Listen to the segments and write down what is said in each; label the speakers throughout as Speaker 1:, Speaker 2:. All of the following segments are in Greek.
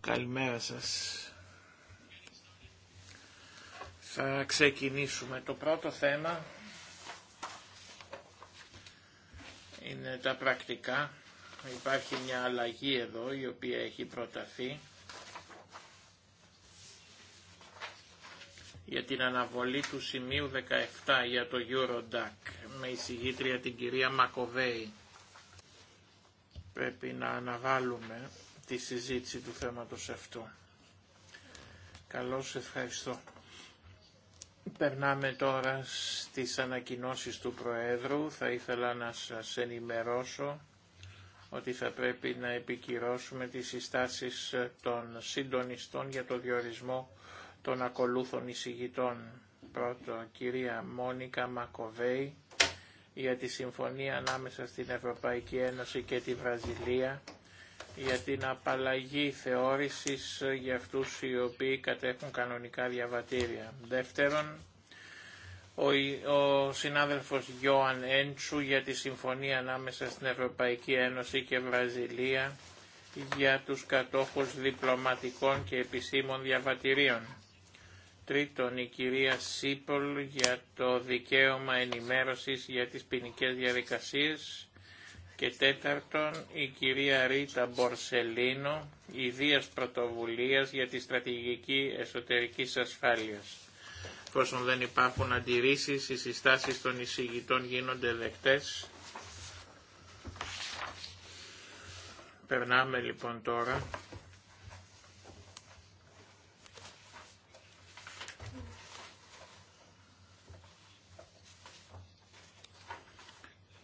Speaker 1: Καλημέρα σας. Θα ξεκινήσουμε. Το πρώτο θέμα είναι τα πρακτικά. Υπάρχει μια αλλαγή εδώ η οποία έχει προταθεί για την αναβολή του σημείου 17 για το Eurodac με εισηγήτρια την κυρία Μακοβέη πρέπει να αναβάλουμε τη συζήτηση του θέματος αυτού. Καλώς ευχαριστώ. Περνάμε τώρα στις ανακοινώσεις του Προέδρου. Θα ήθελα να σας ενημερώσω ότι θα πρέπει να επικυρώσουμε τις συστάσεις των συντονιστών για το διορισμό των ακολούθων εισηγητών. Πρώτο, κυρία Μόνικα Μακοβέη για τη συμφωνία ανάμεσα στην Ευρωπαϊκή Ένωση και τη Βραζιλία για την απαλλαγή θεώρησης για αυτούς οι οποίοι κατέχουν κανονικά διαβατήρια. Δεύτερον, ο, ο συνάδελφος Γιώαν Έντσου για τη συμφωνία ανάμεσα στην Ευρωπαϊκή Ένωση και Βραζιλία για τους κατόχους διπλωματικών και επισήμων διαβατηρίων. Τρίτον, η κυρία Σίπολ για το δικαίωμα ενημέρωσης για τις ποινικέ διαδικασίες. Και τέταρτον, η κυρία Ρίτα Μπορσελίνο, ιδίας πρωτοβουλίας για τη στρατηγική εσωτερική ασφάλειας. Πόσον δεν υπάρχουν αντιρρήσεις, οι συστάσεις των εισηγητών γίνονται δεκτές. Περνάμε λοιπόν τώρα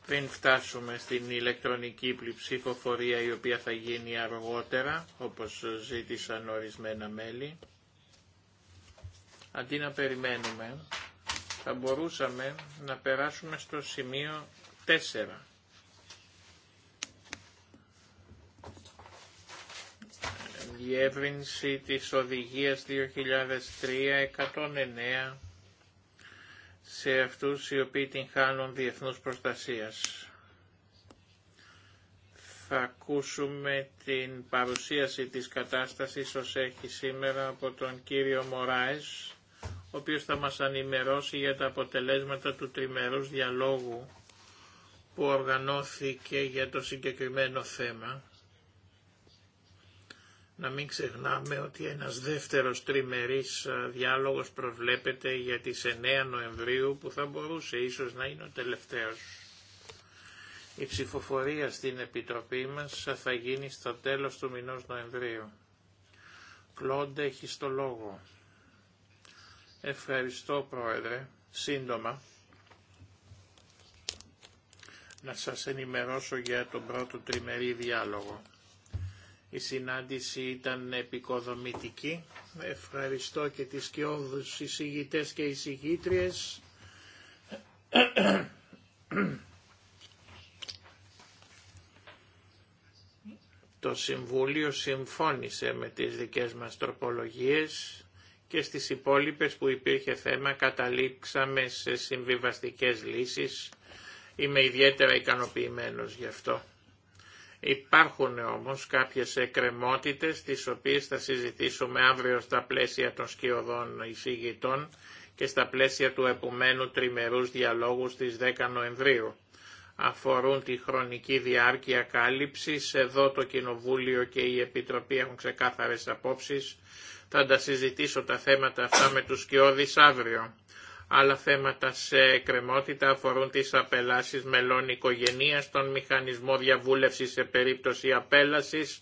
Speaker 1: πριν φτάσουμε στην ηλεκτρονική ψηφοφορία η οποία θα γίνει αργότερα, όπως ζήτησαν ορισμένα μέλη, αντί να περιμένουμε, θα μπορούσαμε να περάσουμε στο σημείο 4. Διεύρυνση της οδηγίας 2003-109 σε αυτούς οι οποίοι την χάνουν διεθνούς προστασίας. Θα ακούσουμε την παρουσίαση της κατάστασης ως έχει σήμερα από τον κύριο Μωράες, ο οποίος θα μας ανημερώσει για τα αποτελέσματα του τριμερούς διαλόγου που οργανώθηκε για το συγκεκριμένο θέμα να μην ξεχνάμε ότι ένας δεύτερος τριμερής ε, διάλογος προβλέπεται για τις 9 Νοεμβρίου που θα μπορούσε ίσως να είναι ο τελευταίος. Η ψηφοφορία στην Επιτροπή μας θα γίνει στο τέλος του μηνός Νοεμβρίου. Κλόντε έχει το λόγο. Ευχαριστώ Πρόεδρε. Σύντομα να σας ενημερώσω για τον πρώτο τριμερή διάλογο. Η συνάντηση ήταν επικοδομητική. Ευχαριστώ και τις κοιόδους εισηγητές και εισηγήτριες. Το Συμβούλιο συμφώνησε με τις δικές μας τροπολογίες και στις υπόλοιπες που υπήρχε θέμα καταλήξαμε σε συμβιβαστικές λύσεις. Είμαι ιδιαίτερα ικανοποιημένος γι' αυτό. Υπάρχουν όμως κάποιες εκκρεμότητες τις οποίες θα συζητήσουμε αύριο στα πλαίσια των σκιωδών εισηγητών και στα πλαίσια του επομένου τριμερούς διαλόγου στις 10 Νοεμβρίου. Αφορούν τη χρονική διάρκεια κάλυψης, εδώ το Κοινοβούλιο και η Επιτροπή έχουν ξεκάθαρες απόψεις. Θα τα συζητήσω τα θέματα αυτά με τους σκιώδεις αύριο. Άλλα θέματα σε εκκρεμότητα αφορούν τις απελάσεις μελών οικογενείας, τον μηχανισμό διαβούλευσης σε περίπτωση απέλασης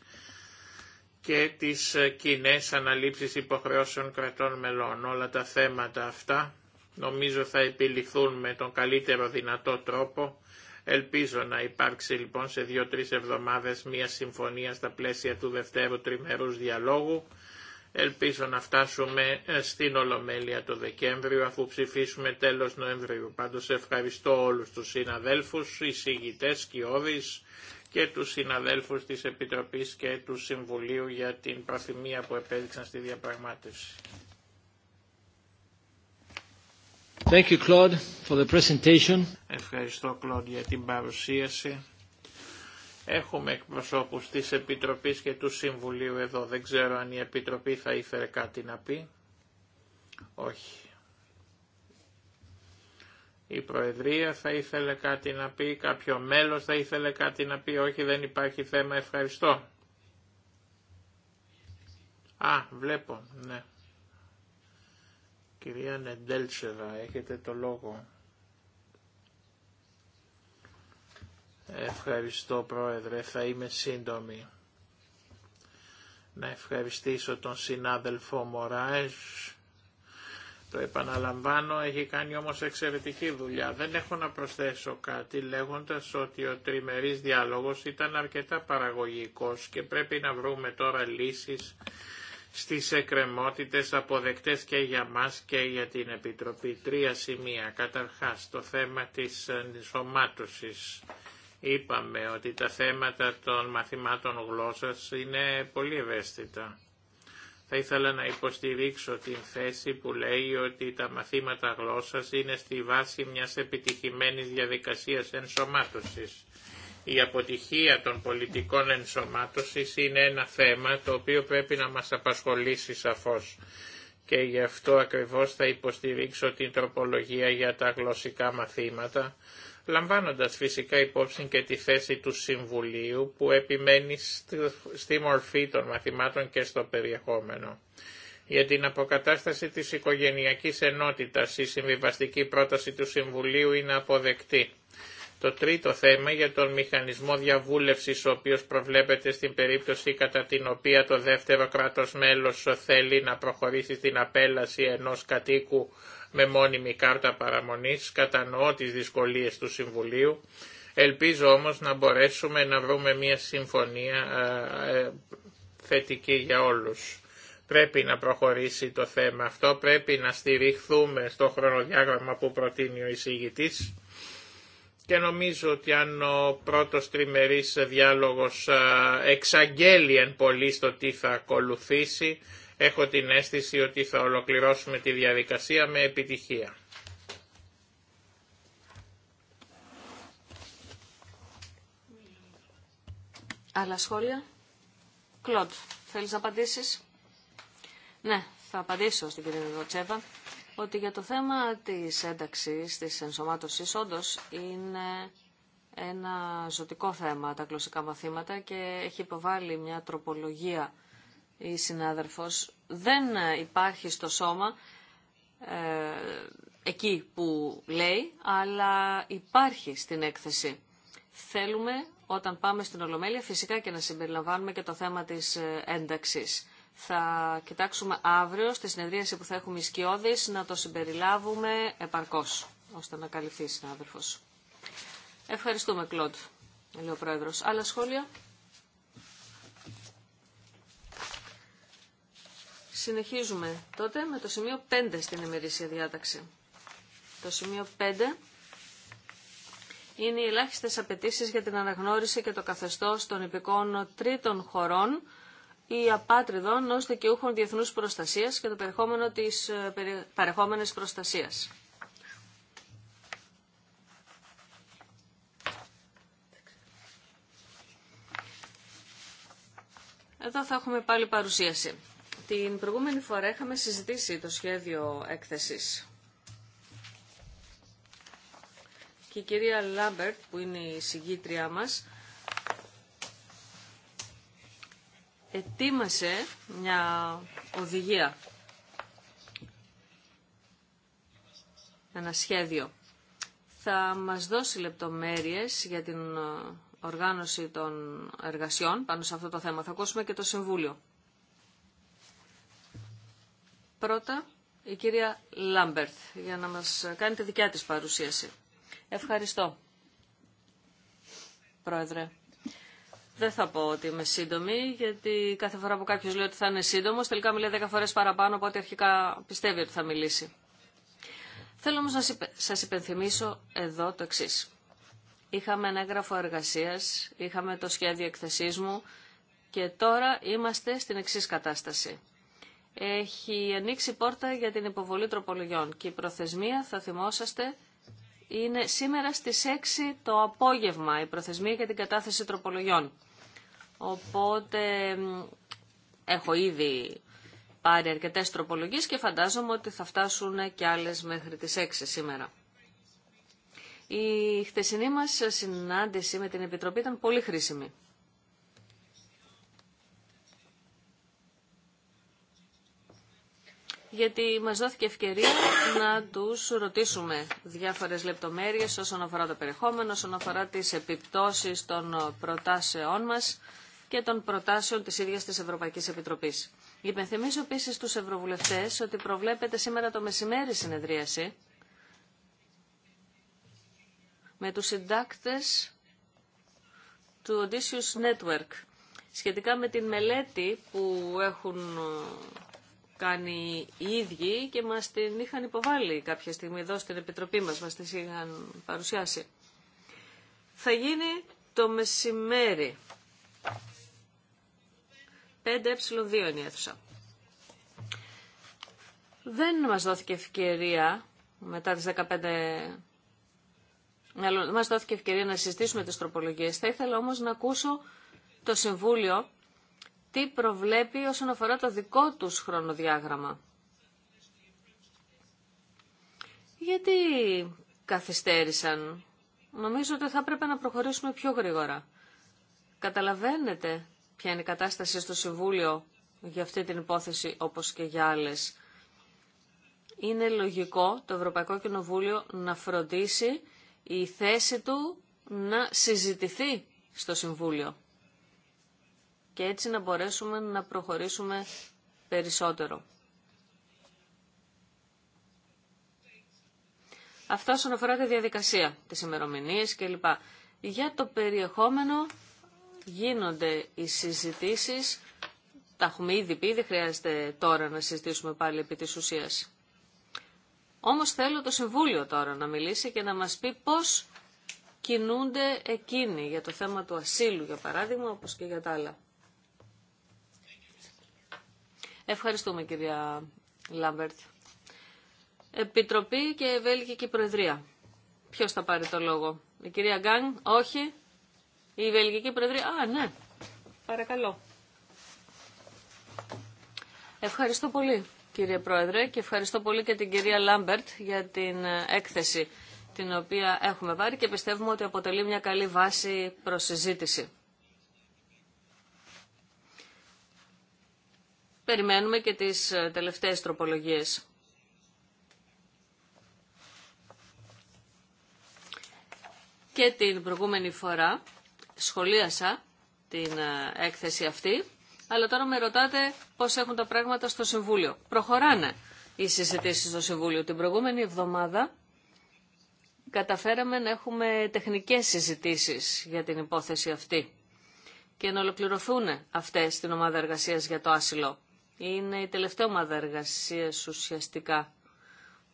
Speaker 1: και τις κοινέ αναλήψεις υποχρεώσεων κρατών μελών. Όλα τα θέματα αυτά νομίζω θα επιληθούν με τον καλύτερο δυνατό τρόπο. Ελπίζω να υπάρξει λοιπόν σε δύο-τρεις εβδομάδες μια συμφωνία στα πλαίσια του δευτέρου τριμερούς διαλόγου Ελπίζω να φτάσουμε ε, στην Ολομέλεια το Δεκέμβριο αφού ψηφίσουμε τέλος Νοεμβρίου. Πάντως ευχαριστώ όλους τους συναδέλφους, εισηγητές, κοιόδης και τους συναδέλφους της Επιτροπής και του Συμβουλίου για την προθυμία που επέδειξαν στη διαπραγμάτευση. Ευχαριστώ Κλοντ για την παρουσίαση. Έχουμε εκπροσώπους της Επιτροπής και του Συμβουλίου εδώ. Δεν ξέρω αν η Επιτροπή θα ήθελε κάτι να πει. Όχι. Η Προεδρία θα ήθελε κάτι να πει, κάποιο μέλος θα ήθελε κάτι να πει. Όχι, δεν υπάρχει θέμα. Ευχαριστώ. Α, βλέπω, ναι. Κυρία Νεντέλτσεβα, έχετε το λόγο. Ευχαριστώ Πρόεδρε, θα είμαι σύντομη. Να ευχαριστήσω τον συνάδελφο Μωράες. Το επαναλαμβάνω, έχει κάνει όμως εξαιρετική δουλειά. Δεν έχω να προσθέσω κάτι λέγοντας ότι ο τριμερής διάλογος ήταν αρκετά παραγωγικός και πρέπει να βρούμε τώρα λύσεις στις εκκρεμότητες αποδεκτές και για μας και για την Επιτροπή. Τρία σημεία. Καταρχάς το θέμα της ενσωμάτωσης είπαμε ότι τα θέματα των μαθημάτων γλώσσας είναι πολύ ευαίσθητα. Θα ήθελα να υποστηρίξω την θέση που λέει ότι τα μαθήματα γλώσσας είναι στη βάση μιας επιτυχημένης διαδικασίας ενσωμάτωσης. Η αποτυχία των πολιτικών ενσωμάτωσης είναι ένα θέμα το οποίο πρέπει να μας απασχολήσει σαφώς και γι' αυτό ακριβώς θα υποστηρίξω την τροπολογία για τα γλωσσικά μαθήματα, λαμβάνοντας φυσικά υπόψη και τη θέση του Συμβουλίου που επιμένει στη μορφή των μαθημάτων και στο περιεχόμενο. Για την αποκατάσταση της οικογενειακής ενότητας η συμβιβαστική πρόταση του Συμβουλίου είναι αποδεκτή το τρίτο θέμα για τον μηχανισμό διαβούλευσης ο οποίος προβλέπεται στην περίπτωση κατά την οποία το δεύτερο κράτος μέλος θέλει να προχωρήσει στην απέλαση ενός κατοίκου με μόνιμη κάρτα παραμονής, κατανοώ τις δυσκολίες του Συμβουλίου. Ελπίζω όμως να μπορέσουμε να βρούμε μια συμφωνία ε, ε, θετική για όλους. Πρέπει να προχωρήσει το θέμα αυτό, πρέπει να στηριχθούμε στο χρονοδιάγραμμα που προτείνει ο εισηγητής και νομίζω ότι αν ο πρώτος τριμερής διάλογος εξαγγέλει εν πολύ στο τι θα ακολουθήσει, έχω την αίσθηση ότι θα ολοκληρώσουμε τη διαδικασία με επιτυχία.
Speaker 2: Άλλα σχόλια. Κλοντ, θέλεις να απαντήσεις. Ναι, θα απαντήσω στην κυρία Δοτσέβα ότι για το θέμα της ένταξης, της ενσωμάτωσης, όντως είναι ένα ζωτικό θέμα τα γλωσσικά μαθήματα και έχει υποβάλει μια τροπολογία η συνάδελφος. Δεν υπάρχει στο σώμα ε, εκεί που λέει, αλλά υπάρχει στην έκθεση. Θέλουμε όταν πάμε στην Ολομέλεια φυσικά και να συμπεριλαμβάνουμε και το θέμα της ε, ένταξης. Θα κοιτάξουμε αύριο στη συνεδρίαση που θα έχουμε ισκιώδης να το συμπεριλάβουμε επαρκώς, ώστε να καλυφθεί η συνάδελφος. Ευχαριστούμε, Κλοντ, λέει ο Πρόεδρος. Άλλα σχόλια. Συνεχίζουμε τότε με το σημείο 5 στην ημερήσια διάταξη. Το σημείο 5 είναι οι ελάχιστες απαιτήσει για την αναγνώριση και το καθεστώς των υπηκών τρίτων χωρών η απάτριδων ως δικαιούχων διεθνούς προστασίας και το περιεχόμενο της ε, παρεχόμενης προστασίας. Εδώ θα έχουμε πάλι παρουσίαση. Την προηγούμενη φορά είχαμε συζητήσει το σχέδιο έκθεσης. Και η κυρία Λάμπερτ, που είναι η συγγήτριά μας, ετοίμασε μια οδηγία, ένα σχέδιο. Θα μας δώσει λεπτομέρειες για την ε, οργάνωση των εργασιών πάνω σε αυτό το θέμα. Θα ακούσουμε και το Συμβούλιο. Πρώτα, η κυρία Λάμπερτ, για να μας κάνει τη δικιά της παρουσίαση. Ευχαριστώ, Πρόεδρε. Δεν θα πω ότι είμαι σύντομη, γιατί κάθε φορά που κάποιο λέει ότι θα είναι σύντομο, τελικά μιλάει 10 φορέ παραπάνω από ό,τι αρχικά πιστεύει ότι θα μιλήσει. Θέλω όμω να σα υπενθυμίσω εδώ το εξή. Είχαμε ένα έγγραφο εργασία, είχαμε το σχέδιο εκθεσή μου και τώρα είμαστε στην εξή κατάσταση. Έχει ανοίξει πόρτα για την υποβολή τροπολογιών και η προθεσμία, θα θυμόσαστε, είναι σήμερα στις 6 το απόγευμα η προθεσμία για την κατάθεση τροπολογιών. Οπότε έχω ήδη πάρει αρκετέ τροπολογίε και φαντάζομαι ότι θα φτάσουν και άλλε μέχρι τι 6 σήμερα. Η χτεσινή μας συνάντηση με την Επιτροπή ήταν πολύ χρήσιμη. γιατί μας δόθηκε ευκαιρία να τους ρωτήσουμε διάφορες λεπτομέρειες όσον αφορά το περιεχόμενο, όσον αφορά τις επιπτώσεις των προτάσεών μας και των προτάσεων της ίδιας της Ευρωπαϊκής Επιτροπής. Υπενθυμίζω επίση τους Ευρωβουλευτές ότι προβλέπεται σήμερα το μεσημέρι συνεδρίαση με τους συντάκτες του Odysseus Network σχετικά με την μελέτη που έχουν ε, κάνει οι ίδιοι και μας την είχαν υποβάλει κάποια στιγμή εδώ στην Επιτροπή μας, μας τις είχαν παρουσιάσει. Θα γίνει το μεσημέρι. 5ε2 είναι η αίθουσα. Δεν μας δόθηκε ευκαιρία μετά τις 15... μας δόθηκε ευκαιρία να συζητήσουμε τις τροπολογίες. Θα ήθελα όμως να ακούσω το Συμβούλιο τι προβλέπει όσον αφορά το δικό τους χρονοδιάγραμμα. Γιατί καθυστέρησαν. Νομίζω ότι θα έπρεπε να προχωρήσουμε πιο γρήγορα. Καταλαβαίνετε ποια είναι η κατάσταση στο Συμβούλιο για αυτή την υπόθεση όπως και για άλλες. Είναι λογικό το Ευρωπαϊκό Κοινοβούλιο να φροντίσει η θέση του να συζητηθεί στο Συμβούλιο και έτσι να μπορέσουμε να προχωρήσουμε περισσότερο. Αυτά όσον αφορά τη διαδικασία, της ημερομηνίας κλπ. Για το περιεχόμενο γίνονται οι συζητήσεις, τα έχουμε ήδη πει, δεν χρειάζεται τώρα να συζητήσουμε πάλι επί της ουσίας. Όμως θέλω το Συμβούλιο τώρα να μιλήσει και να μας πει πώς κινούνται εκείνοι για το θέμα του ασύλου, για παράδειγμα, όπως και για τα άλλα. Ευχαριστούμε κυρία Λάμπερτ. Επιτροπή και Βέλγικη Προεδρία. Ποιος θα πάρει το λόγο. Η κυρία Γκάνγκ, όχι. Η Βελγική Προεδρία. Α, ναι. Παρακαλώ. Ευχαριστώ πολύ κύριε Πρόεδρε και ευχαριστώ πολύ και την κυρία Λάμπερτ για την έκθεση την οποία έχουμε πάρει και πιστεύουμε ότι αποτελεί μια καλή βάση προς Περιμένουμε και τις ε, τελευταίες τροπολογίες. Και την προηγούμενη φορά σχολίασα την ε, έκθεση αυτή, αλλά τώρα με ρωτάτε πώς έχουν τα πράγματα στο Συμβούλιο. Προχωράνε οι συζητήσεις στο Συμβούλιο. Την προηγούμενη εβδομάδα καταφέραμε να έχουμε τεχνικές συζητήσεις για την υπόθεση αυτή και να ολοκληρωθούν αυτές την ομάδα εργασίας για το άσυλο. Είναι η τελευταία ομάδα εργασίας ουσιαστικά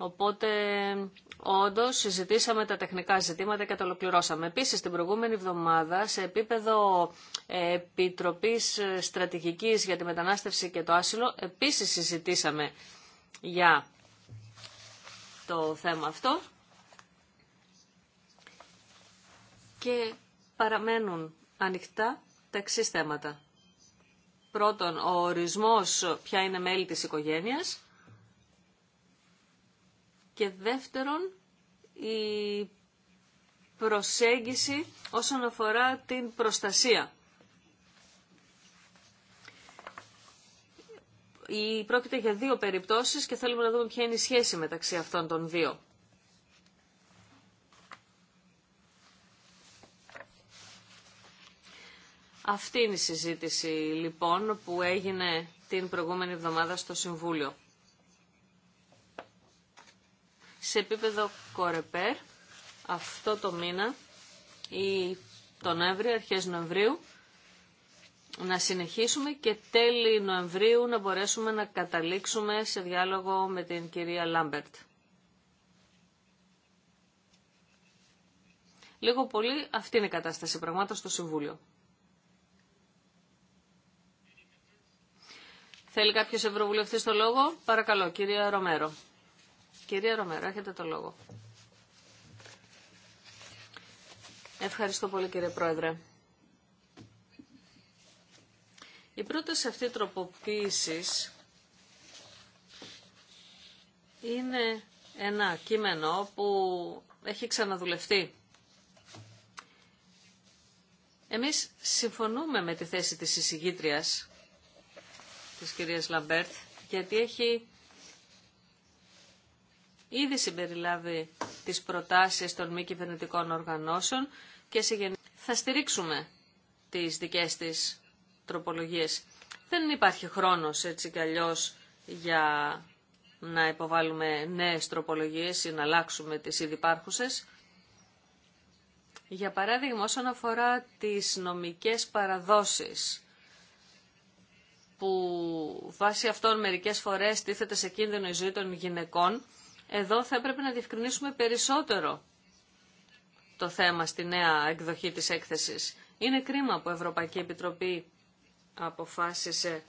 Speaker 2: Οπότε, όντω, συζητήσαμε τα τεχνικά ζητήματα και τα ολοκληρώσαμε. Επίση, την προηγούμενη εβδομάδα, σε επίπεδο ε, Επιτροπή ε, Στρατηγική για τη Μετανάστευση και το Άσυλο, επίση συζητήσαμε για το θέμα αυτό. Και παραμένουν ανοιχτά τα εξή θέματα. Πρώτον, ο ορισμός ποια είναι μέλη της οικογένειας και δεύτερον, η προσέγγιση όσον αφορά την προστασία. πρόκειται για δύο περιπτώσεις και θέλουμε να δούμε ποια είναι η σχέση μεταξύ αυτών των δύο. Αυτή είναι η συζήτηση λοιπόν που έγινε την προηγούμενη εβδομάδα στο Συμβούλιο σε επίπεδο κορεπέρ αυτό το μήνα ή τον Νοέμβριο, αρχές Νοεμβρίου, να συνεχίσουμε και τέλη Νοεμβρίου να μπορέσουμε να καταλήξουμε σε διάλογο με την κυρία Λάμπερτ. Λίγο πολύ αυτή είναι η κατάσταση πραγμάτων στο Συμβούλιο. Θέλει κάποιος Ευρωβουλευτής το λόγο. Παρακαλώ, κυρία Ρομέρο. Κυρία Ρομέρα, έχετε το λόγο. Ευχαριστώ πολύ κύριε Πρόεδρε. Η πρόταση αυτή τροποποίησης είναι ένα κείμενο που έχει ξαναδουλευτεί. Εμείς συμφωνούμε με τη θέση της εισηγήτριας της κυρίας Λαμπέρτ γιατί έχει ήδη συμπεριλάβει τις προτάσεις των μη κυβερνητικών οργανώσεων και σε θα στηρίξουμε τις δικές της τροπολογίες. Δεν υπάρχει χρόνος έτσι κι αλλιώς για να υποβάλουμε νέες τροπολογίες ή να αλλάξουμε τις ήδη υπάρχουσες. Για παράδειγμα, όσον αφορά τις νομικές παραδόσεις, που βάσει αυτών μερικές φορές τίθεται σε κίνδυνο η ζωή των γυναικών, εδώ θα έπρεπε να διευκρινίσουμε περισσότερο το θέμα στη νέα εκδοχή της έκθεσης. Είναι κρίμα που η Ευρωπαϊκή Επιτροπή αποφάσισε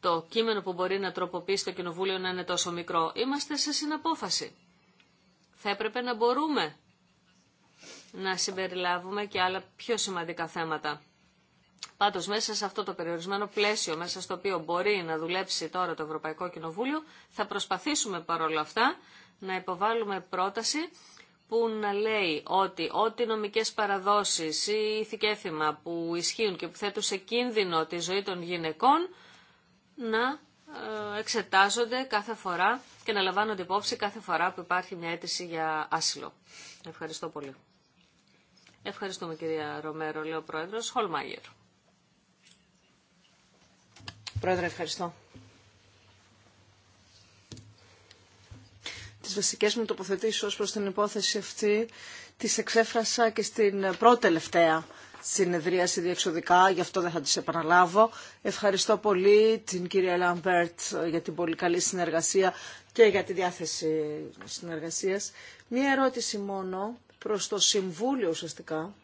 Speaker 2: το κείμενο που μπορεί να τροποποιήσει το Κοινοβούλιο να είναι τόσο μικρό. Είμαστε σε συναπόφαση. Θα έπρεπε να μπορούμε να συμπεριλάβουμε και άλλα πιο σημαντικά θέματα. Πάντω μέσα σε αυτό το περιορισμένο πλαίσιο, μέσα στο οποίο μπορεί να δουλέψει τώρα το Ευρωπαϊκό Κοινοβούλιο, θα προσπαθήσουμε παρόλα αυτά να υποβάλουμε πρόταση που να λέει ότι ό,τι νομικές παραδόσεις ή ηθικέθημα που ισχύουν και που θέτουν σε κίνδυνο τη ζωή των γυναικών να ε, εξετάζονται κάθε φορά και να λαμβάνονται υπόψη κάθε φορά που υπάρχει μια αίτηση για άσυλο. Ευχαριστώ πολύ. Ευχαριστούμε κυρία Ρομέρο, λέει ο Πρόεδρος Χολμάγερ.
Speaker 3: Πρόεδρε, ευχαριστώ. Τις βασικές μου τοποθετήσεις ως προς την υπόθεση αυτή τις εξέφρασα και στην πρώτη τελευταία συνεδρίαση διεξοδικά, γι' αυτό δεν θα τις επαναλάβω. Ευχαριστώ πολύ την κυρία Λαμπέρτ για την πολύ καλή συνεργασία και για τη διάθεση συνεργασίας. Μία ερώτηση μόνο προς το Συμβούλιο ουσιαστικά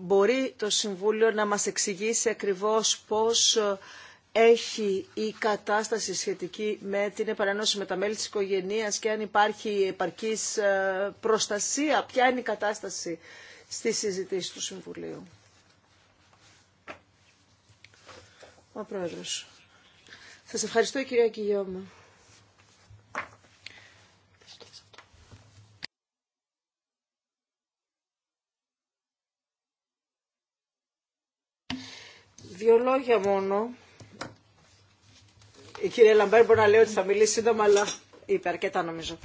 Speaker 3: μπορεί το Συμβούλιο να μας εξηγήσει ακριβώς πώς ε, έχει η κατάσταση σχετική με την επανένωση με τα μέλη της οικογένειας και αν υπάρχει επαρκής ε, προστασία, ποια είναι η κατάσταση στη συζητήση του Συμβουλίου. Ο Πρόεδρος. Σας ευχαριστώ κυρία Κιγιώμα. Δύο λόγια μόνο. Η κυρία Λαμπέρ μπορεί να λέει ότι θα μιλήσει σύντομα, αλλά είπε αρκετά νομίζω.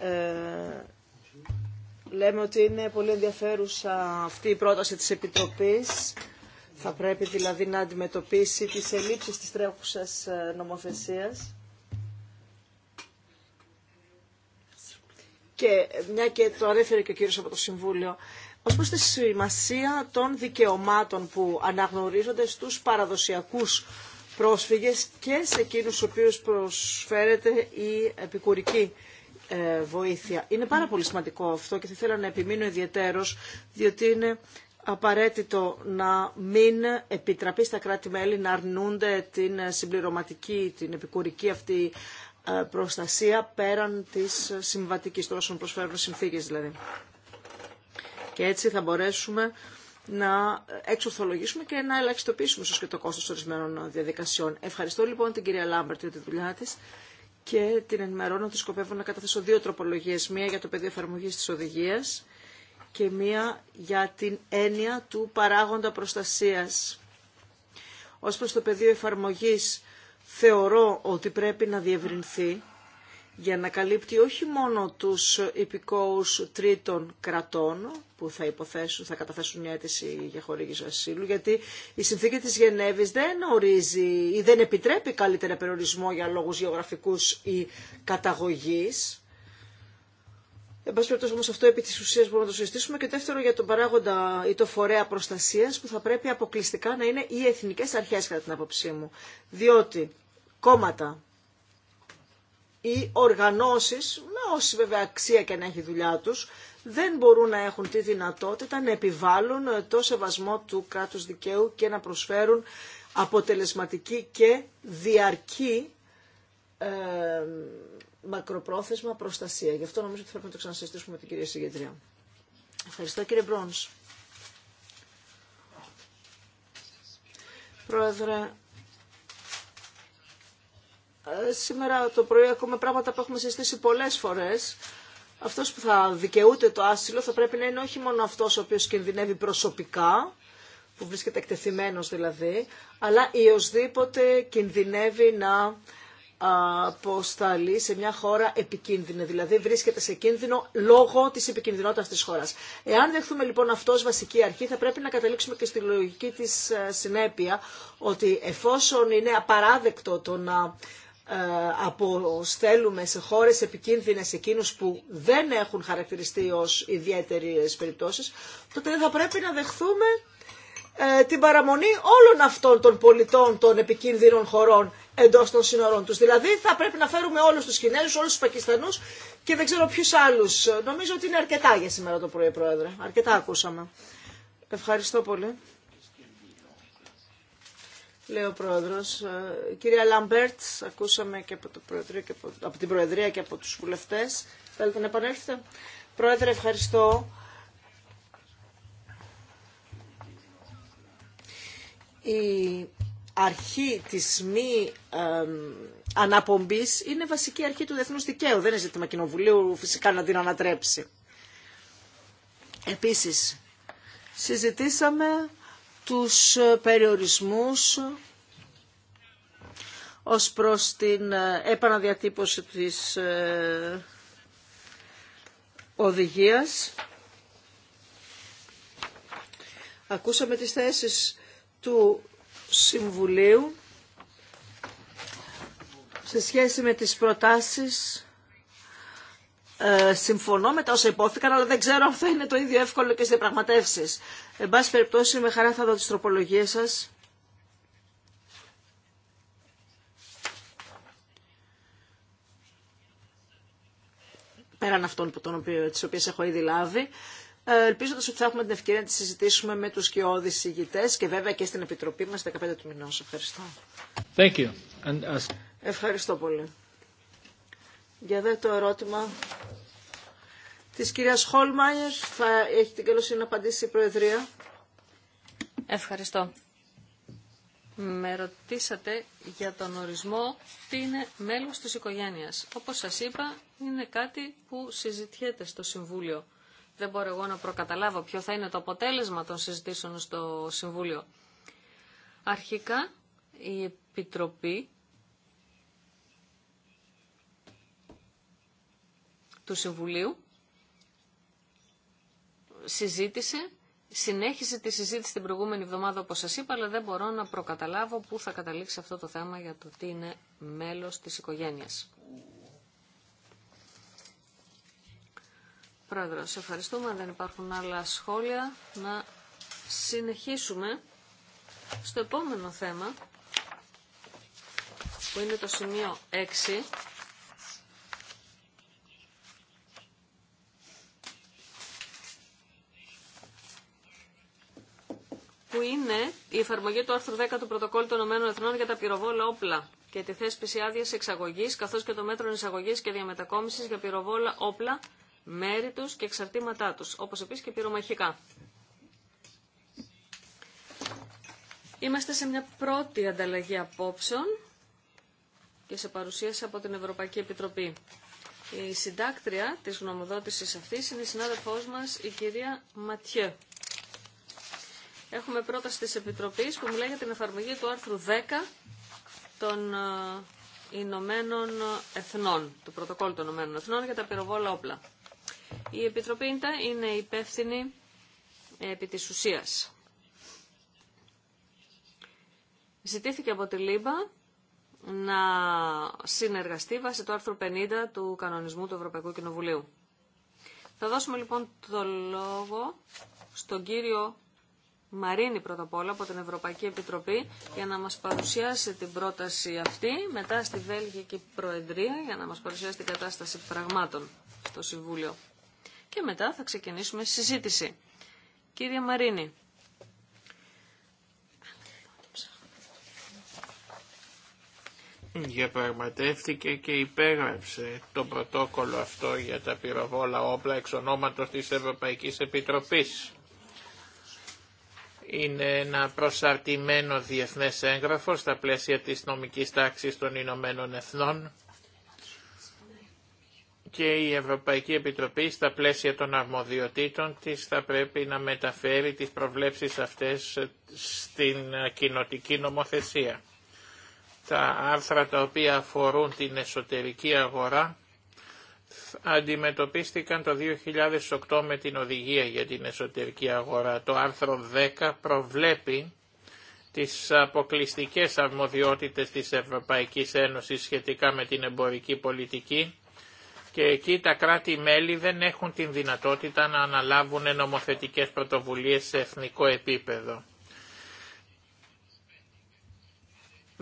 Speaker 3: Ε, λέμε ότι είναι πολύ ενδιαφέρουσα αυτή η πρόταση της Επιτροπής. Θα πρέπει δηλαδή να αντιμετωπίσει τις ελλείψεις της τρέχουσας ε, νομοθεσίας. Και μια και το ανέφερε και ο κύριος από το Συμβούλιο, ως προς τη σημασία των δικαιωμάτων που αναγνωρίζονται στους παραδοσιακούς πρόσφυγες και σε εκείνους στους οποίους προσφέρεται η επικουρική ε, βοήθεια. Είναι πάρα πολύ σημαντικό αυτό και θα ήθελα να επιμείνω ιδιαίτερος, διότι είναι απαραίτητο να μην επιτραπεί στα κράτη-μέλη να αρνούνται την συμπληρωματική, την επικουρική αυτή ε, προστασία πέραν της συμβατικής, των προσφέρουν συνθήκες δηλαδή. Και έτσι θα μπορέσουμε να εξορθολογήσουμε και να ελαχιστοποιήσουμε ίσω και το κόστος ορισμένων διαδικασιών. Ευχαριστώ λοιπόν την κυρία Λάμπερτ για τη δουλειά τη και την ενημερώνω ότι σκοπεύω να καταθέσω δύο τροπολογίες, μία για το πεδίο εφαρμογή τη οδηγία και μία για την έννοια του παράγοντα προστασία. Ω προ το πεδίο εφαρμογή θεωρώ ότι πρέπει να διευρυνθεί για να καλύπτει όχι μόνο τους υπηκόους τρίτων κρατών που θα, υποθέσουν, θα καταθέσουν μια αίτηση για χορήγηση ασύλου, γιατί η συνθήκη της Γενέβης δεν ορίζει ή δεν επιτρέπει καλύτερα περιορισμό για λόγους γεωγραφικούς ή καταγωγής. Εν πάση περιπτώσει όμω αυτό επί τη ουσία μπορούμε να το συζητήσουμε. Και δεύτερο για τον παράγοντα ή το φορέα προστασία που θα πρέπει αποκλειστικά να είναι οι εθνικές αρχές, κατά την άποψή μου. Διότι κόμματα οι οργανώσεις, με όση βέβαια αξία και να έχει δουλειά τους, δεν μπορούν να έχουν τη δυνατότητα να επιβάλλουν το σεβασμό του κράτους δικαίου και να προσφέρουν αποτελεσματική και διαρκή μακροπρόθεσμα προστασία. Γι' αυτό νομίζω ότι πρέπει να το ξανασυστήσουμε με την κυρία Συγγετρία. Ευχαριστώ κύριε Μπρόνς. Πρόεδρε, ε, σήμερα το πρωί ακούμε πράγματα που έχουμε συζητήσει πολλέ φορέ. Αυτό που θα δικαιούται το άσυλο θα πρέπει να είναι όχι μόνο αυτό ο οποίο κινδυνεύει προσωπικά, που βρίσκεται εκτεθειμένος δηλαδή, αλλά ή οσδήποτε κινδυνεύει να αποσταλεί σε μια χώρα επικίνδυνη, δηλαδή βρίσκεται σε κίνδυνο λόγω της επικινδυνότητας της χώρας. Εάν δεχθούμε λοιπόν αυτό ως βασική αρχή θα πρέπει να καταλήξουμε και στη λογική της ε, συνέπεια ότι εφόσον είναι απαράδεκτο το να ε, αποστέλουμε σε χώρες επικίνδυνες εκείνους που δεν έχουν χαρακτηριστεί ως ιδιαίτερες περιπτώσεις, τότε θα πρέπει να δεχθούμε ε, την παραμονή όλων αυτών των πολιτών των επικίνδυνων χωρών εντός των σύνορων τους. Δηλαδή θα πρέπει να φέρουμε όλους τους Κινέζους, όλους τους Πακιστανούς και δεν ξέρω ποιους άλλους. Νομίζω ότι είναι αρκετά για σήμερα το πρωί, Πρόεδρε. Αρκετά ακούσαμε. Ευχαριστώ πολύ λέει ο Πρόεδρος. Ε, κυρία Λαμπέρτ, ακούσαμε και από, την Προεδρία και από τους βουλευτές. Θέλετε να επανέλθετε. Πρόεδρε, ευχαριστώ. Η αρχή της μη ε, αναπομπής είναι βασική αρχή του διεθνούς δικαίου. Δεν είναι ζήτημα κοινοβουλίου φυσικά να την ανατρέψει. Επίσης, συζητήσαμε τους περιορισμούς ως προς την ε, επαναδιατύπωση της ε, οδηγίας. Ακούσαμε τις θέσεις του Συμβουλίου σε σχέση με τις προτάσεις ε, συμφωνώ με τα όσα υπόθηκαν, αλλά δεν ξέρω αν θα είναι το ίδιο εύκολο και στι διαπραγματεύσει. Εν πάση περιπτώσει, με χαρά θα δω τι τροπολογίε σα. Πέραν αυτών τις οποίες έχω ήδη λάβει. Ε, Ελπίζω ότι θα έχουμε την ευκαιρία να τη συζητήσουμε με τους κοιόδη ηγητέ και βέβαια και στην Επιτροπή μα 15 του μηνός. Ευχαριστώ.
Speaker 4: Thank you. And
Speaker 3: as... Ευχαριστώ πολύ. Για δε το ερώτημα της κυρίας Χόλμαϊερ. Θα έχει την καλοσύνη να απαντήσει η Προεδρία.
Speaker 2: Ευχαριστώ.
Speaker 3: Με ρωτήσατε για τον
Speaker 2: ορισμό τι είναι μέλος της οικογένειας. Όπως σας είπα, είναι κάτι που συζητιέται στο Συμβούλιο. Δεν μπορώ εγώ να προκαταλάβω ποιο θα είναι το αποτέλεσμα των συζητήσεων στο Συμβούλιο. Αρχικά, η Επιτροπή του Συμβουλίου συζήτησε, συνέχισε τη συζήτηση την προηγούμενη εβδομάδα όπως σας είπα, αλλά δεν μπορώ να προκαταλάβω πού θα καταλήξει αυτό το θέμα για το τι είναι μέλος της οικογένειας. Πρόεδρο, σε ευχαριστούμε. Αν δεν υπάρχουν άλλα σχόλια, να συνεχίσουμε στο επόμενο θέμα, που είναι το σημείο 6. που είναι η εφαρμογή του άρθρου 10 του Πρωτοκόλλου των Ηνωμένων Εθνών για τα πυροβόλα όπλα και τη θέσπιση άδεια εξαγωγή καθώ και το μέτρο εισαγωγή και διαμετακόμιση για πυροβόλα όπλα, μέρη του και εξαρτήματά του, όπω επίση και πυρομαχικά. Είμαστε σε μια πρώτη ανταλλαγή απόψεων και σε παρουσίαση από την Ευρωπαϊκή Επιτροπή. Η συντάκτρια της γνωμοδότησης αυτής είναι η συνάδελφός μας, η κυρία Ματιέ. Έχουμε πρόταση της Επιτροπής που μιλάει για την εφαρμογή του άρθρου 10 των ε, Ηνωμένων Εθνών, του πρωτοκόλλου των Ηνωμένων Εθνών για τα πυροβόλα όπλα. Η Επιτροπή είναι υπεύθυνη ε, επί της ουσίας. Ζητήθηκε από τη Λίμπα να συνεργαστεί βάσει το άρθρο 50 του κανονισμού του Ευρωπαϊκού Κοινοβουλίου. Θα δώσουμε λοιπόν το λόγο στον κύριο Μαρίνη πρώτα απ' όλα από την Ευρωπαϊκή Επιτροπή για να μας παρουσιάσει την πρόταση αυτή, μετά στη Βέλγικη Προεδρία για να μας παρουσιάσει την κατάσταση πραγμάτων στο Συμβούλιο. Και μετά θα ξεκινήσουμε συζήτηση. Κύριε Μαρίνη.
Speaker 1: Διαπραγματεύτηκε και υπέγραψε το πρωτόκολλο αυτό για τα πυροβόλα όπλα εξ ονόματος της Ευρωπαϊκής Επιτροπής είναι ένα προσαρτημένο διεθνές έγγραφο στα πλαίσια της νομικής τάξης των Ηνωμένων Εθνών και η Ευρωπαϊκή Επιτροπή στα πλαίσια των αρμοδιοτήτων της θα πρέπει να μεταφέρει τις προβλέψεις αυτές στην κοινοτική νομοθεσία. Τα άρθρα τα οποία αφορούν την εσωτερική αγορά αντιμετωπίστηκαν το 2008 με την οδηγία για την εσωτερική αγορά. Το άρθρο 10 προβλέπει τις αποκλειστικές αρμοδιότητες της Ευρωπαϊκής Ένωσης σχετικά με την εμπορική πολιτική και εκεί τα κράτη-μέλη δεν έχουν την δυνατότητα να αναλάβουν νομοθετικές πρωτοβουλίες σε εθνικό επίπεδο.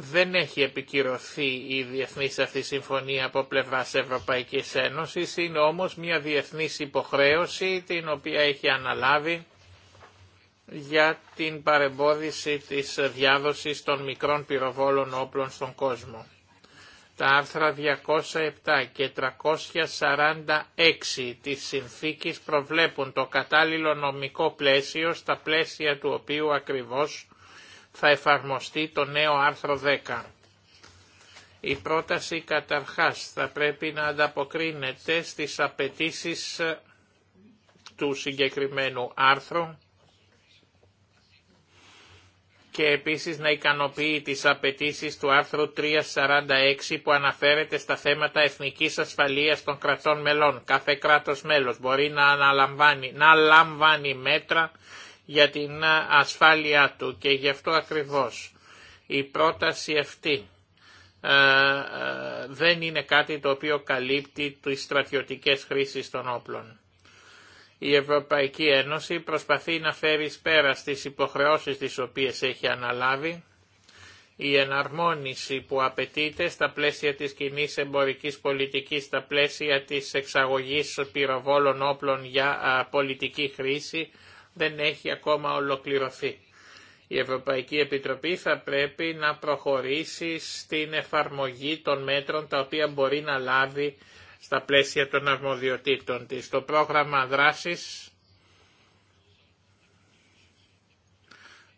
Speaker 1: δεν έχει επικυρωθεί η διεθνής αυτή συμφωνία από πλευράς Ευρωπαϊκής Ένωσης, είναι όμως μια διεθνής υποχρέωση την οποία έχει αναλάβει για την παρεμπόδιση της διάδοσης των μικρών πυροβόλων όπλων στον κόσμο. Τα άρθρα 207 και 346 της συνθήκης προβλέπουν το κατάλληλο νομικό πλαίσιο στα πλαίσια του οποίου ακριβώς θα εφαρμοστεί το νέο άρθρο 10. Η πρόταση καταρχάς θα πρέπει να ανταποκρίνεται στις απαιτήσει του συγκεκριμένου άρθρου και επίσης να ικανοποιεί τις απαιτήσει του άρθρου 346 που αναφέρεται στα θέματα εθνικής ασφαλείας των κρατών μελών. Κάθε κράτος μέλος μπορεί να, αναλαμβάνει, να λαμβάνει μέτρα για την ασφάλειά του και γι' αυτό ακριβώς η πρόταση αυτή ε, ε, δεν είναι κάτι το οποίο καλύπτει τις στρατιωτικές χρήσεις των όπλων. Η Ευρωπαϊκή Ένωση προσπαθεί να φέρει πέρα στις υποχρεώσεις τις οποίες έχει αναλάβει η εναρμόνιση που απαιτείται στα πλαίσια της κοινή εμπορικής πολιτικής, στα πλαίσια της εξαγωγής πυροβόλων όπλων για πολιτική χρήση, δεν έχει ακόμα ολοκληρωθεί. Η Ευρωπαϊκή Επιτροπή θα πρέπει να προχωρήσει στην εφαρμογή των μέτρων τα οποία μπορεί να λάβει στα πλαίσια των αρμοδιοτήτων της. Το πρόγραμμα δράσης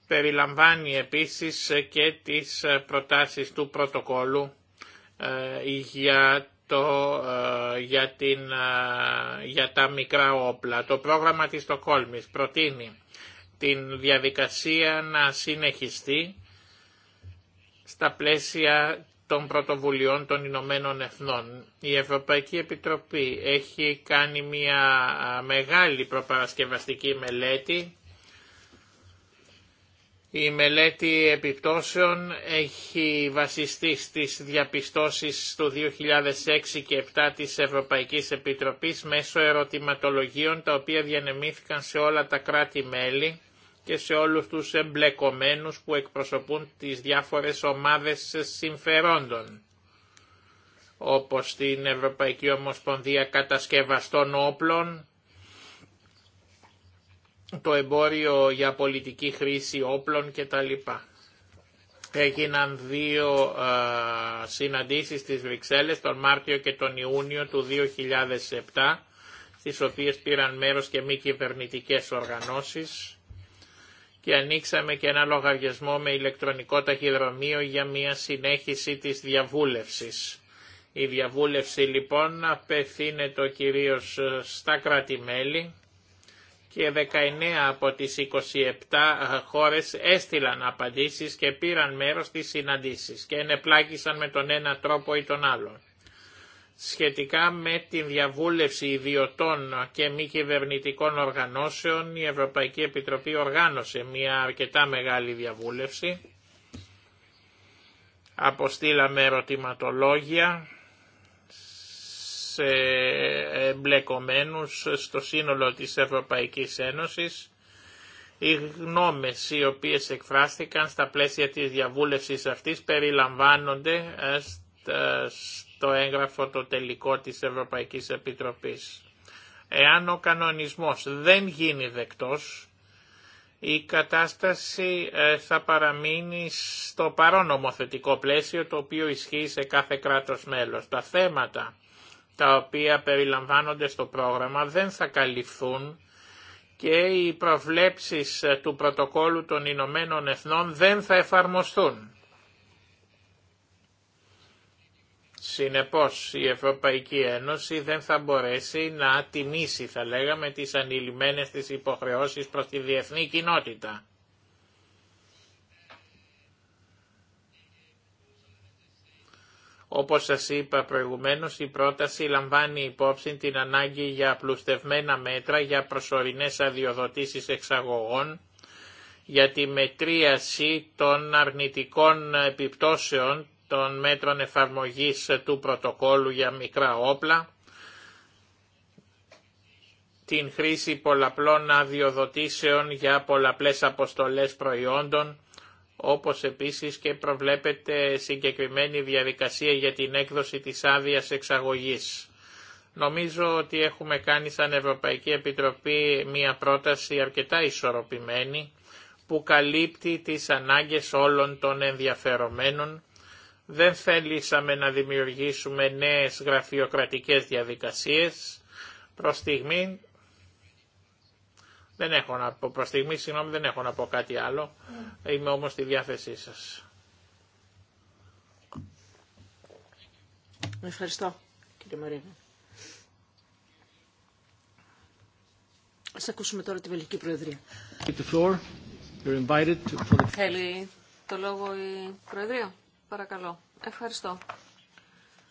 Speaker 1: περιλαμβάνει επίσης και τις προτάσεις του πρωτοκόλου ε, για το, ε, για, την, ε, για τα μικρά όπλα. Το πρόγραμμα της Στοκόλμης προτείνει την διαδικασία να συνεχιστεί στα πλαίσια των πρωτοβουλειών των Ηνωμένων Εθνών. Η Ευρωπαϊκή Επιτροπή έχει κάνει μια ε, μεγάλη προπαρασκευαστική μελέτη η μελέτη επιπτώσεων έχει βασιστεί στις διαπιστώσεις του 2006 και 7 της Ευρωπαϊκής Επιτροπής μέσω ερωτηματολογίων τα οποία διανεμήθηκαν σε όλα τα κράτη-μέλη και σε όλους τους εμπλεκομένους που εκπροσωπούν τις διάφορες ομάδες συμφερόντων όπως την Ευρωπαϊκή Ομοσπονδία Κατασκευαστών Όπλων, το εμπόριο για πολιτική χρήση όπλων και τα κτλ. Έγιναν δύο συναντήσει συναντήσεις στις Βρυξέλλες τον Μάρτιο και τον Ιούνιο του 2007 στις οποίες πήραν μέρος και μη κυβερνητικέ οργανώσεις και ανοίξαμε και ένα λογαριασμό με ηλεκτρονικό ταχυδρομείο για μια συνέχιση της διαβούλευσης. Η διαβούλευση λοιπόν απευθύνεται κυρίως ε, στα κράτη-μέλη και 19 από τις 27 χώρες έστειλαν απαντήσεις και πήραν μέρος στις συναντήσεις και ενεπλάκησαν με τον ένα τρόπο ή τον άλλον. Σχετικά με την διαβούλευση ιδιωτών και μη κυβερνητικών οργανώσεων, η Ευρωπαϊκή Επιτροπή οργάνωσε μια αρκετά μεγάλη διαβούλευση. Αποστήλαμε ερωτηματολόγια ε, Εμπλεκομένου στο σύνολο της Ευρωπαϊκής Ένωσης. Οι γνώμες οι οποίες εκφράστηκαν στα πλαίσια της διαβούλευσης αυτής περιλαμβάνονται ε, στο έγγραφο το τελικό της Ευρωπαϊκής Επιτροπής. Εάν ο κανονισμός δεν γίνει δεκτός, η κατάσταση ε, θα παραμείνει στο παρόν νομοθετικό πλαίσιο το οποίο ισχύει σε κάθε κράτος μέλος. Τα θέματα τα οποία περιλαμβάνονται στο πρόγραμμα δεν θα καλυφθούν και οι προβλέψεις του πρωτοκόλου των Ηνωμένων Εθνών δεν θα εφαρμοστούν. Συνεπώς η Ευρωπαϊκή Ένωση δεν θα μπορέσει να τιμήσει θα λέγαμε τις ανηλυμένες της υποχρεώσεις προς τη διεθνή κοινότητα. Όπως σας είπα προηγουμένως, η πρόταση λαμβάνει υπόψη την ανάγκη για απλουστευμένα μέτρα για προσωρινές αδειοδοτήσεις εξαγωγών, για τη μετρίαση των αρνητικών επιπτώσεων των μέτρων εφαρμογής του πρωτοκόλου για μικρά όπλα, την χρήση πολλαπλών αδειοδοτήσεων για πολλαπλές αποστολές προϊόντων, όπως επίσης και προβλέπεται συγκεκριμένη διαδικασία για την έκδοση της άδειας εξαγωγής. Νομίζω ότι έχουμε κάνει σαν Ευρωπαϊκή Επιτροπή μια πρόταση αρκετά ισορροπημένη που καλύπτει τις ανάγκες όλων των ενδιαφερομένων. Δεν θέλησαμε να δημιουργήσουμε νέες γραφειοκρατικές διαδικασίες. Προς στιγμή δεν έχω να πω, προς στιγμή, συγγνώμη, δεν έχω να πω κάτι άλλο. Ναι. Είμαι όμως στη διάθεσή σας.
Speaker 3: Ευχαριστώ, κύριε Μαρίνα. Ας ακούσουμε τώρα τη Βελική Προεδρία.
Speaker 2: Θέλει το λόγο η Προεδρία. Παρακαλώ. Ευχαριστώ.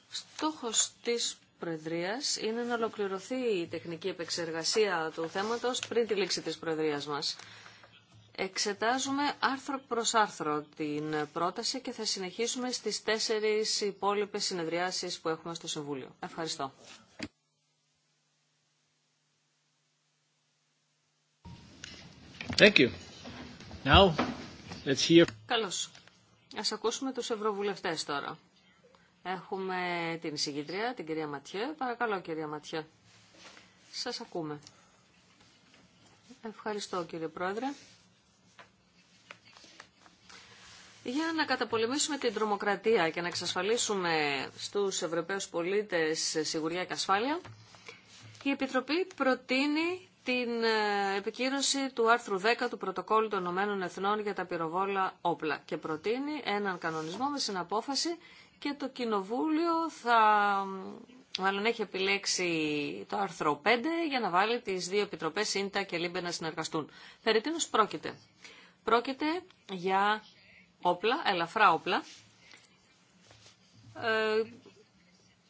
Speaker 2: Στόχος της Προεδρίας είναι να ολοκληρωθεί η τεχνική επεξεργασία του θέματος πριν τη λήξη της Προεδρίας μας. Εξετάζουμε άρθρο προς άρθρο την πρόταση και θα συνεχίσουμε στις τέσσερις υπόλοιπες συνεδριάσεις που έχουμε στο Συμβούλιο. Ευχαριστώ.
Speaker 4: Thank you. Now, let's hear...
Speaker 2: Καλώς. Ας ακούσουμε τους ευρωβουλευτές τώρα. Έχουμε την συγκεντρία, την κυρία Ματιέ. Παρακαλώ κυρία Ματιέ. Σας ακούμε. Ευχαριστώ κύριε Πρόεδρε. Για να καταπολεμήσουμε την τρομοκρατία και να εξασφαλίσουμε στους Ευρωπαίους πολίτες σιγουριά και ασφάλεια, η Επιτροπή προτείνει την ε, επικύρωση του άρθρου 10 του Πρωτοκόλλου των Ηνωμένων Εθνών για τα πυροβόλα όπλα και προτείνει έναν κανονισμό με συναπόφαση και το Κοινοβούλιο θα μάλλον έχει επιλέξει το άρθρο 5 για να βάλει τις δύο επιτροπές ΣΥΝΤΑ και ΛΥΜΠΕ να συνεργαστούν. Περί τίνος πρόκειται. Πρόκειται για όπλα, ελαφρά όπλα, ε,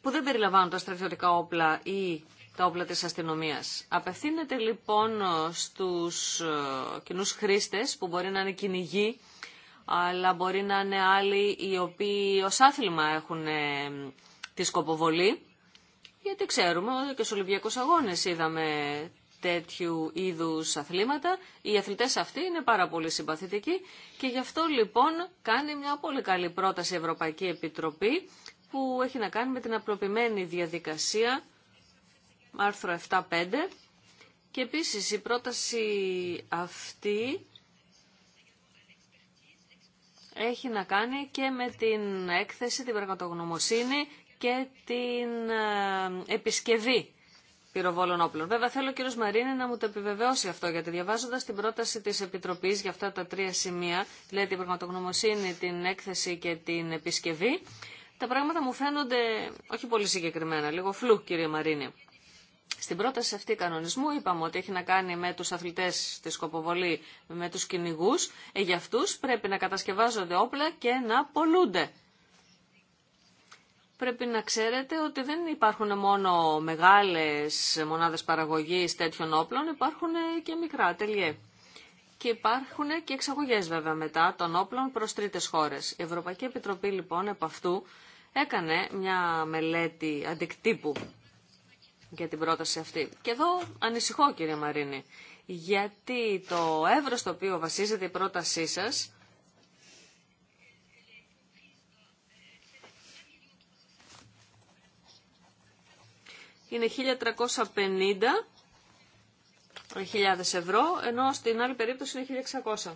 Speaker 2: που δεν περιλαμβάνουν τα στρατιωτικά όπλα ή τα όπλα της αστυνομίας. Απευθύνεται λοιπόν στους ε, κοινούς χρήστες που μπορεί να είναι κυνηγοί αλλά μπορεί να είναι άλλοι οι οποίοι ως άθλημα έχουν ε, τη σκοποβολή, γιατί ξέρουμε ότι και στους Ολυμπιακούς Αγώνες είδαμε τέτοιου είδους αθλήματα. Οι αθλητές αυτοί είναι πάρα πολύ συμπαθητικοί και γι' αυτό λοιπόν κάνει μια πολύ καλή πρόταση η Ευρωπαϊκή Επιτροπή που έχει να κάνει με την απλοποιημένη διαδικασία άρθρο 7.5 και επίσης η πρόταση αυτή έχει να κάνει και με την έκθεση, την πραγματογνωμοσύνη και την ε, επισκευή πυροβόλων όπλων. Βέβαια θέλω ο κύριος Μαρίνη να μου το επιβεβαιώσει αυτό, γιατί διαβάζοντας την πρόταση της Επιτροπής για αυτά τα τρία σημεία, δηλαδή την πραγματογνωμοσύνη, την έκθεση και την επισκευή, τα πράγματα μου φαίνονται όχι πολύ συγκεκριμένα, λίγο φλού κύριε Μαρίνη. Στην πρόταση αυτή κανονισμού είπαμε ότι έχει να κάνει με τους αθλητές στη σκοποβολή, με τους κυνηγού. Ε, για αυτούς πρέπει να κατασκευάζονται όπλα και να πολλούνται. Πρέπει να ξέρετε ότι δεν υπάρχουν μόνο μεγάλες μονάδες παραγωγής τέτοιων όπλων, υπάρχουν και μικρά τελειέ. Και υπάρχουν και εξαγωγές βέβαια μετά των όπλων προς τρίτες χώρες. Η Ευρωπαϊκή Επιτροπή λοιπόν από αυτού έκανε μια μελέτη αντικτύπου για την πρόταση αυτή. Και εδώ ανησυχώ κύριε Μαρίνη, γιατί το εύρος στο οποίο βασίζεται η πρότασή σας είναι 1350 ευρώ, ενώ στην άλλη περίπτωση είναι 1.600.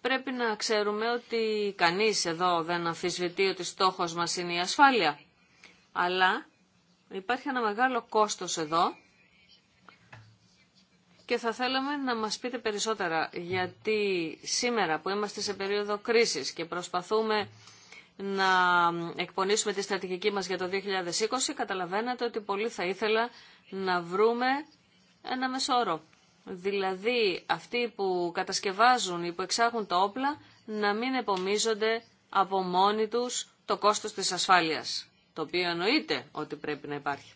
Speaker 2: Πρέπει να ξέρουμε ότι κανείς εδώ δεν αμφισβητεί ότι στόχος μας είναι η ασφάλεια αλλά υπάρχει ένα μεγάλο κόστος εδώ και θα θέλαμε να μας πείτε περισσότερα γιατί σήμερα που είμαστε σε περίοδο κρίσης και προσπαθούμε να εκπονήσουμε τη στρατηγική μας για το 2020 καταλαβαίνετε ότι πολύ θα ήθελα να βρούμε ένα μεσόρο. Δηλαδή αυτοί που κατασκευάζουν ή που εξάγουν τα όπλα να μην επομίζονται από μόνοι τους το κόστος της ασφάλειας το οποίο εννοείται ότι πρέπει να υπάρχει.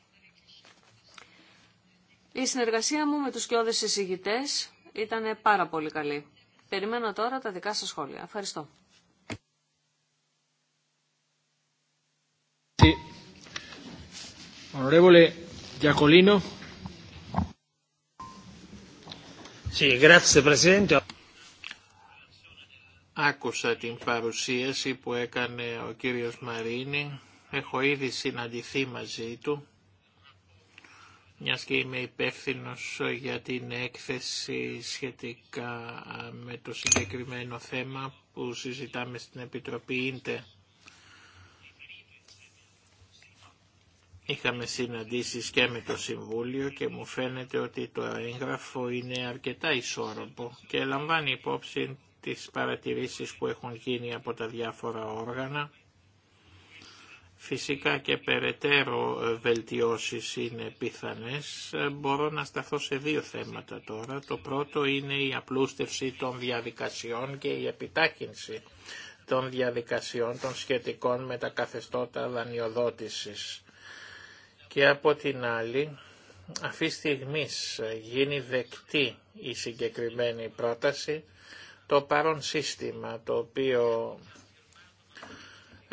Speaker 2: Η συνεργασία μου με τους κοιόδες εισηγητές ήταν πάρα πολύ καλή. Περιμένω τώρα τα δικά σας σχόλια. Ευχαριστώ.
Speaker 1: Άκουσα την παρουσίαση που έκανε ο κύριος Μαρίνη Έχω ήδη συναντηθεί μαζί του, μιας και είμαι υπεύθυνο για την έκθεση σχετικά με το συγκεκριμένο θέμα που συζητάμε στην Επιτροπή Ίντε. Είχαμε συναντήσεις και με το Συμβούλιο και μου φαίνεται ότι το έγγραφο είναι αρκετά ισόρροπο και λαμβάνει υπόψη τις παρατηρήσεις που έχουν γίνει από τα διάφορα όργανα Φυσικά και περαιτέρω ε, βελτιώσεις είναι πιθανές. Ε, μπορώ να σταθώ σε δύο θέματα τώρα. Το πρώτο είναι η απλούστευση των διαδικασιών και η επιτάχυνση των διαδικασιών των σχετικών με τα καθεστώτα δανειοδότησης. Και από την άλλη, αυτή στιγμή ε, γίνει δεκτή η συγκεκριμένη πρόταση, το παρόν σύστημα το οποίο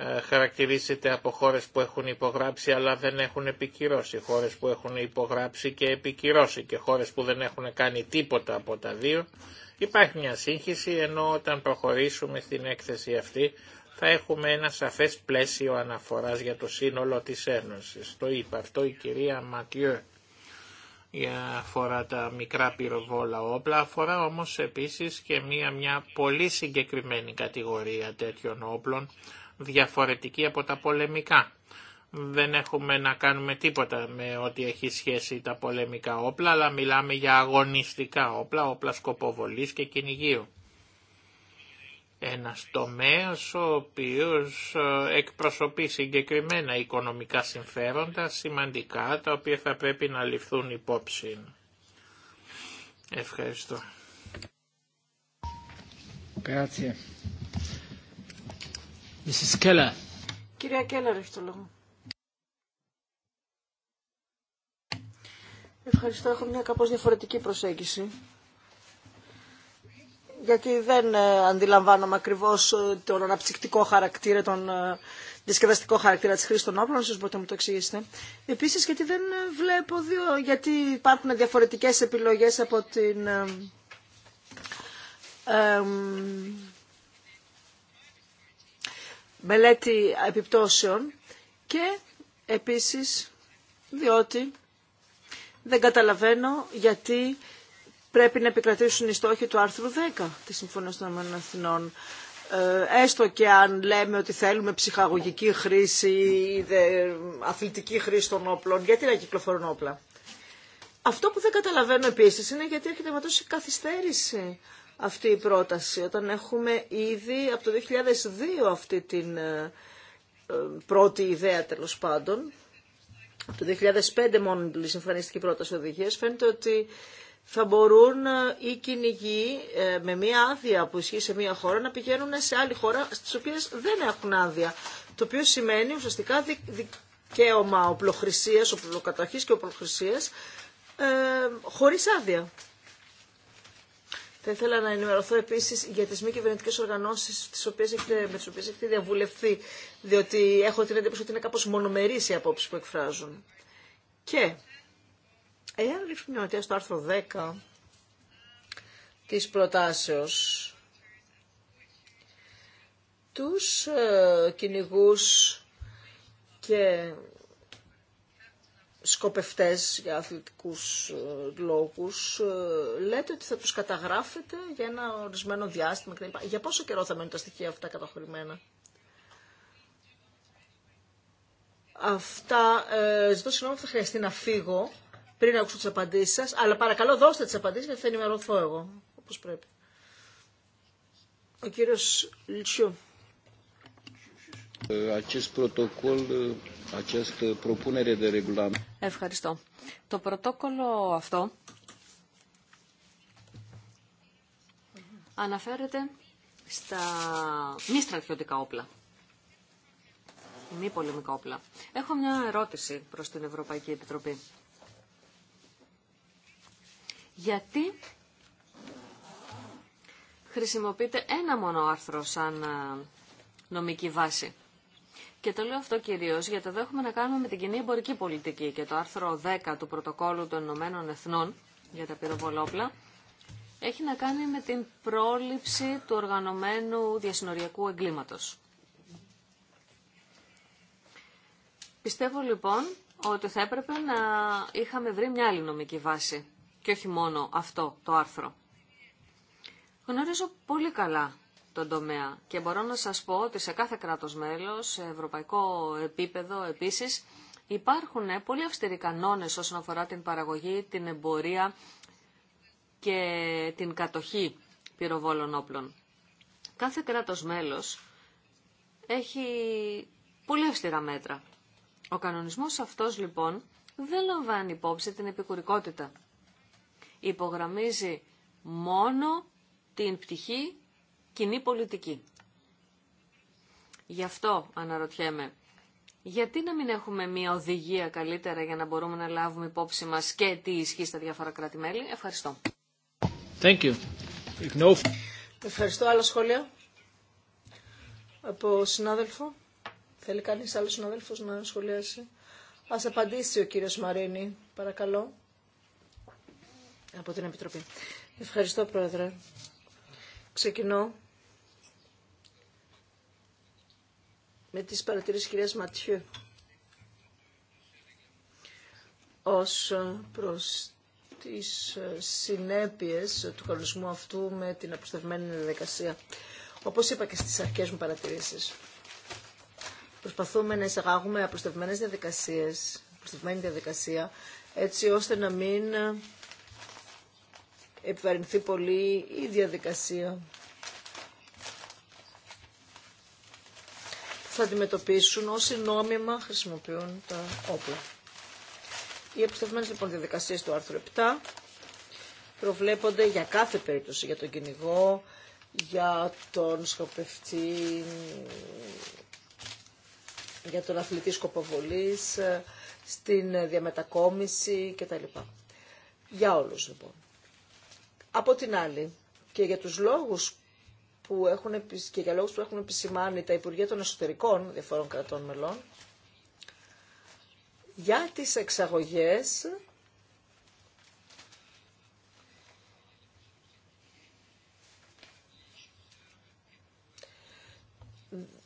Speaker 1: ε, χαρακτηρίζεται από χώρες που έχουν υπογράψει αλλά δεν έχουν επικυρώσει, χώρες που έχουν υπογράψει και επικυρώσει και χώρες που δεν έχουν κάνει τίποτα από τα δύο. Υπάρχει μια σύγχυση ενώ όταν προχωρήσουμε στην έκθεση αυτή θα έχουμε ένα σαφές πλαίσιο αναφοράς για το σύνολο της Ένωσης. Το είπε αυτό η κυρία Ματιέ αφορά τα μικρά πυροβόλα όπλα, αφορά όμως επίσης και μία μια πολύ συγκεκριμένη κατηγορία τέτοιων όπλων διαφορετική από τα πολεμικά. Δεν έχουμε να κάνουμε τίποτα με ό,τι έχει σχέση τα πολεμικά όπλα, αλλά μιλάμε για αγωνιστικά όπλα, όπλα σκοποβολής και κυνηγίου. Ένας τομέας ο οποίος ε, εκπροσωπεί συγκεκριμένα οικονομικά συμφέροντα σημαντικά, τα οποία θα πρέπει να ληφθούν υπόψη. Ευχαριστώ.
Speaker 3: Κυρία Ευχαριστώ. Έχω μια κάπως διαφορετική προσέγγιση. Γιατί δεν ε, αντιλαμβάνομαι ακριβώς ε, τον αναψυκτικό χαρακτήρα, τον ε, διασκεδαστικό χαρακτήρα της χρήσης των όπλων. σας μπορείτε να μου το εξηγήσετε. Επίσης, γιατί δεν βλέπω δύο, γιατί υπάρχουν διαφορετικές επιλογές από την μελέτη επιπτώσεων και επίσης διότι δεν καταλαβαίνω γιατί πρέπει να επικρατήσουν οι στόχοι του άρθρου 10 της Συμφωνίας των Αθηνών. Ε, έστω και αν λέμε ότι θέλουμε ψυχαγωγική χρήση ή αθλητική χρήση των όπλων, γιατί να κυκλοφορούν όπλα. Αυτό που δεν καταλαβαίνω επίσης είναι γιατί έρχεται με τόση καθυστέρηση αυτή η πρόταση, όταν έχουμε ήδη από το 2002 αυτή την ε, ε, πρώτη ιδέα τέλο πάντων, το 2005 μόνο η η πρόταση οδηγίας, φαίνεται ότι θα μπορούν ε, οι κυνηγοί με μία άδεια που ισχύει σε μία χώρα να πηγαίνουν σε άλλη χώρα στις οποίες δεν έχουν άδεια. Το οποίο σημαίνει ουσιαστικά δικαίωμα οπλοχρησίας, οπλοκατοχής και οπλοχρησίας ε, χωρίς άδεια. Θα ήθελα να ενημερωθώ επίση για τι μη κυβερνητικέ οργανώσει με τι οποίε έχετε διαβουλευθεί, διότι έχω την εντύπωση ότι είναι κάπω μονομερεί οι απόψει που εκφράζουν. Και εάν ρίξουμε μια ματιά στο άρθρο 10 της προτάσεως, τους ε, κυνηγούς και σκοπευτές για αθλητικούς ε, λόγους ε, λέτε ότι θα τους καταγράφετε για ένα ορισμένο διάστημα κλπ. Για πόσο καιρό θα μένουν τα στοιχεία αυτά καταχωρημένα. Αυτά ε, ζητώ συγγνώμη που θα χρειαστεί να φύγω πριν να ακούσω τις απαντήσεις σας, αλλά παρακαλώ δώστε τις απαντήσεις γιατί θα ενημερωθώ εγώ όπως πρέπει. Ο κύριος Λιτσιού.
Speaker 2: Ευχαριστώ. Το πρωτόκολλο αυτό αναφέρεται στα μη στρατιωτικά όπλα. Μη πολεμικά όπλα. Έχω μια ερώτηση προς την Ευρωπαϊκή Επιτροπή. Γιατί χρησιμοποιείται ένα μόνο άρθρο σαν ε, νομική βάση. Και το λέω αυτό κυρίω γιατί εδώ έχουμε να κάνουμε με την κοινή εμπορική πολιτική και το άρθρο 10 του Πρωτοκόλου των Ηνωμένων Εθνών για τα πυροβολόπλα έχει να κάνει με την πρόληψη του οργανωμένου διασυνοριακού εγκλήματος. Πιστεύω λοιπόν ότι θα έπρεπε να είχαμε βρει μια άλλη νομική βάση και όχι μόνο αυτό το άρθρο. Γνωρίζω πολύ καλά τον τομέα. Και μπορώ να σας πω ότι σε κάθε κράτος μέλος, σε ευρωπαϊκό επίπεδο επίσης, υπάρχουν ε, πολύ αυστηροί κανόνες όσον αφορά την παραγωγή, την εμπορία και την κατοχή πυροβόλων όπλων. Κάθε κράτος μέλος έχει πολύ αυστηρά μέτρα. Ο κανονισμός αυτός λοιπόν δεν λαμβάνει υπόψη την επικουρικότητα. Υπογραμμίζει μόνο την πτυχή κοινή πολιτική. Γι' αυτό αναρωτιέμαι, γιατί να μην έχουμε μια οδηγία καλύτερα για να μπορούμε να λάβουμε υπόψη μας και τι ισχύει στα διάφορα κράτη-μέλη. Ευχαριστώ.
Speaker 4: Thank you.
Speaker 3: Ευχαριστώ. Άλλα σχόλια από συνάδελφο. Θέλει κανείς άλλος συνάδελφος να σχολιάσει. Ας απαντήσει ο κύριος Μαρίνη, παρακαλώ, από την Επιτροπή. Ευχαριστώ, Πρόεδρε. Ξεκινώ με τις παρατηρήσεις κυρίας Ματιού ως προς τις ε, συνέπειες του καλωσμού αυτού με την αποστευμένη διαδικασία. Όπως είπα και στις αρχές μου παρατηρήσεις, προσπαθούμε να εισαγάγουμε απλουστευμένες διαδικασίες, έτσι ώστε να μην ε, επιβαρυνθεί πολύ η διαδικασία θα αντιμετωπίσουν όσοι νόμιμα χρησιμοποιούν τα όπλα. Οι επιστευμένε λοιπόν διαδικασίε του άρθρου 7 προβλέπονται για κάθε περίπτωση, για τον κυνηγό, για τον σκοπευτή, για τον αθλητή σκοποβολής, στην διαμετακόμιση κτλ. Για όλους λοιπόν. Από την άλλη και για τους λόγους που έχουν, και για λόγους που έχουν επισημάνει τα Υπουργεία των Εσωτερικών διαφορών κρατών μελών, για τις εξαγωγές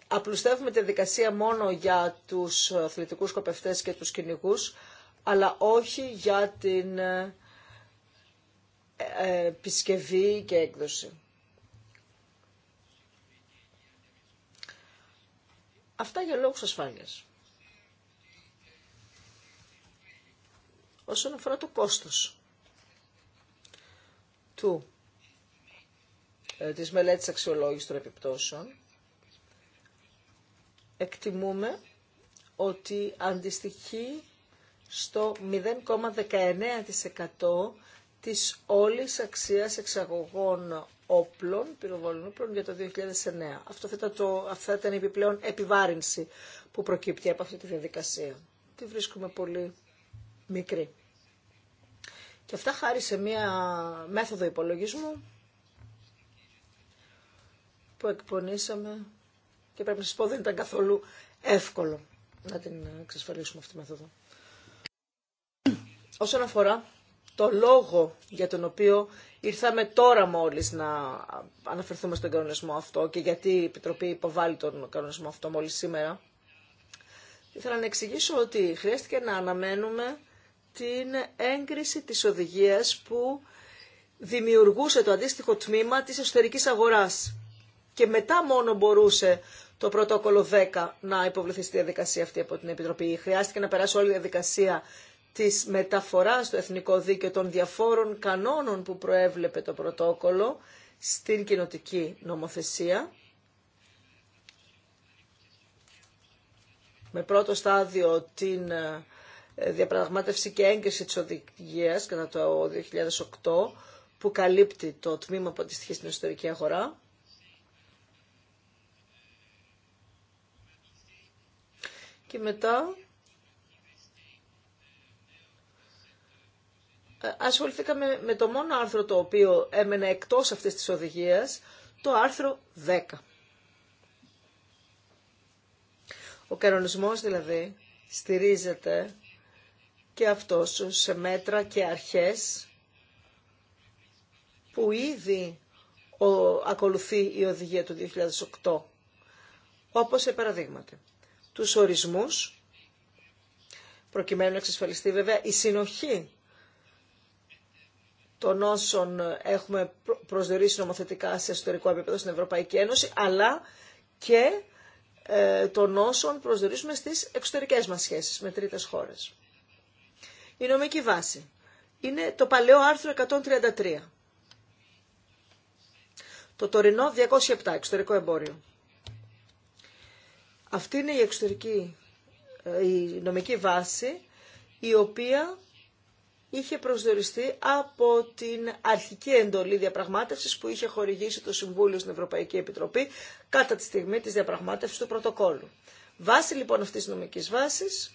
Speaker 3: απλουστεύουμε τη δικασία μόνο για τους αθλητικούς σκοπευτές και τους κυνηγού, αλλά όχι για την ε, ε, επισκευή και έκδοση. Αυτά για λόγους ασφάλειας. Όσον αφορά το κόστος του, ε, της μελέτης αξιολόγησης των επιπτώσεων, εκτιμούμε ότι αντιστοιχεί στο 0,19% της όλης αξίας εξαγωγών όπλων, πυροβόλων όπλων για το 2009. Αυτό θα ήταν, το, η επιπλέον επιβάρυνση που προκύπτει από αυτή τη διαδικασία. Τη βρίσκουμε πολύ μικρή. Και αυτά χάρη σε μία μέθοδο υπολογισμού που εκπονήσαμε και πρέπει να σας πω δεν ήταν καθόλου εύκολο να την εξασφαλίσουμε αυτή τη μέθοδο. Όσον αφορά το λόγο για τον οποίο ήρθαμε τώρα μόλις να αναφερθούμε στον κανονισμό αυτό και γιατί η Επιτροπή υποβάλλει τον κανονισμό αυτό μόλις σήμερα. Ήθελα να εξηγήσω ότι χρειάστηκε να αναμένουμε την έγκριση της οδηγίας που δημιουργούσε το αντίστοιχο τμήμα της εσωτερικής αγοράς. Και μετά μόνο μπορούσε το πρωτόκολλο 10 να υποβληθεί στη διαδικασία αυτή από την Επιτροπή. Χρειάστηκε να περάσει όλη η διαδικασία της μεταφοράς του Εθνικού δίκαιο των διαφόρων κανόνων που προέβλεπε το πρωτόκολλο στην κοινοτική νομοθεσία. Με πρώτο στάδιο την ε, διαπραγμάτευση και έγκριση της οδηγίας κατά το 2008 που καλύπτει το τμήμα που αντιστοιχεί στην εσωτερική αγορά. Και μετά ασχοληθήκαμε με το μόνο άρθρο το οποίο έμενε εκτός αυτής της οδηγίας, το άρθρο 10. Ο κανονισμός δηλαδή στηρίζεται και αυτός σε μέτρα και αρχές που ήδη ακολουθεί η οδηγία του 2008. Όπως σε παραδείγματα, τους ορισμούς, προκειμένου να εξασφαλιστεί βέβαια η συνοχή των όσων έχουμε προσδιορίσει νομοθετικά σε εσωτερικό επίπεδο στην Ευρωπαϊκή Ένωση, αλλά και ε, των όσων προσδιορίζουμε στις εξωτερικές μας σχέσεις με τρίτες χώρες. Η νομική βάση είναι το παλαιό άρθρο 133. Το τωρινό 207, εξωτερικό εμπόριο. Αυτή είναι η εξωτερική, ε, η νομική βάση, η οποία είχε προσδιοριστεί από την αρχική εντολή διαπραγμάτευσης που είχε χορηγήσει το Συμβούλιο στην Ευρωπαϊκή Επιτροπή κατά τη στιγμή της διαπραγμάτευσης του πρωτοκόλλου. Βάσει λοιπόν αυτής της νομικής βάσης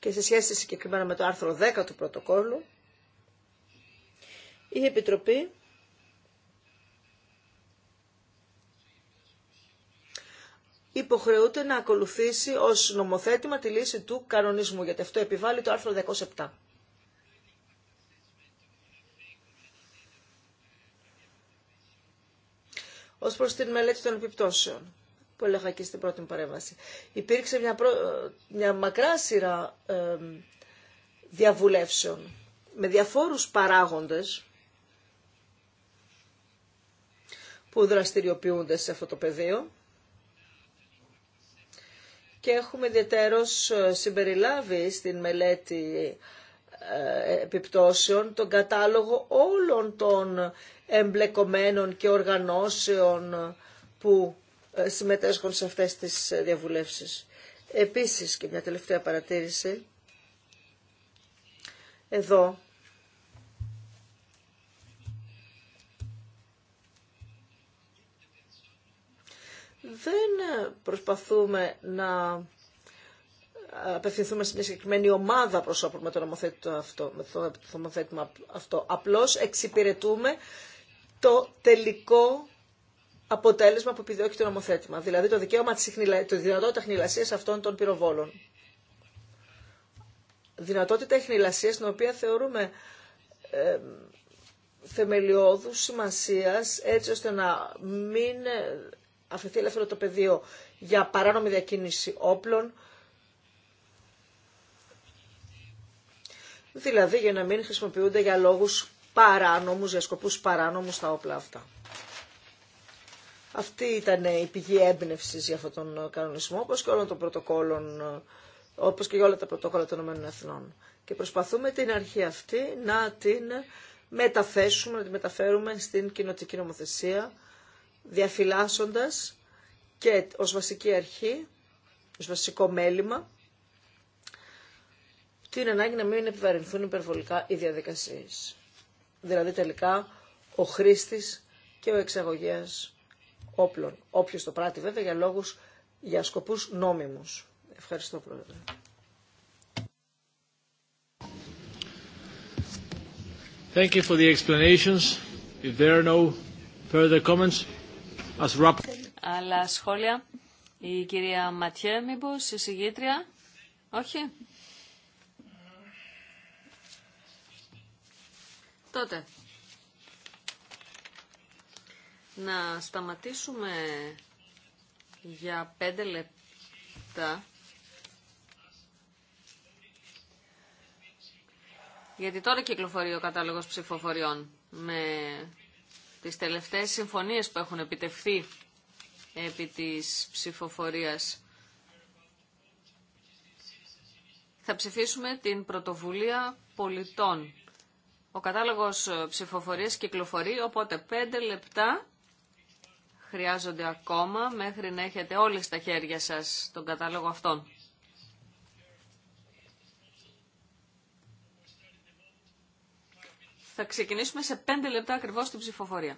Speaker 3: και σε σχέση συγκεκριμένα με το άρθρο 10 του πρωτοκόλλου η Επιτροπή υποχρεούται να ακολουθήσει ως νομοθέτημα τη λύση του κανονισμού, γιατί αυτό επιβάλλει το άρθρο 207. Ως προς την μελέτη των επιπτώσεων, που έλεγα και στην πρώτη παρέμβαση, υπήρξε μια, μια μακρά σειρά διαβουλεύσεων με διαφόρους παράγοντες που δραστηριοποιούνται σε αυτό το πεδίο και έχουμε ιδιαίτερως ε, συμπεριλάβει στην μελέτη ε, ε, επιπτώσεων τον κατάλογο όλων των εμπλεκομένων και οργανώσεων που συμμετέσχουν σε αυτές τις διαβουλεύσεις. Επίσης και μια τελευταία παρατήρηση. Εδώ δεν προσπαθούμε να απευθυνθούμε σε μια συγκεκριμένη ομάδα προσώπων με το νομοθέτημα αυτό. Με το νομοθέτημα αυτό. Απλώς εξυπηρετούμε το τελικό αποτέλεσμα που επιδιώκει το νομοθέτημα. Δηλαδή το δικαίωμα της το δυνατότητα χνηλασίας αυτών των πυροβόλων. Δυνατότητα χνηλασίας την οποία θεωρούμε ε, θεμελιώδους σημασίας έτσι ώστε να μην αφαιθεί ελεύθερο το πεδίο για παράνομη διακίνηση όπλων, δηλαδή για να μην χρησιμοποιούνται για λόγους παράνομους, για σκοπούς παράνομους τα όπλα αυτά. Αυτή ήταν η πηγή έμπνευση για αυτόν τον κανονισμό, όπως και, όλων των πρωτοκόλων, όπως και για όλα τα πρωτόκολλα των ΗΕ. Και προσπαθούμε την αρχή αυτή να την μεταθέσουμε, να τη μεταφέρουμε στην κοινοτική νομοθεσία, διαφυλάσσοντας και ως βασική αρχή, ως βασικό μέλημα, την ανάγκη να μην επιβαρυνθούν υπερβολικά οι διαδικασίες. Δηλαδή τελικά ο χρήστης και ο εξαγωγέας όπλων. Όποιος το πράττει βέβαια για λόγους, για σκοπούς νόμιμους. Ευχαριστώ πρόεδρε.
Speaker 4: Thank you for the explanations. If
Speaker 2: Άλλα σχόλια. Η κυρία Ματιέ, μήπω, η συγγήτρια. Όχι. Τότε. Να σταματήσουμε για πέντε λεπτά. Γιατί τώρα κυκλοφορεί ο κατάλογος ψηφοφοριών με τις τελευταίες συμφωνίες που έχουν επιτευχθεί επί της ψηφοφορίας. Θα ψηφίσουμε την πρωτοβουλία πολιτών. Ο κατάλογος ψηφοφορίας κυκλοφορεί, οπότε πέντε λεπτά χρειάζονται ακόμα μέχρι να έχετε όλοι στα χέρια σας τον κατάλογο αυτόν. Θα ξεκινήσουμε σε 5 λεπτά ακριβώς την ψηφοφορία.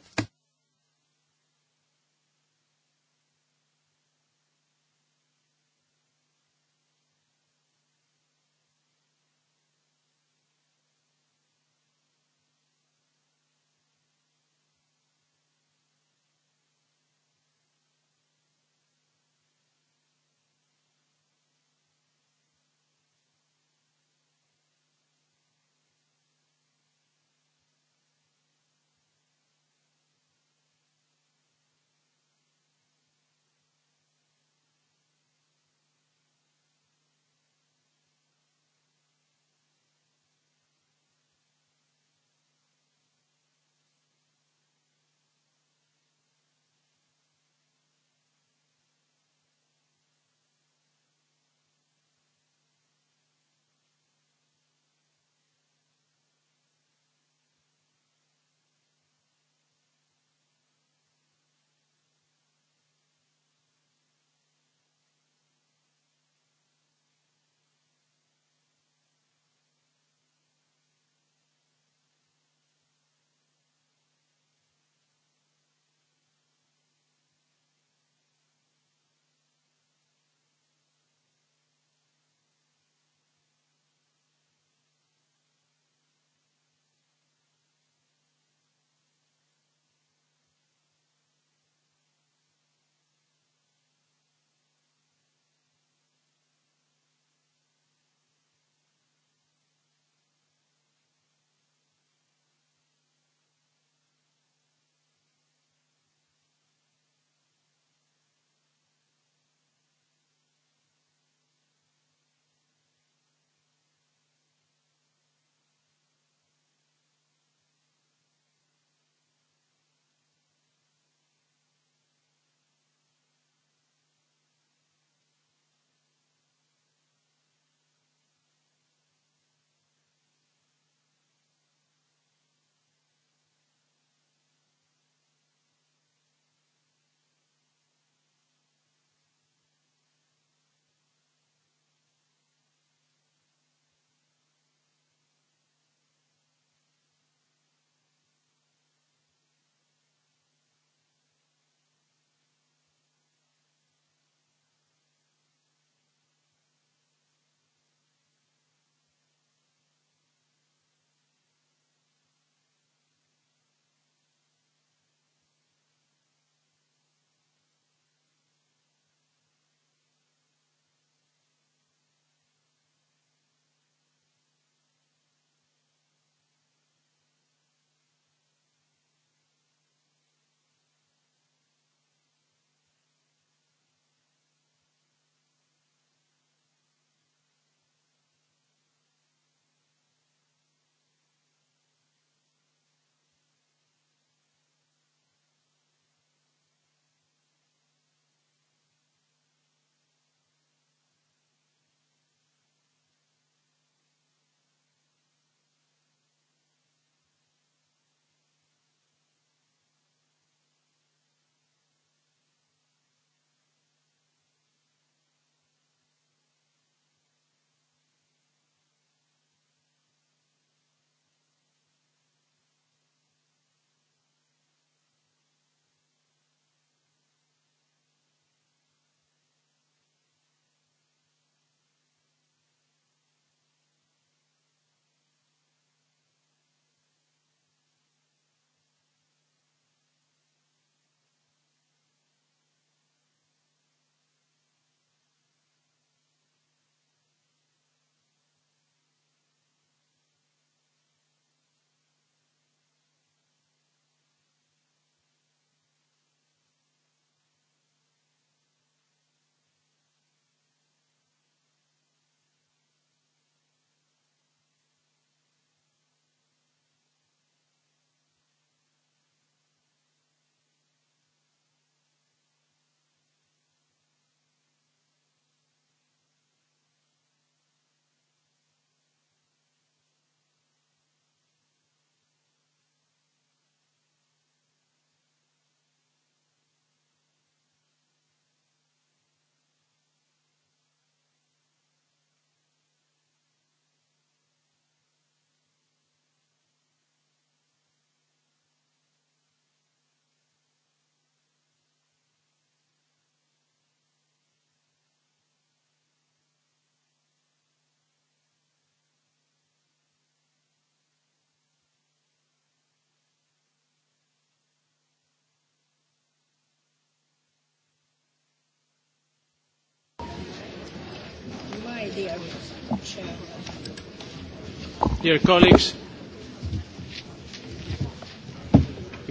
Speaker 4: Dear colleagues,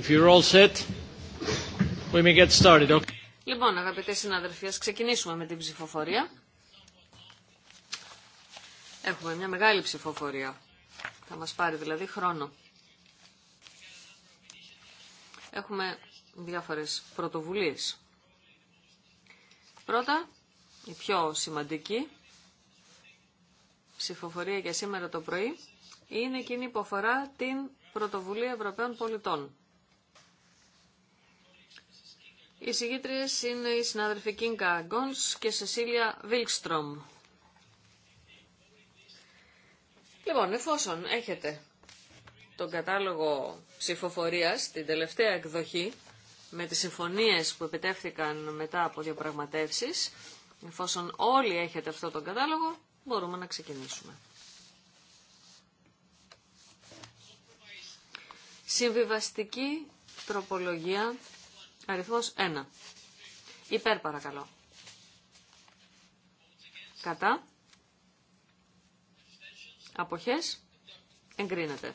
Speaker 4: if you're all set, we may get started. Okay.
Speaker 2: Λοιπόν, αγαπητέ συνάδελφοι, ας ξεκινήσουμε με την ψηφοφορία. Έχουμε μια μεγάλη ψηφοφορία. Θα μας πάρει δηλαδή χρόνο. Έχουμε διάφορες πρωτοβουλίες. Πρώτα, η πιο σημαντική ψηφοφορία για σήμερα το πρωί είναι εκείνη που αφορά την πρωτοβουλία Ευρωπαίων πολιτών. Οι συγγήτριε είναι οι συνάδελφοι Κίνκα Γκόνς και Σεσίλια Βίλκστρομ. Λοιπόν, εφόσον έχετε τον κατάλογο ψηφοφορίας, την τελευταία εκδοχή, με τις συμφωνίες που επιτεύχθηκαν μετά από διαπραγματεύσεις, εφόσον όλοι έχετε αυτό τον κατάλογο, μπορούμε να ξεκινήσουμε. Συμβιβαστική τροπολογία αριθμός 1. Υπέρ παρακαλώ. Κατά. Αποχές. Εγκρίνεται.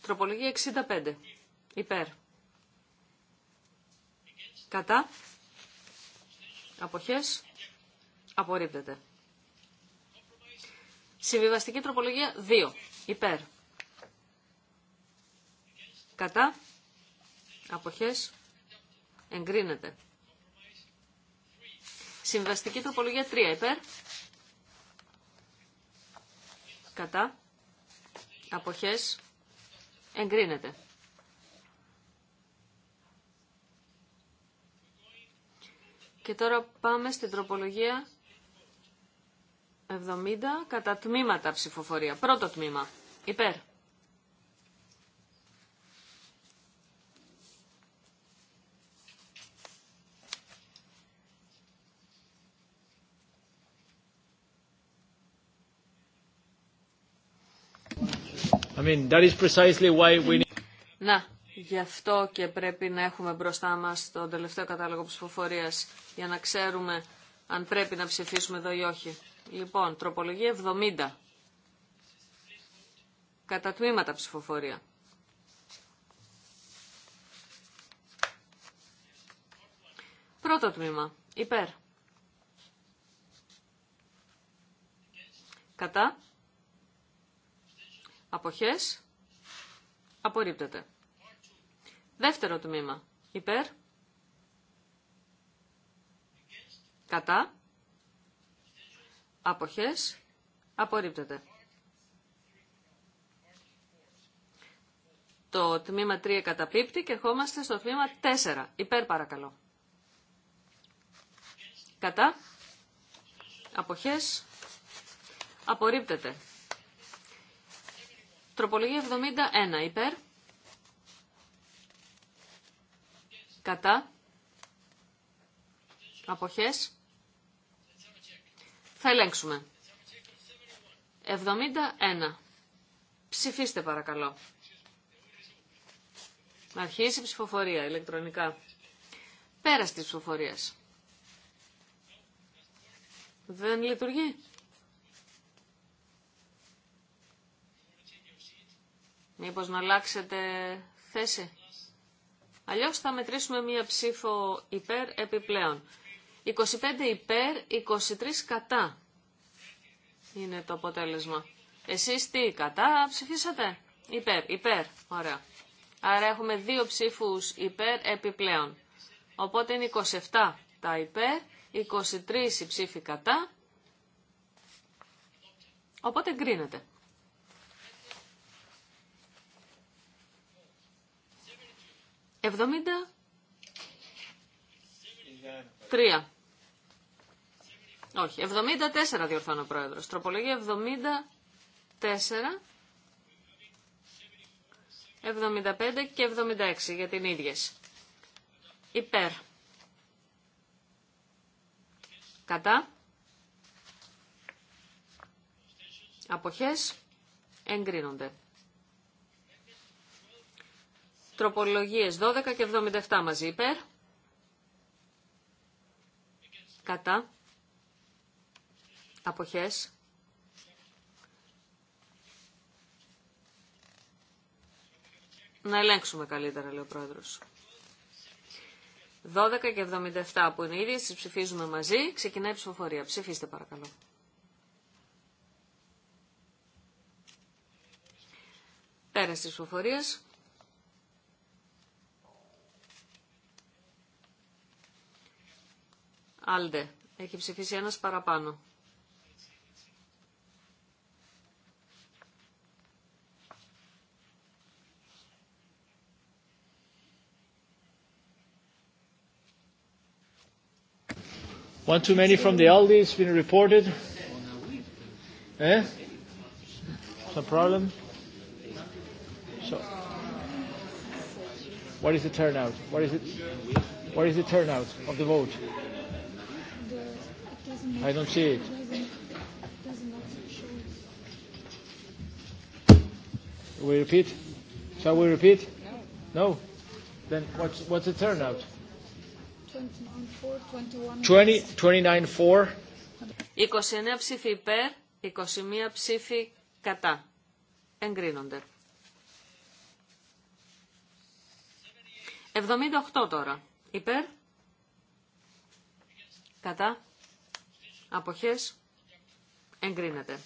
Speaker 2: Τροπολογία 65. Υπέρ. Κατά. Αποχές. Απορρίπτεται. Συμβιβαστική τροπολογία 2. Υπέρ. Κατά. Αποχές. Εγκρίνεται. Συμβαστική τροπολογία 3. Υπέρ. Κατά. Αποχές. Εγκρίνεται. Και τώρα πάμε στην τροπολογία 70 κατά τμήματα ψηφοφορία. Πρώτο τμήμα. Υπέρ.
Speaker 4: I mean, that is precisely why we need...
Speaker 2: Να, γι' αυτό και πρέπει να έχουμε μπροστά μας τον τελευταίο κατάλογο ψηφοφορίας για να ξέρουμε αν πρέπει να ψηφίσουμε εδώ ή όχι. Λοιπόν, τροπολογία 70. Κατά τμήματα ψηφοφορία. Πρώτο τμήμα. Υπέρ. Κατά. Αποχές. Απορρίπτεται. Δεύτερο τμήμα. Υπέρ. Κατά. Αποχές. Απορρίπτεται. Το τμήμα 3 καταπίπτει και ερχόμαστε στο τμήμα 4. Υπέρ παρακαλώ. Κατά. Αποχές. Απορρίπτεται. Τροπολογία 71. Υπέρ. Κατά. Αποχές. Θα ελέγξουμε. 71. Ψηφίστε παρακαλώ. Να αρχίσει η ψηφοφορία ηλεκτρονικά. Πέρα τη ψηφοφορία. Δεν λειτουργεί. Μήπω να αλλάξετε θέση. Αλλιώς θα μετρήσουμε μία ψήφο υπέρ επιπλέον. 25 υπέρ, 23 κατά είναι το αποτέλεσμα. Εσείς τι, κατά ψηφίσατε. Υπέρ, υπέρ, ωραία. Άρα έχουμε δύο ψήφους υπέρ επιπλέον. Οπότε είναι 27 τα υπέρ, 23 οι ψήφοι κατά. Οπότε γκρίνεται. 73. Όχι, 74 διορθώνω ο πρόεδρος. Τροπολογία 74, 75 και 76 για την ίδιες. Υπέρ. Κατά. Αποχές εγκρίνονται. Τροπολογίες 12 και 77 μαζί υπέρ. Κατά αποχές Να ελέγξουμε καλύτερα, λέει ο πρόεδρος. 12 και 77 που είναι τις ψηφίζουμε μαζί. Ξεκινάει η ψηφοφορία. Ψηφίστε παρακαλώ. Πέρας της ψηφοφορίας. Άλντε. Έχει ψηφίσει ένας παραπάνω.
Speaker 4: One too many from the Aldi it's been reported. Eh? Some problem? So, what is the turnout? What is it? What is the turnout of the vote? I don't see it. We repeat? Shall we repeat? No.
Speaker 2: Then what's, what's the turnout? 29 ψήφοι υπέρ, 21 ψήφοι κατά. Εγκρίνονται. 78 τώρα. Υπέρ. Κατά. Αποχές. Εγκρίνεται.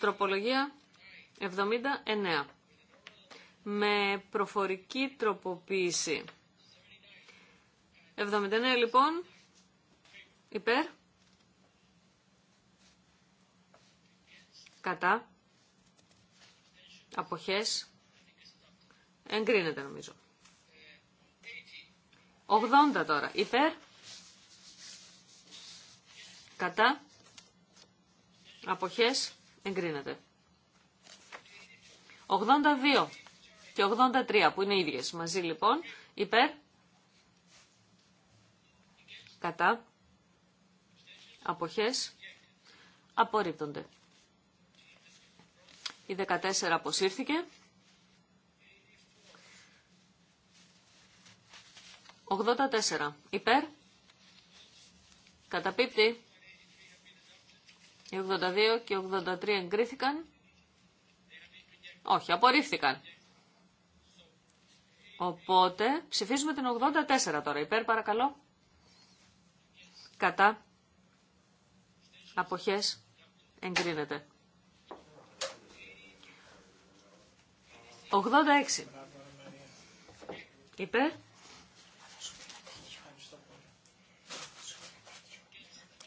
Speaker 2: Τροπολογία 79. Με προφορική τροποποίηση. 79 λοιπόν. Υπέρ. Κατά. Αποχές. Εγκρίνεται νομίζω. 80 τώρα. Υπέρ. Κατά. Αποχές. Εγκρίνεται. 82 και 83 που είναι ίδιες μαζί λοιπόν. Υπέρ κατά, αποχές, απορρίπτονται. Η 14 αποσύρθηκε. 84 υπέρ, καταπίπτει. Οι 82 και 83 εγκρίθηκαν. Όχι, απορρίφθηκαν. Οπότε ψηφίζουμε την 84 τώρα. Υπέρ παρακαλώ κατά, αποχές, εγκρίνεται. 86. Υπέρ.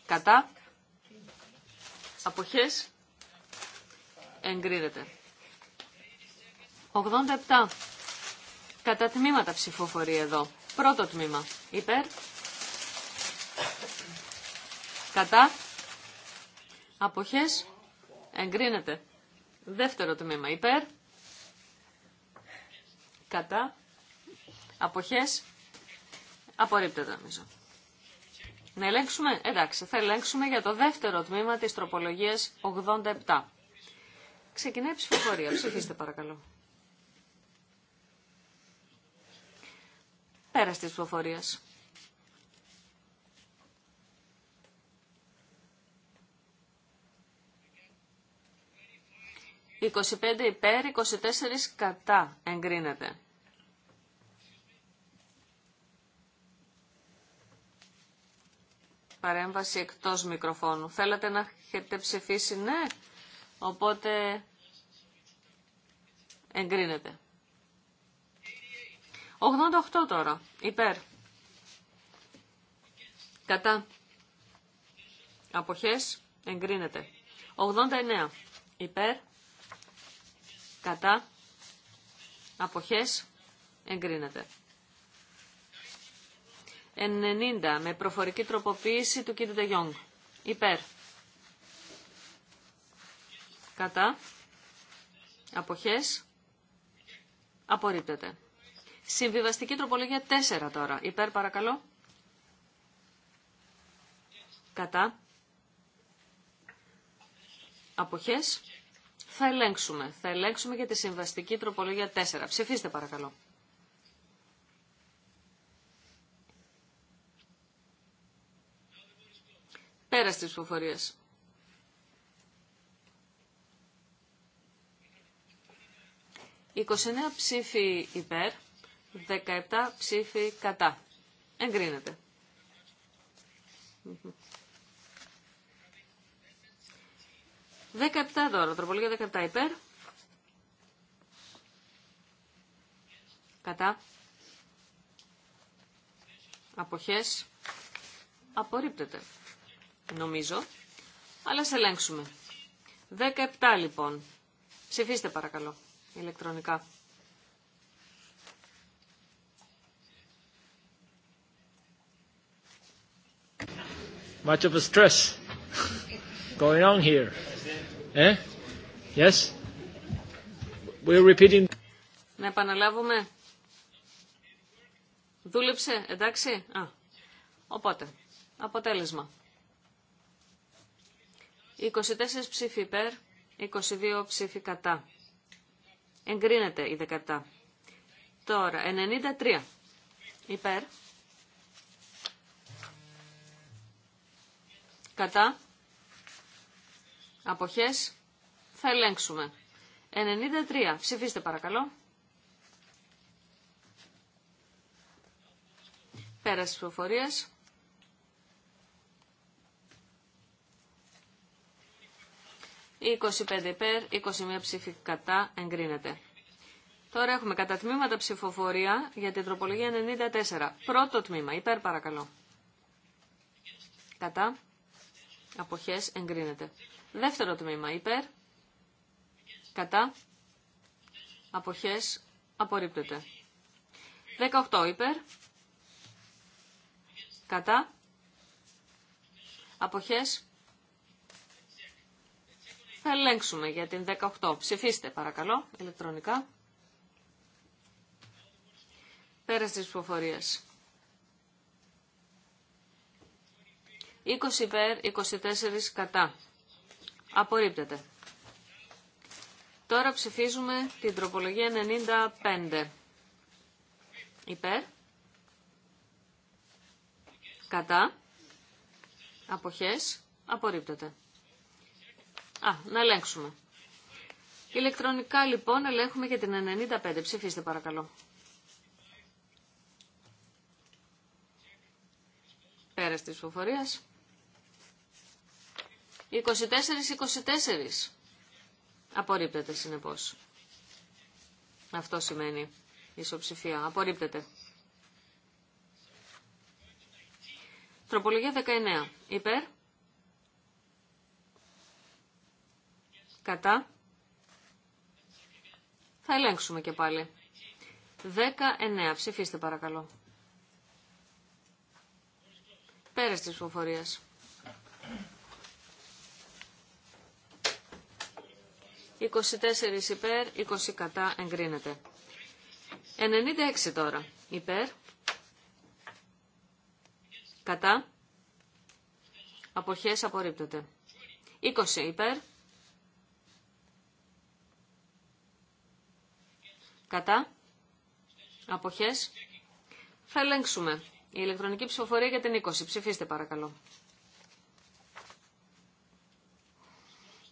Speaker 2: Κατά. Αποχές. Εγκρίνεται. 87. Κατά τμήματα ψηφοφορία εδώ. Πρώτο τμήμα. Υπέρ κατά, αποχές, εγκρίνεται. Δεύτερο τμήμα υπέρ, κατά, αποχές, απορρίπτεται νομίζω. Να ελέγξουμε, εντάξει, θα ελέγξουμε για το δεύτερο τμήμα της τροπολογίας 87. Ξεκινάει η ψηφοφορία, ψηφίστε παρακαλώ. Πέρα της ψηφοφορίας. 25 υπέρ, 24 κατά εγκρίνεται. Παρέμβαση εκτός μικροφώνου. Θέλατε να έχετε ψηφίσει ναι, οπότε εγκρίνεται. 88 τώρα, υπέρ. Κατά. Αποχές, εγκρίνεται. 89, υπέρ κατά, αποχές, εγκρίνεται. 90 με προφορική τροποποίηση του κ. Ντεγιόγκ. Υπέρ. Κατά. Αποχές. Απορρίπτεται. Συμβιβαστική τροπολογία 4 τώρα. Υπέρ παρακαλώ. Κατά. Αποχές. Θα ελέγξουμε. Θα ελέγξουμε για τη συμβαστική τροπολογία 4. Ψηφίστε παρακαλώ. Πέρα στις ψηφοφορίες. 29 ψήφοι υπέρ, 17 ψήφοι κατά. Εγκρίνεται. 17 τώρα, τροπολογία 17 υπέρ. Κατά. Αποχές. Απορρίπτεται. Νομίζω. Αλλά σε ελέγξουμε. 17 λοιπόν. Ψηφίστε παρακαλώ. Ηλεκτρονικά.
Speaker 4: Much of a stress going on here? Eh? Yes? We're repeating.
Speaker 2: Να επαναλάβουμε. Δούλεψε, εντάξει. Α. Οπότε, αποτέλεσμα. 24 ψήφοι υπέρ, 22 ψήφοι κατά. Εγκρίνεται η δεκατά. Τώρα, 93 υπέρ. Κατά. Αποχές. Θα ελέγξουμε. 93. Ψηφίστε παρακαλώ. Πέρας ψηφοφορίας. ψηφοφορία. 25 υπέρ, 21 ψήφι κατά, εγκρίνεται. Τώρα έχουμε κατά τμήματα ψηφοφορία για την τροπολογία 94. Πρώτο τμήμα, υπέρ παρακαλώ. Κατά, αποχές, εγκρίνεται. Δεύτερο τμήμα υπέρ, κατά, αποχές, απορρίπτεται. 18 υπέρ, κατά, αποχές, θα ελέγξουμε για την 18. Ψηφίστε παρακαλώ, ηλεκτρονικά. Πέρας της ψηφοφορίας. 20 υπέρ, 24 κατά. Απορρίπτεται. Τώρα ψηφίζουμε την τροπολογία 95. Υπέρ. Κατά. Αποχές. Απορρίπτεται. Α, να ελέγξουμε. Ηλεκτρονικά λοιπόν ελέγχουμε για την 95. Ψηφίστε παρακαλώ. Πέρας της ψηφοφορίας. 24-24. Απορρίπτεται συνεπώς. Αυτό σημαίνει ισοψηφία. Απορρίπτεται. Τροπολογία 19. Υπέρ. Κατά. Θα ελέγξουμε και πάλι. 19. Ψηφίστε παρακαλώ. Πέρας της ψηφοφορίας. 24 υπέρ, 20 κατά εγκρίνεται. 96 τώρα υπέρ, κατά, αποχές απορρίπτεται. 20 υπέρ, κατά, αποχές, θα ελέγξουμε. Η ηλεκτρονική ψηφοφορία για την 20. Ψηφίστε παρακαλώ.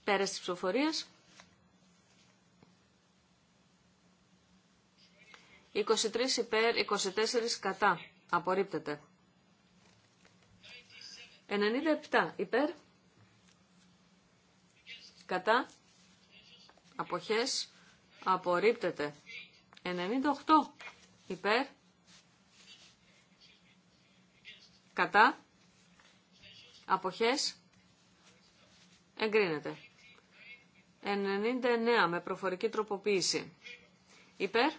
Speaker 2: Πέρας της ψηφοφορίας. 23 υπέρ, 24 κατά. Απορρίπτεται. 97 υπέρ. Κατά. Αποχές. Απορρίπτεται. 98 υπέρ. Κατά. Αποχές. Εγκρίνεται. 99 με προφορική τροποποίηση. Υπέρ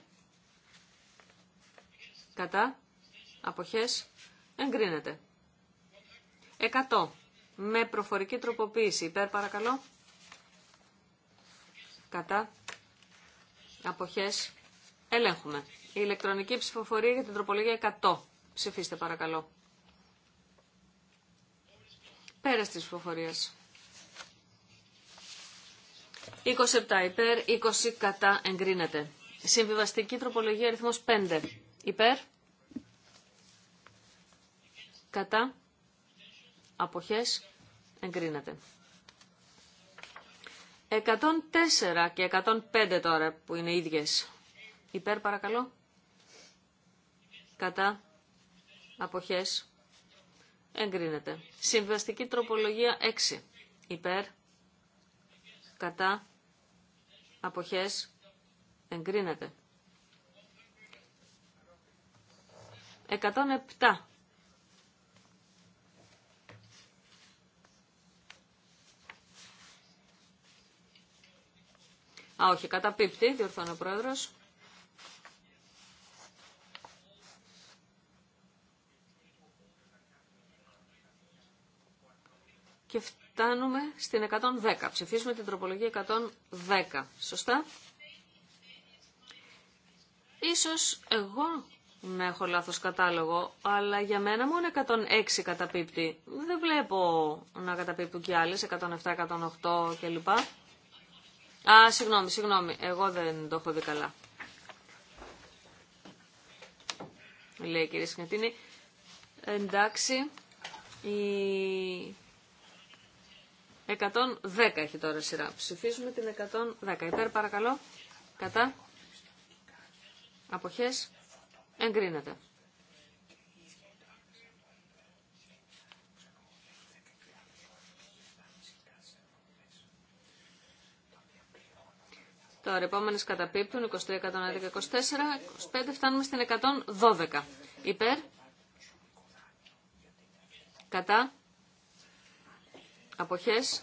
Speaker 2: κατά, αποχές, εγκρίνεται. 100. Με προφορική τροποποίηση. Υπέρ παρακαλώ. Κατά. Αποχές. Ελέγχουμε. Η ηλεκτρονική ψηφοφορία για την τροπολογία 100. Ψηφίστε παρακαλώ. Πέρας της ψηφοφορίας. 27 υπέρ, 20 κατά εγκρίνεται. Συμβιβαστική τροπολογία αριθμός 5. Υπέρ. Κατά. Αποχές. Εγκρίνεται. 104 και 105 τώρα που είναι ίδιες. Υπέρ παρακαλώ. Κατά. Αποχές. Εγκρίνεται. Συμβαστική τροπολογία 6. Υπέρ. Κατά. Αποχές. Εγκρίνεται. 107. Α, όχι, καταπίπτει, διορθώνει ο πρόεδρος. Και φτάνουμε στην 110. Ψηφίσουμε την τροπολογία 110. Σωστά. Ίσως εγώ να έχω λάθος κατάλογο, αλλά για μένα μόνο 106 καταπίπτει. Δεν βλέπω να καταπίπτουν κι άλλες, 107, 108 κλπ. Α, συγγνώμη, συγγνώμη, εγώ δεν το έχω δει καλά. Λέει η κυρία Σκνετίνη. Εντάξει, η 110 έχει τώρα σειρά. Ψηφίζουμε την 110. Υπέρ παρακαλώ. Κατά. Αποχές. Εγκρίνεται. Τώρα, επόμενε καταπίπτουν, 23, 111, 24, 25, φτάνουμε στην 112. Υπέρ. Κατά. Αποχές.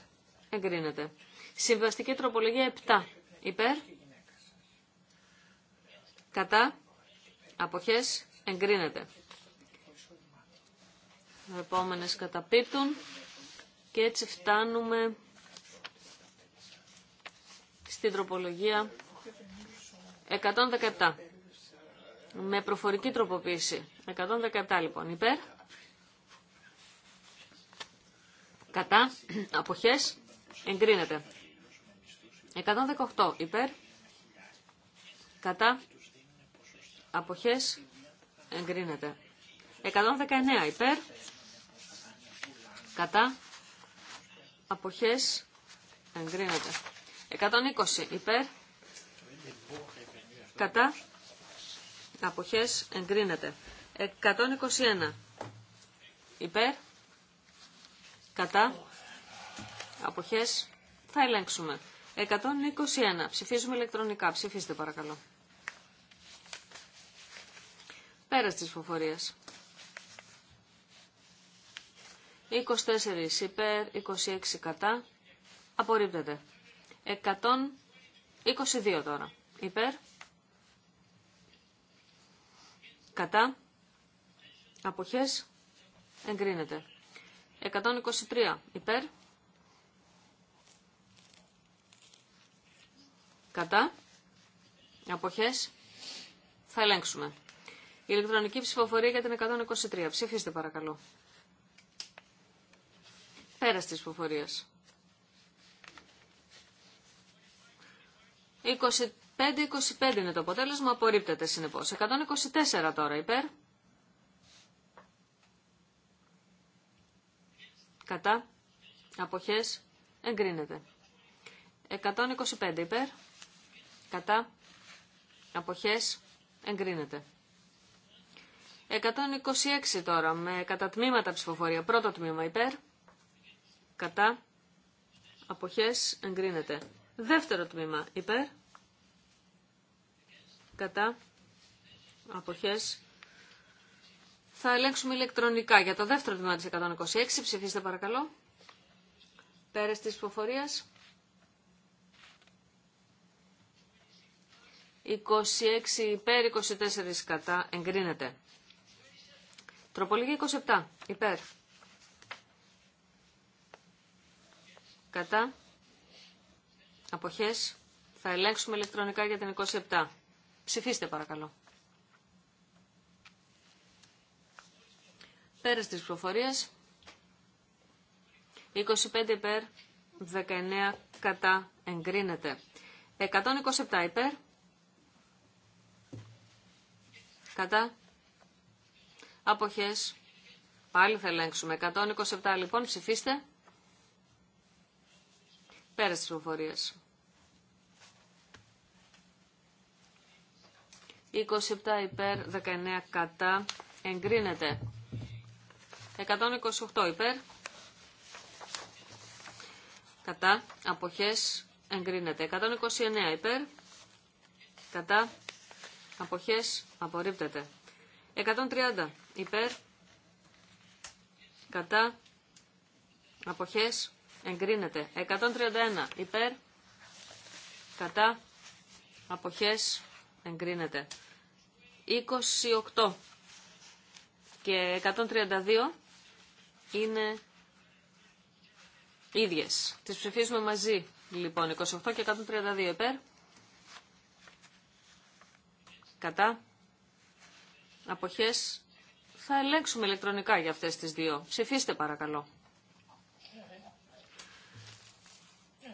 Speaker 2: Εγκρίνεται. Συμβαστική τροπολογία 7. Υπέρ. Κατά. Αποχές εγκρίνεται. Επόμενες καταπίπτουν και έτσι φτάνουμε στην τροπολογία 117. Με προφορική τροποποίηση. 117 λοιπόν. Υπέρ. Κατά. Αποχές. Εγκρίνεται. 118. Υπέρ. Κατά. Αποχές εγκρίνεται. 119 υπέρ. Κατά. Αποχές εγκρίνεται. 120 υπέρ. Κατά. Αποχές εγκρίνεται. 121 υπέρ. Κατά. Αποχές θα ελέγξουμε. 121. Ψηφίζουμε ηλεκτρονικά. Ψηφίστε παρακαλώ. Πέρας της ψηφοφορίας. 24 υπέρ, 26 κατά. Απορρίπτεται. 122 τώρα. Υπέρ. Κατά. Αποχές. Εγκρίνεται. 123. Υπέρ. Κατά. Αποχές. Θα ελέγξουμε. Η Ηλεκτρονική ψηφοφορία για την 123. Ψηφίστε παρακαλώ. Πέρα της ψηφοφορίας. 25-25 είναι το αποτέλεσμα, απορρίπτεται συνεπώς. 124 τώρα υπέρ. Κατά. Αποχές. Εγκρίνεται. 125 υπέρ. Κατά. Αποχές. Εγκρίνεται. 126 τώρα, με κατατμήματα ψηφοφορία. Πρώτο τμήμα υπέρ, κατά, αποχές, εγκρίνεται. Δεύτερο τμήμα υπέρ, κατά, αποχές, θα ελέγξουμε ηλεκτρονικά. Για το δεύτερο τμήμα της 126 ψηφίστε παρακαλώ. Πέρας της ψηφοφορίας. 26 υπέρ, 24 κατά, εγκρίνεται. Τροπολογία 27. Υπέρ. Κατά. Αποχές. Θα ελέγξουμε ηλεκτρονικά για την 27. Ψηφίστε παρακαλώ. Πέρας της προφορίες. 25 υπέρ. 19 κατά. Εγκρίνεται. 127 υπέρ. Κατά. Αποχές. Πάλι θα ελέγξουμε. 127 λοιπόν. Ψηφίστε. Πέρα στις προφορίες. 27 υπέρ, 19 κατά. Εγκρίνεται. 128 υπέρ. Κατά. Αποχές. Εγκρίνεται. 129 υπέρ. Κατά. Αποχές. Απορρίπτεται. 130 υπέρ, κατά, αποχές, εγκρίνεται. 131 υπέρ, κατά, αποχές, εγκρίνεται. 28 και 132 είναι ίδιες. Τις ψηφίσουμε μαζί, λοιπόν, 28 και 132 υπέρ. Κατά. Αποχές θα ελέγξουμε ηλεκτρονικά για αυτές τις δύο. Ψηφίστε παρακαλώ.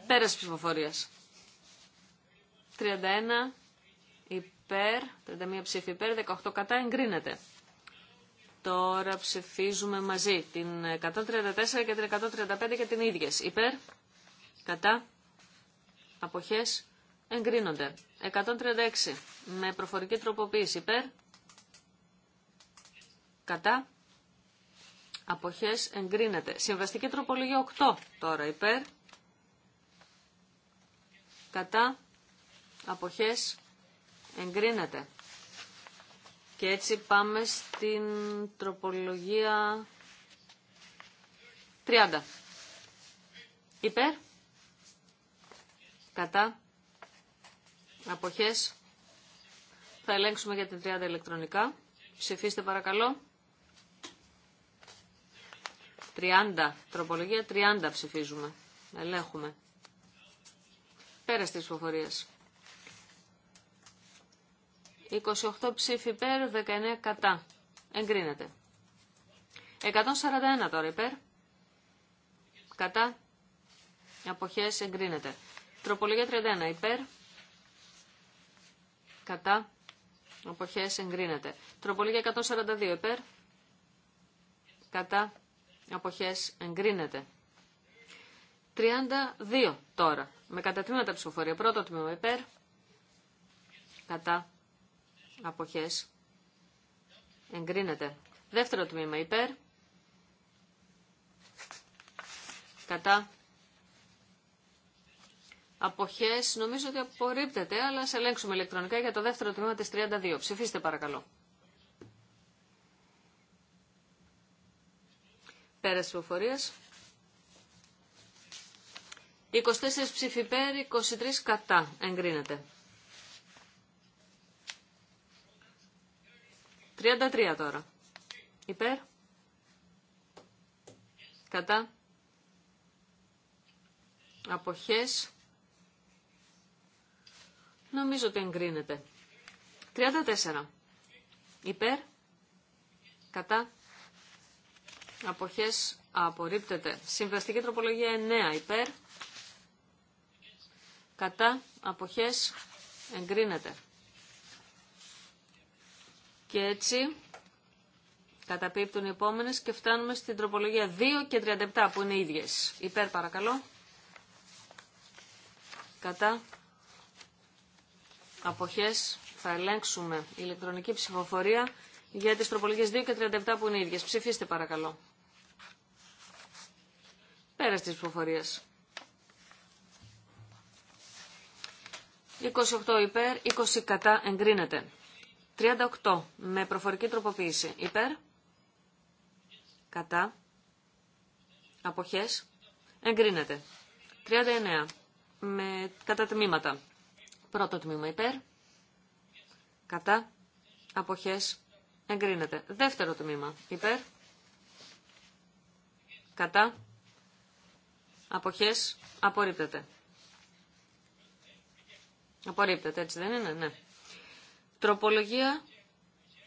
Speaker 2: Πέρας ψηφοφορίας. 31 υπέρ, 31 ψήφι υπέρ, 18 κατά εγκρίνεται. Τώρα ψηφίζουμε μαζί την 134 και την 135 και την ίδια. Υπέρ, κατά, αποχές, εγκρίνονται. 136 με προφορική τροποποίηση υπέρ, κατά, αποχές εγκρίνεται. Συμβαστική τροπολογία 8 τώρα υπέρ, κατά, αποχές εγκρίνεται. Και έτσι πάμε στην τροπολογία 30. Υπέρ, κατά, αποχές, θα ελέγξουμε για την 30 ηλεκτρονικά. Ψηφίστε παρακαλώ. 30. Τροπολογία 30 ψηφίζουμε. Ελέγχουμε. Πέρα στις ψηφοφορίες. 28 ψήφι υπέρ, 19 κατά. Εγκρίνεται. 141 τώρα υπέρ. Κατά. Αποχές εγκρίνεται. Τροπολογία 31 υπέρ. Κατά. Αποχές εγκρίνεται. Τροπολογία 142 υπέρ. Κατά αποχές εγκρίνεται. 32 τώρα, με κατατμήματα ψηφοφορία. Πρώτο τμήμα υπέρ, κατά, αποχές, εγκρίνεται. Δεύτερο τμήμα υπέρ, κατά, αποχές, νομίζω ότι απορρίπτεται, αλλά σε ελέγξουμε ηλεκτρονικά για το δεύτερο τμήμα της 32. Ψηφίστε παρακαλώ. τη 24 ψήφοι 23 κατά. Εγκρίνεται. 33 τώρα. Υπέρ. Κατά. Αποχές. Νομίζω ότι εγκρίνεται. 34. Υπέρ. Κατά. Αποχές απορρίπτεται. Συμβαστική τροπολογία 9 υπέρ. Κατά αποχές εγκρίνεται. Και έτσι καταπίπτουν οι επόμενες και φτάνουμε στην τροπολογία 2 και 37 που είναι ίδιες. Υπέρ παρακαλώ. Κατά αποχές θα ελέγξουμε ηλεκτρονική ψηφοφορία για τις τροπολογίες 2 και 37 που είναι ίδιες. Ψηφίστε παρακαλώ. Πέρα της ψηφοφορίας. 28 υπέρ, 20 κατά εγκρίνεται. 38 με προφορική τροποποίηση. Υπέρ, κατά, αποχές, εγκρίνεται. 39 με κατά τμήματα. Πρώτο τμήμα υπέρ, κατά, αποχές, Εγκρίνεται. Δεύτερο τμήμα. Υπέρ. Κατά. Αποχές. Απορρίπτεται. Απορρίπτεται, έτσι δεν είναι, ναι. Τροπολογία.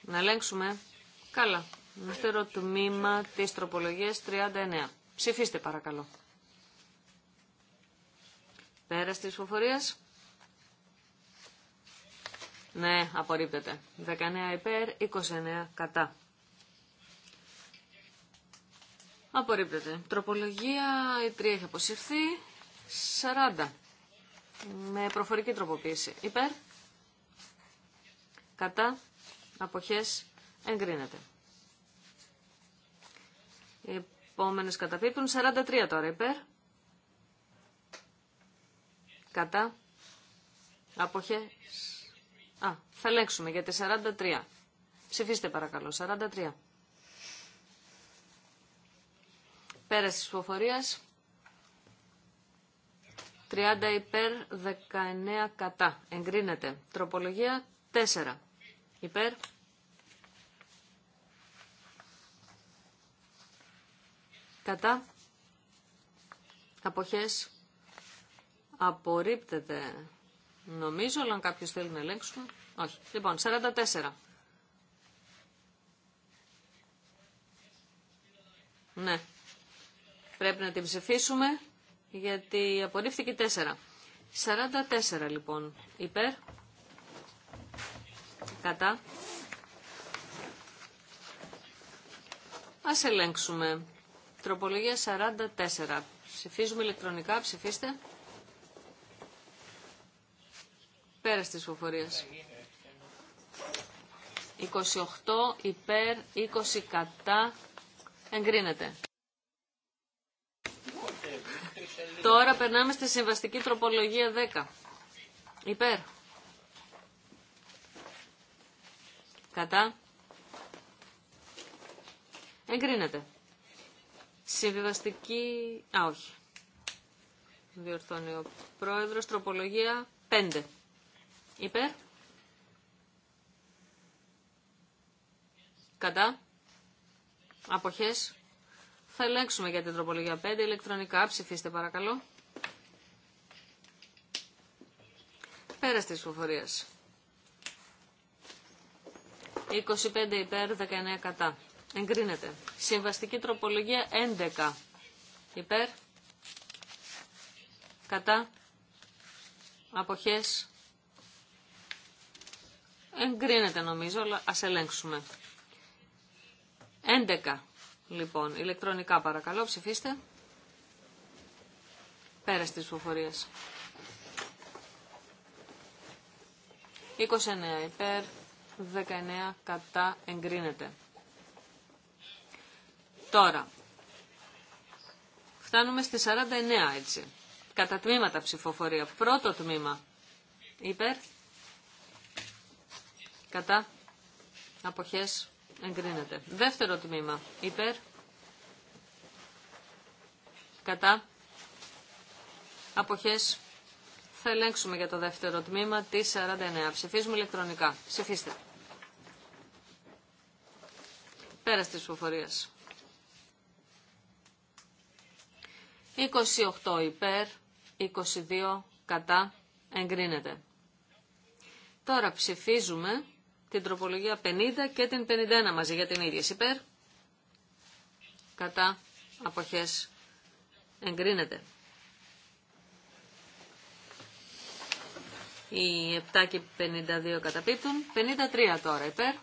Speaker 2: Να ελέγξουμε. Καλά. Δεύτερο τμήμα της τροπολογίας 39. Ψηφίστε παρακαλώ. Πέρας της φοφορίας. Ναι, απορρίπτεται. 19 υπέρ, 29 κατά. Απορρίπτεται. Τροπολογία, η 3 έχει αποσυρθεί. 40. Με προφορική τροποποίηση. Υπέρ. Κατά. Αποχές. Εγκρίνεται. Οι επόμενες καταπίπτουν. 43 τώρα. Υπέρ. Κατά. Αποχές. Α, θα ελέγξουμε για τη 43. Ψηφίστε παρακαλώ, 43. Πέρας της ψηφοφορίας. 30 υπέρ, 19 κατά. Εγκρίνεται. Τροπολογία 4. Υπέρ. Κατά. Αποχές. Απορρίπτεται. Νομίζω, αλλά αν κάποιο θέλει να ελέγξουν... Όχι. Λοιπόν, 44. Ναι. Πρέπει να την ψηφίσουμε, γιατί απορρίφθηκε 4. 44 λοιπόν. Υπέρ. Κατά. Ας ελέγξουμε. Τροπολογία 44. Ψηφίζουμε ηλεκτρονικά. Ψηφίστε. Πέρα της 28 υπέρ, 20 κατά. Εγκρίνεται.
Speaker 1: Τώρα περνάμε στη
Speaker 2: συμβαστική τροπολογία 10. Υπέρ. Κατά. Εγκρίνεται. Συμβιβαστική... Α, όχι. Διορθώνει ο πρόεδρος. Τροπολογία 5. Υπέρ. Κατά. Αποχές. Θα ελέγξουμε για την τροπολογία 5 ηλεκτρονικά. Ψηφίστε παρακαλώ. Πέρα τη ψηφοφορίας. 25 υπέρ, 19 κατά. Εγκρίνεται. Συμβαστική τροπολογία 11. Υπέρ. Κατά. Αποχές. Εγκρίνεται νομίζω, αλλά ας ελέγξουμε. 11. Λοιπόν, ηλεκτρονικά παρακαλώ, ψηφίστε. Πέρα της ψηφοφορίας. 29 υπέρ, 19 κατά εγκρίνεται. Τώρα, φτάνουμε στη 49 έτσι. Κατά τμήματα ψηφοφορία. Πρώτο τμήμα υπέρ, Κατά. Αποχές εγκρίνεται. Δεύτερο τμήμα. Υπέρ. Κατά. Αποχές. Θα ελέγξουμε για το δεύτερο τμήμα τη 49. Ψηφίζουμε ηλεκτρονικά. Ψηφίστε. Πέρα τη ψηφοφορία. 28 υπέρ, 22 κατά, εγκρίνεται. Τώρα ψηφίζουμε την τροπολογία 50 και την 51 μαζί για την ίδια. Υπέρ, κατά, αποχές, εγκρίνεται. Οι 7 και 52 καταπίπτουν. 53 τώρα υπέρ.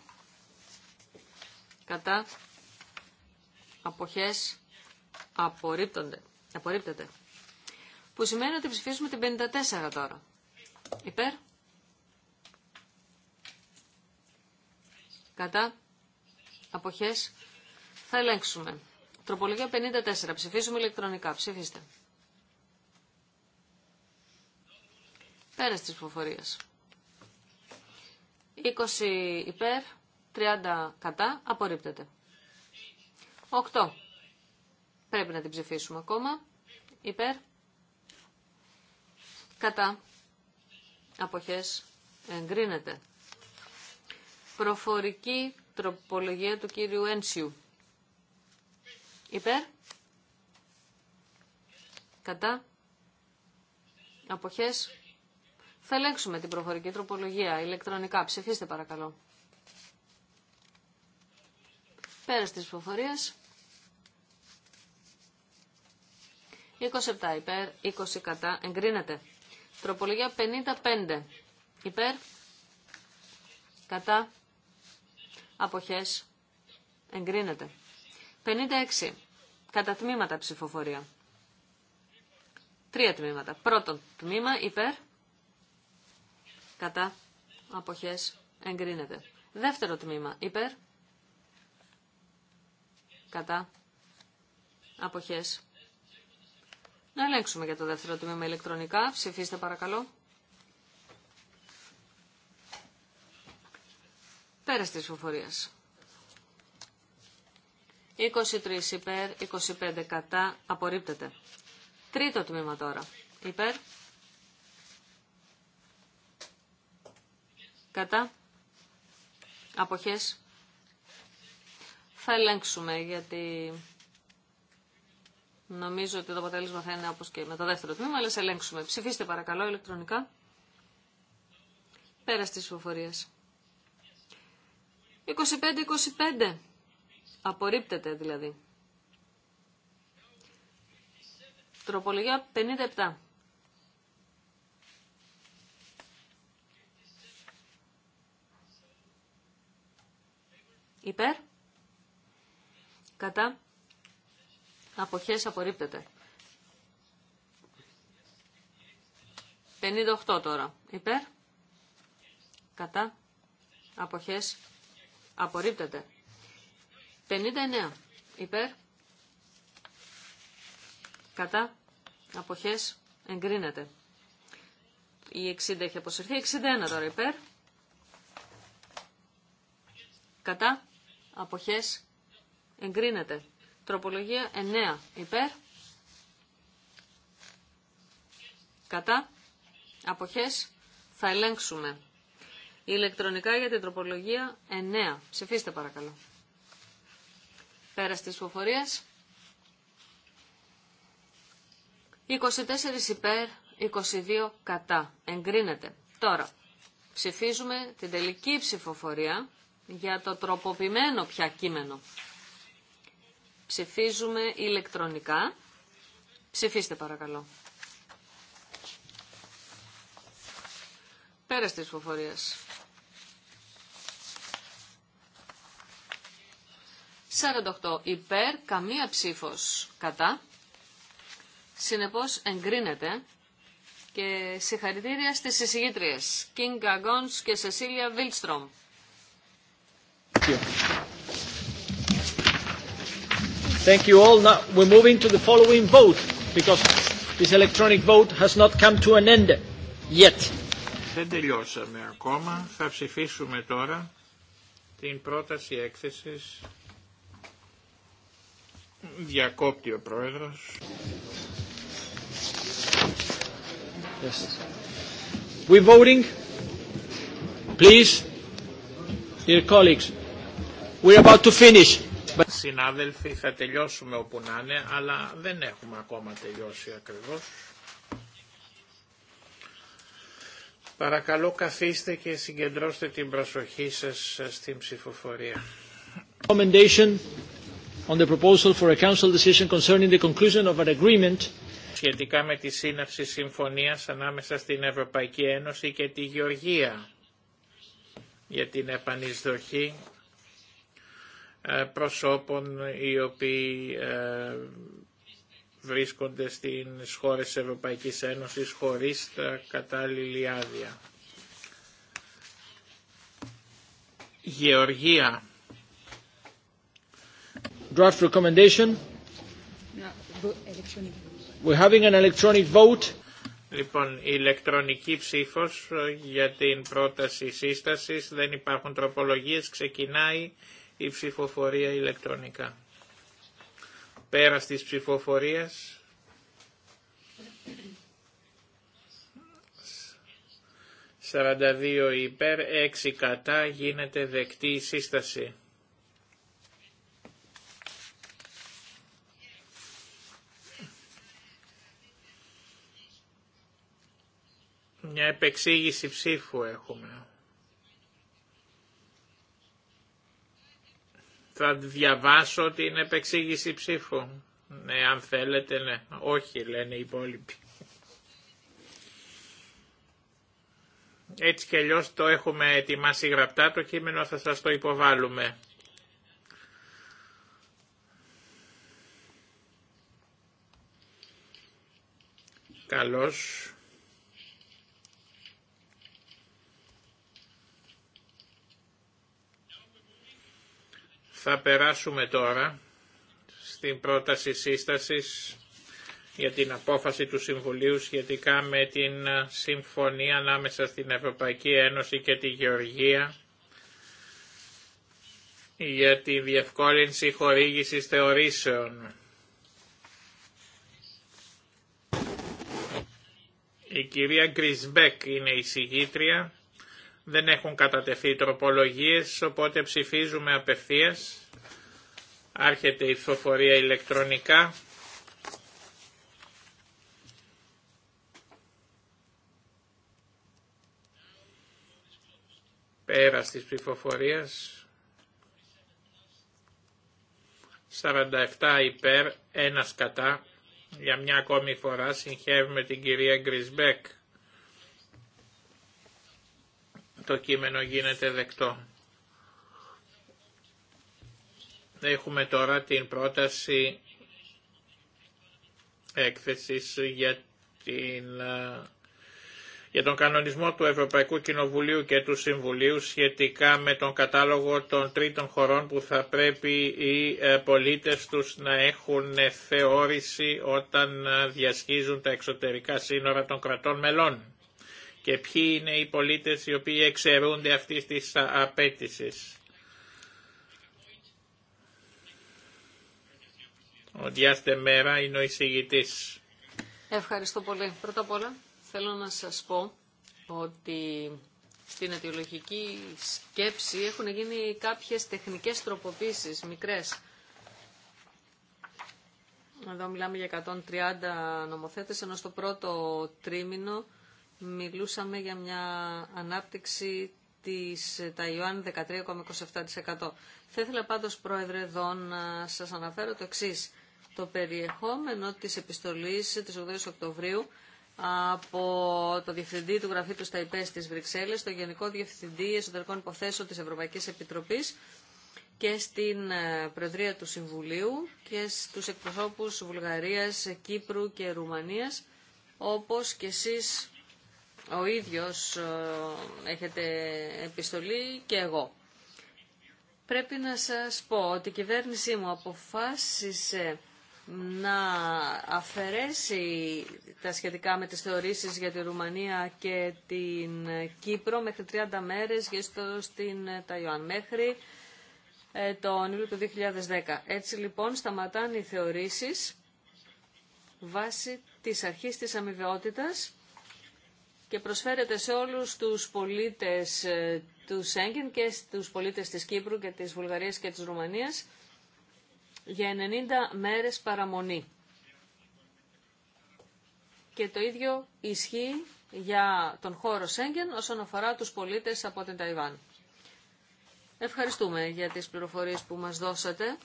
Speaker 2: Κατά. Αποχές απορρίπτονται. Απορρίπτεται. Που σημαίνει ότι ψηφίσουμε την 54 τώρα. Υπέρ. κατά, αποχές, θα ελέγξουμε. Τροπολογία 54. Ψηφίζουμε ηλεκτρονικά. Ψηφίστε. Πέρας της ψηφοφορίας. 20 υπέρ, 30 κατά, απορρίπτεται. 8. Πρέπει να την ψηφίσουμε ακόμα. Υπέρ. Κατά. Αποχές. Εγκρίνεται. Προφορική τροπολογία του κύριου Ένσιου. Υπέρ. Κατά. Αποχές. Θα ελέγξουμε την προφορική τροπολογία ηλεκτρονικά. Ψηφίστε παρακαλώ. Πέρας της προφορίας. 27 υπέρ, 20 κατά, εγκρίνεται. Τροπολογία 55 υπέρ, κατά, αποχές εγκρίνεται. 56. Κατά τμήματα ψηφοφορία. Τρία τμήματα. Πρώτο τμήμα υπέρ, κατά αποχές εγκρίνεται. Δεύτερο τμήμα υπέρ, κατά αποχές. Να ελέγξουμε για το δεύτερο τμήμα ηλεκτρονικά. Ψηφίστε παρακαλώ. Πέρας της ψηφοφορίας. 23 υπέρ, 25 κατά, απορρίπτεται. Τρίτο τμήμα τώρα. Υπέρ. Κατά. Αποχές. Θα ελέγξουμε γιατί νομίζω ότι το αποτέλεσμα θα είναι όπως και με το δεύτερο τμήμα, αλλά σε ελέγξουμε. Ψηφίστε παρακαλώ ηλεκτρονικά. Πέρας της ψηφοφορίας. 25-25. Απορρίπτεται δηλαδή. Τροπολογία 57. Υπέρ. Κατά. Αποχές απορρίπτεται. 58 τώρα. Υπέρ. Κατά. Αποχές Απορρίπτεται. 59. Υπέρ. Κατά. Αποχές. Εγκρίνεται. Η 60 έχει αποσυρθεί. 61 τώρα υπέρ. Κατά. Αποχές. Εγκρίνεται. Τροπολογία 9 υπέρ. Κατά. Αποχές. Θα ελέγξουμε. Ηλεκτρονικά για την τροπολογία 9. Ψηφίστε παρακαλώ. Πέρας της ψηφοφορίας. 24 υπέρ, 22 κατά. Εγκρίνεται. Τώρα ψηφίζουμε την τελική ψηφοφορία για το τροποποιημένο πια κείμενο. Ψηφίζουμε ηλεκτρονικά. Ψηφίστε παρακαλώ. Πέρας της ψηφοφορίας. 48 υπέρ, καμία ψήφος κατά. Συνεπώς εγκρίνεται και συγχαρητήρια στις εισηγήτριες King Gagons και Cecilia Wildstrom.
Speaker 4: Thank you all. Now we're moving to the following vote because this electronic vote has not come to an end yet.
Speaker 1: Δεν τελειώσαμε ακόμα. Θα ψηφίσουμε τώρα την πρόταση έκθεσης Διακόπτει ο Πρόεδρος.
Speaker 4: Yes. We voting. Please. Dear colleagues. about to finish.
Speaker 1: Συνάδελφοι, θα τελειώσουμε όπου να είναι, αλλά δεν έχουμε ακόμα τελειώσει ακριβώς. Παρακαλώ καθίστε και συγκεντρώστε την προσοχή σας στην ψηφοφορία
Speaker 4: proposal for the of
Speaker 1: σχετικά με τη σύναψη συμφωνίας ανάμεσα στην Ευρωπαϊκή Ένωση και τη Γεωργία για την επανεισδοχή ε, προσώπων οι οποίοι ε, βρίσκονται στις χώρες της Ευρωπαϊκής Ένωσης χωρίς τα κατάλληλη άδεια. Γεωργία
Speaker 4: draft recommendation. We're having an electronic vote.
Speaker 1: Λοιπόν, η ηλεκτρονική ψήφος ε, για την πρόταση σύστασης, δεν υπάρχουν τροπολογίες, ξεκινάει η ψηφοφορία ηλεκτρονικά. Πέρα της ψηφοφορίας, «42 υπέρ, 6 κατά, γίνεται δεκτή η σύσταση». Μια επεξήγηση ψήφου έχουμε. Θα διαβάσω την επεξήγηση ψήφου. Ναι, αν θέλετε, ναι. Όχι, λένε οι υπόλοιποι. Έτσι και αλλιώς το έχουμε ετοιμάσει γραπτά, το κείμενο θα σας το υποβάλουμε. Καλώς. Θα περάσουμε τώρα στην πρόταση σύστασης για την απόφαση του Συμβουλίου σχετικά με την συμφωνία ανάμεσα στην Ευρωπαϊκή Ένωση και τη Γεωργία για τη διευκόλυνση χορήγησης θεωρήσεων. Η κυρία Γκρισμπέκ είναι η συγγήτρια. Δεν έχουν κατατεθεί τροπολογίες, οπότε ψηφίζουμε απευθείας. Άρχεται η ψηφοφορία ηλεκτρονικά. Πέρα της ψηφοφορίας. 47 υπέρ, 1 κατά. Για μια ακόμη φορά συγχαίρουμε την κυρία Γκρισμπέκ. Το κείμενο γίνεται δεκτό. Έχουμε τώρα την πρόταση έκθεσης ε, για, τον κανονισμό του Ευρωπαϊκού Κοινοβουλίου και του Συμβουλίου σχετικά με τον κατάλογο των τρίτων χωρών που θα πρέπει οι ε, πολίτες τους να έχουν θεώρηση όταν ε, διασχίζουν τα εξωτερικά σύνορα των κρατών μελών και ποιοι είναι οι πολίτες οι οποίοι εξαιρούνται αυτής της απέτηση. Ο Διάστε Μέρα είναι ο εισηγητής.
Speaker 2: Ευχαριστώ πολύ. Πρώτα απ' όλα θέλω να σας πω ότι στην αιτιολογική σκέψη έχουν γίνει κάποιες τεχνικές τροποποίησεις, μικρές. Εδώ μιλάμε για 130 νομοθέτες, ενώ στο πρώτο τρίμηνο μιλούσαμε για μια ανάπτυξη της Ταϊουάν 13,27%. Θα ήθελα πάντως, Πρόεδρε, εδώ να σας αναφέρω το εξή Το περιεχόμενο της επιστολής της 8 Οκτωβρίου από το Διευθυντή του Γραφείου του Σταϊπέ της Βρυξέλλες, το Γενικό Διευθυντή Εσωτερικών Υποθέσεων της Ευρωπαϊκής Επιτροπής και στην ε, Προεδρία του Συμβουλίου και στους εκπροσώπους Βουλγαρίας, Κύπρου και Ρουμανίας, όπως και εσείς ο ίδιος ε, έχετε επιστολή και εγώ. Πρέπει να σας πω ότι η κυβέρνησή μου αποφάσισε να αφαιρέσει τα σχετικά με τις θεωρήσεις για τη Ρουμανία και την Κύπρο μέχρι 30 μέρες γύρω στην Ταϊωάν μέχρι ε, τον Ιούλιο του 2010. Έτσι λοιπόν σταματάνε οι θεωρήσεις βάσει της αρχής της αμοιβαιότητας και προσφέρεται σε όλους τους πολίτες ε, του Σέγγεν και στους πολίτες της Κύπρου και της Βουλγαρίας και της Ρουμανίας για 90 μέρες παραμονή. Και το ίδιο ισχύει για τον χώρο Σέγγεν όσον αφορά τους πολίτες από την Ταϊβάν. Ευχαριστούμε για τις πληροφορίες που μας δώσατε,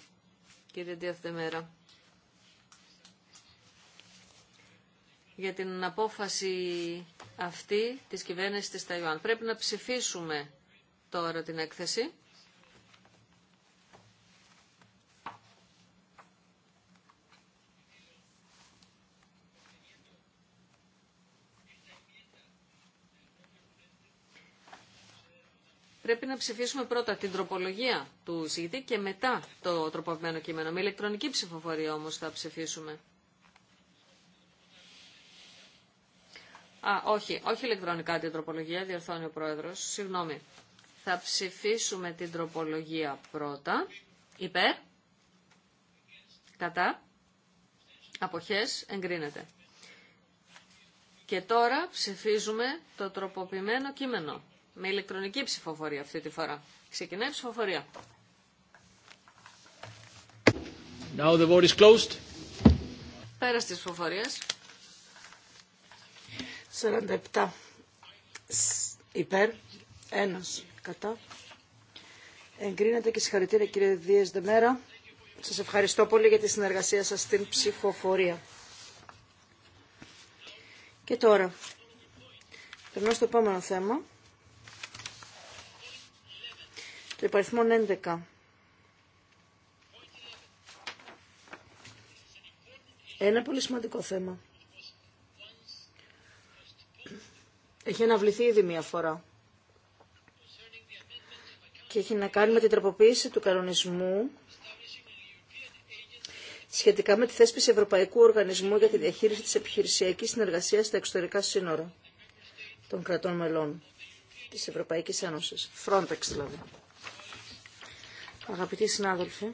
Speaker 2: κύριε Διαθεμέρα. Για την απόφαση αυτή της κυβέρνησης της Ταϊβάν. Πρέπει να ψηφίσουμε τώρα την έκθεση. Πρέπει να ψηφίσουμε πρώτα την τροπολογία του εισηγητή και μετά το τροποποιημένο κείμενο. Με ηλεκτρονική ψηφοφορία όμως θα ψηφίσουμε. Α, όχι, όχι ηλεκτρονικά την τροπολογία, διορθώνει ο πρόεδρος. Συγγνώμη. Θα ψηφίσουμε την τροπολογία πρώτα. Υπέρ. Κατά. Αποχές. Εγκρίνεται. Και τώρα ψηφίζουμε το τροποποιημένο κείμενο. Με ηλεκτρονική ψηφοφορία αυτή τη φορά. Ξεκινάει η ψηφοφορία.
Speaker 4: Now the vote is closed.
Speaker 2: Πέρα στις
Speaker 3: 47 υπέρ, 1 κατά. Εγκρίνεται και συγχαρητήρια κύριε Δίες Δεμέρα. Σας ευχαριστώ πολύ για τη συνεργασία σας στην ψηφοφορία. Και τώρα, περνώ στο επόμενο θέμα. Το υπαριθμό 11. Ένα πολύ σημαντικό θέμα. έχει αναβληθεί ήδη μία φορά και έχει να κάνει με την τροποποίηση του κανονισμού σχετικά με τη θέσπιση Ευρωπαϊκού Οργανισμού για τη διαχείριση της επιχειρησιακής συνεργασίας στα εξωτερικά σύνορα των κρατών μελών της Ευρωπαϊκής Ένωσης. Frontex δηλαδή. Αγαπητοί συνάδελφοι,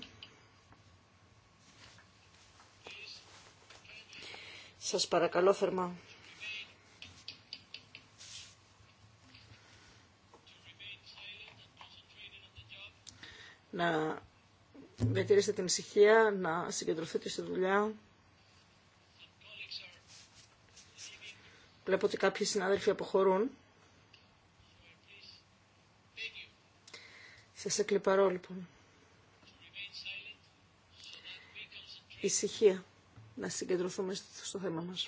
Speaker 3: σας παρακαλώ θερμά να διατηρήσετε την ησυχία, να συγκεντρωθείτε στη δουλειά. Βλέπω ότι κάποιοι συνάδελφοι αποχωρούν. Σας εκλυπαρώ λοιπόν. Ησυχία. Να συγκεντρωθούμε στο θέμα μας.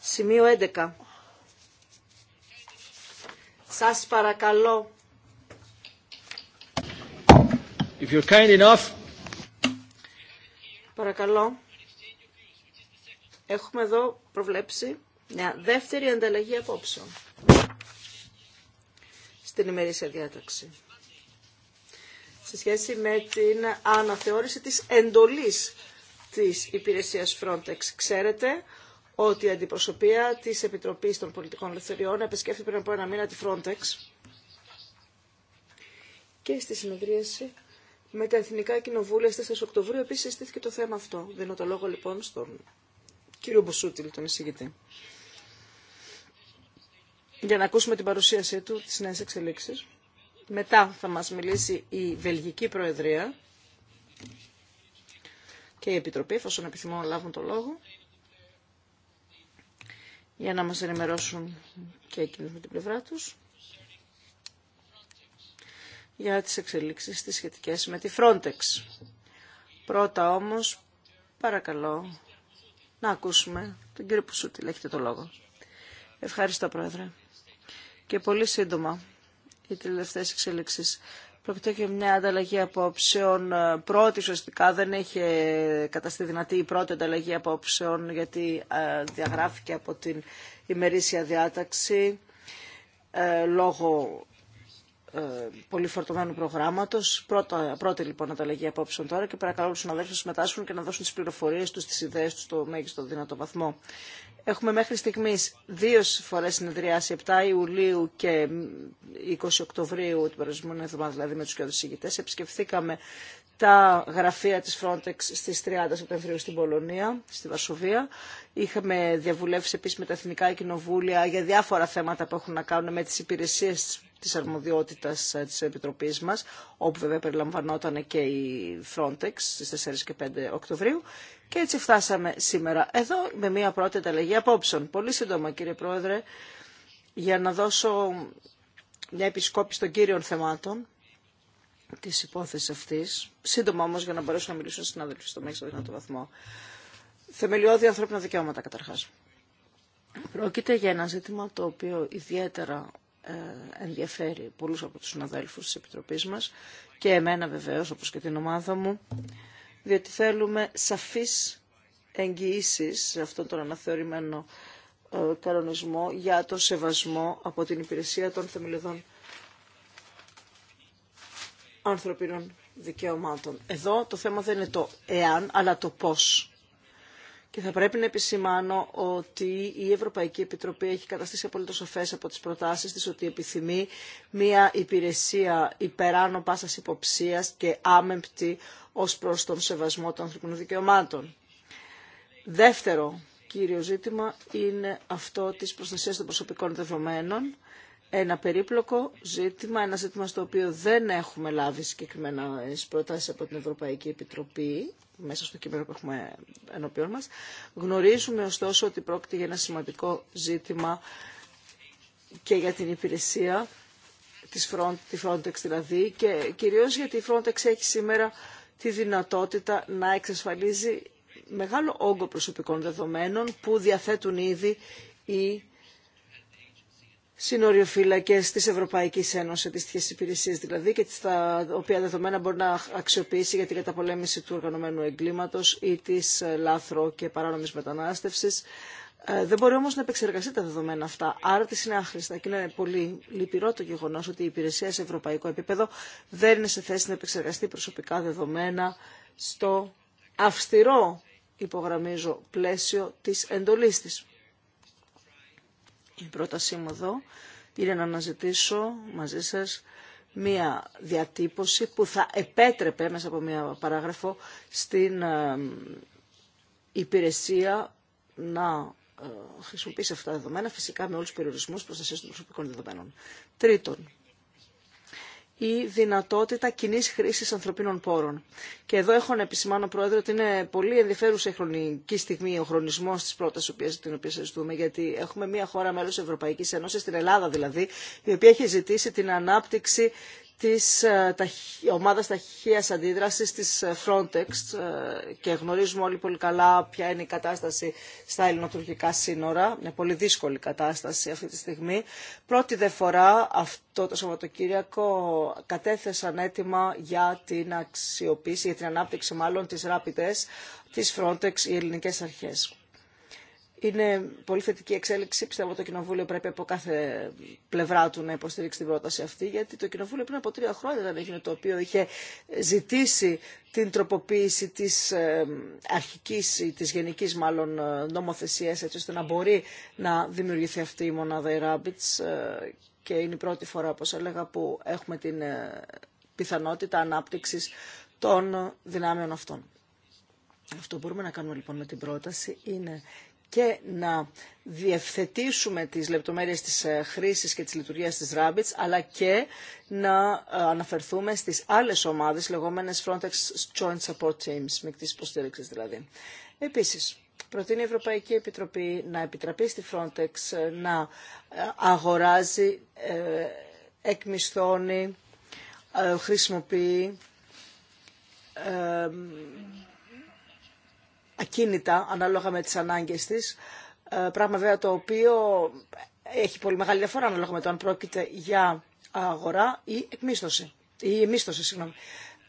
Speaker 3: Σημείο 11. Σας παρακαλώ
Speaker 4: If you're
Speaker 3: Παρακαλώ. Έχουμε εδώ προβλέψει μια δεύτερη ανταλλαγή απόψεων στην ημερήσια διάταξη. Σε σχέση με την αναθεώρηση της εντολής της υπηρεσίας Frontex. Ξέρετε ότι η αντιπροσωπεία της Επιτροπής των Πολιτικών Ελευθεριών επισκέφθηκε πριν από ένα μήνα τη Frontex και στη συνεδρίαση με τα Εθνικά Κοινοβούλια στι 4 Οκτωβρίου επίσης συστήθηκε το θέμα αυτό. Δίνω το λόγο λοιπόν στον κύριο Μπουσούτιλ, τον εισηγητή. Για να ακούσουμε την παρουσίασή του, τις νέες εξελίξεις. Μετά θα μας μιλήσει η Βελγική Προεδρία και η Επιτροπή, εφόσον επιθυμώ να λάβουν το λόγο, για να μας ενημερώσουν και εκείνους με την πλευρά τους για τις εξελίξεις τις σχετικές με τη Frontex. Πρώτα όμως, παρακαλώ, να ακούσουμε τον κύριο Πουσούτη. Έχετε το λόγο. Ευχαριστώ, Πρόεδρε. Και πολύ σύντομα, οι τελευταίες εξελίξεις. προκειμένου και μια ανταλλαγή απόψεων. Ε, πρώτη, ουσιαστικά δεν είχε καταστεί δυνατή η πρώτη ανταλλαγή απόψεων, γιατί ε, διαγράφηκε από την ημερήσια διάταξη ε, λόγω ε, πολύ φορτωμένου προγράμματο. Πρώτη λοιπόν ανταλλαγή απόψεων τώρα και παρακαλώ του συναδέλφου να συμμετάσχουν και να δώσουν τι πληροφορίε του, τι ιδέε του στο μέγιστο δυνατό βαθμό. Έχουμε μέχρι στιγμή δύο φορέ συνεδριάσει, 7 Ιουλίου και 20 Οκτωβρίου, την περασμένη εβδομάδα δηλαδή με του ηγητέ. Επισκεφθήκαμε τα γραφεία της Frontex στις 30 Σεπτεμβρίου στην Πολωνία, στη Βασοβία. Είχαμε διαβουλεύσει επίσης με τα Εθνικά Κοινοβούλια για διάφορα θέματα που έχουν να κάνουν με τις υπηρεσίες της αρμοδιότητας ε, της Επιτροπής μας, όπου βέβαια περιλαμβανόταν και η Frontex στις 4 και 5 Οκτωβρίου. Και έτσι φτάσαμε σήμερα εδώ με μια πρώτη ανταλλαγή απόψεων. Πολύ σύντομα κύριε Πρόεδρε, για να δώσω μια επισκόπηση των κύριων θεμάτων Τη υπόθεση αυτή, σύντομα όμω για να μπορέσουν να μιλήσουν συνάδελφοι στο μέγιστο δυνατό βαθμό, θεμελιώδη ανθρώπινα δικαιώματα καταρχά. Πρόκειται για ένα ζήτημα το οποίο ιδιαίτερα ε, ενδιαφέρει πολλού από του συναδέλφου τη Επιτροπής μα, και εμένα βεβαίω, όπω και την ομάδα μου διότι θέλουμε σαφεί εγγυήσει σε αυτόν τον αναθεωρημένο ε, κανονισμό για το σεβασμό από την υπηρεσία των θεμελιωδών ανθρωπίνων δικαιωμάτων. Εδώ το θέμα δεν είναι το εάν, αλλά το πώς. Και θα πρέπει να επισημάνω ότι η Ευρωπαϊκή Επιτροπή έχει καταστήσει απολύτω σοφέ από τι προτάσει τη ότι επιθυμεί μια υπηρεσία υπεράνω πάσα υποψία και άμεμπτη ω προ τον σεβασμό των ανθρωπίνων δικαιωμάτων. Δεύτερο κύριο ζήτημα είναι αυτό της προστασίας των προσωπικών δεδομένων ένα περίπλοκο ζήτημα, ένα ζήτημα στο οποίο δεν έχουμε λάβει συγκεκριμένα προτάσεις από την Ευρωπαϊκή Επιτροπή μέσα στο κείμενο που έχουμε ενώπιόν μας. Γνωρίζουμε ωστόσο ότι πρόκειται για ένα σημαντικό ζήτημα και για την υπηρεσία της Frontex δηλαδή και κυρίως γιατί η Frontex έχει σήμερα τη δυνατότητα να εξασφαλίζει μεγάλο όγκο προσωπικών δεδομένων που διαθέτουν ήδη οι συνοριοφύλακες της Ευρωπαϊκής Ένωσης, αντίστοιχε υπηρεσίες δηλαδή, και τα οποία δεδομένα μπορεί να αξιοποιήσει για την καταπολέμηση του οργανωμένου εγκλήματος ή της ε, λάθρο και παράνομης μετανάστευσης. Ε, δεν μπορεί όμως να επεξεργαστεί τα δεδομένα αυτά. Άρα τι είναι άχρηστα. Και είναι πολύ λυπηρό το γεγονός ότι η υπηρεσία σε ευρωπαϊκό επίπεδο δεν είναι σε θέση να επεξεργαστεί προσωπικά δεδομένα στο αυστηρό, υπογραμμίζω, πλαίσιο της λαθρο και παρανομης μεταναστευσης δεν μπορει ομως να επεξεργαστει τα δεδομενα αυτα αρα τη ειναι αχρηστα και ειναι πολυ λυπηρο το γεγονος οτι η υπηρεσια σε ευρωπαικο επιπεδο δεν ειναι σε θεση να επεξεργαστει προσωπικα δεδομενα στο αυστηρο υπογραμμιζω πλαισιο της. Η πρότασή μου εδώ είναι να αναζητήσω μαζί σας μία διατύπωση που θα επέτρεπε μέσα από μία παράγραφο στην ε, υπηρεσία να ε, χρησιμοποιήσει αυτά τα δεδομένα, φυσικά με όλους τους περιορισμούς προστασίας των προσωπικών δεδομένων. Τρίτον, η δυνατότητα κοινή χρήση ανθρωπίνων πόρων. Και εδώ έχω να επισημάνω, Πρόεδρε, ότι είναι πολύ ενδιαφέρουσα η χρονική στιγμή ο χρονισμό τη πρόταση την οποία συζητούμε, γιατί έχουμε μια χώρα μέλο Ευρωπαϊκή Ένωση, την Ελλάδα δηλαδή, η οποία έχει ζητήσει την ανάπτυξη της ε, ομάδας ταχείας αντίδρασης της ε, Frontex ε, και γνωρίζουμε όλοι πολύ καλά ποια είναι η κατάσταση στα ελληνοτουρκικά σύνορα, μια πολύ δύσκολη κατάσταση αυτή τη στιγμή. Πρώτη δε φορά αυτό το Σαββατοκύριακο κατέθεσαν έτοιμα για την αξιοποίηση, για την ανάπτυξη μάλλον της Ράπιτες της Frontex οι ελληνικές αρχές. Είναι πολύ θετική εξέλιξη. Πιστεύω το Κοινοβούλιο πρέπει από κάθε πλευρά του να υποστηρίξει την πρόταση αυτή, γιατί το Κοινοβούλιο πριν από τρία χρόνια ήταν εκείνο το οποίο είχε ζητήσει την τροποποίηση τη ε, αρχική ή τη γενική μάλλον ε, νομοθεσία, έτσι ώστε να μπορεί να δημιουργηθεί αυτή η μονάδα η Rabbits. Ε, και είναι η πρώτη φορά, όπω έλεγα, που έχουμε την πιθανότητα ανάπτυξη των δυνάμεων αυτών. Αυτό που μπορούμε να κάνουμε λοιπόν με την πρόταση είναι και να διευθετήσουμε τις λεπτομέρειες της ε, χρήσης και της λειτουργίας της Rabbits, αλλά και να ε, αναφερθούμε στις άλλες ομάδες, λεγόμενες Frontex Joint Support Teams, τις υποστήριξη δηλαδή. Επίσης, προτείνει η Ευρωπαϊκή Επιτροπή να επιτραπεί στη Frontex ε, να αγοράζει, εκμισθώνει, χρησιμοποιεί ακίνητα ανάλογα με τις ανάγκες της, ε, πράγμα βέβαια το οποίο έχει πολύ μεγάλη διαφορά ανάλογα με το αν πρόκειται για αγορά ή εκμίσθωση. Ή εμίσθωση, συγγνώμη.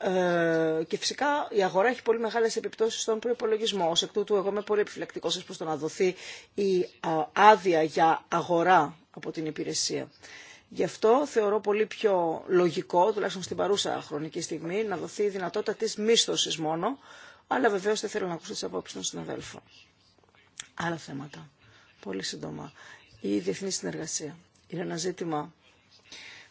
Speaker 3: Ε, και φυσικά η αγορά έχει πολύ μεγάλες επιπτώσεις στον προϋπολογισμό. Ως εκ τούτου εγώ είμαι πολύ επιφυλακτικός ως προς το να δοθεί η άδεια για αγορά από την υπηρεσία. Γι' αυτό θεωρώ πολύ πιο λογικό, τουλάχιστον στην παρούσα χρονική στιγμή, να δοθεί η δυνατότητα της μίσθωσης μόνο, αλλά βεβαίω δεν θέλω να ακούσω τι απόψει των συναδέλφων. Άλλα θέματα, πολύ σύντομα. Η διεθνή συνεργασία είναι ένα ζήτημα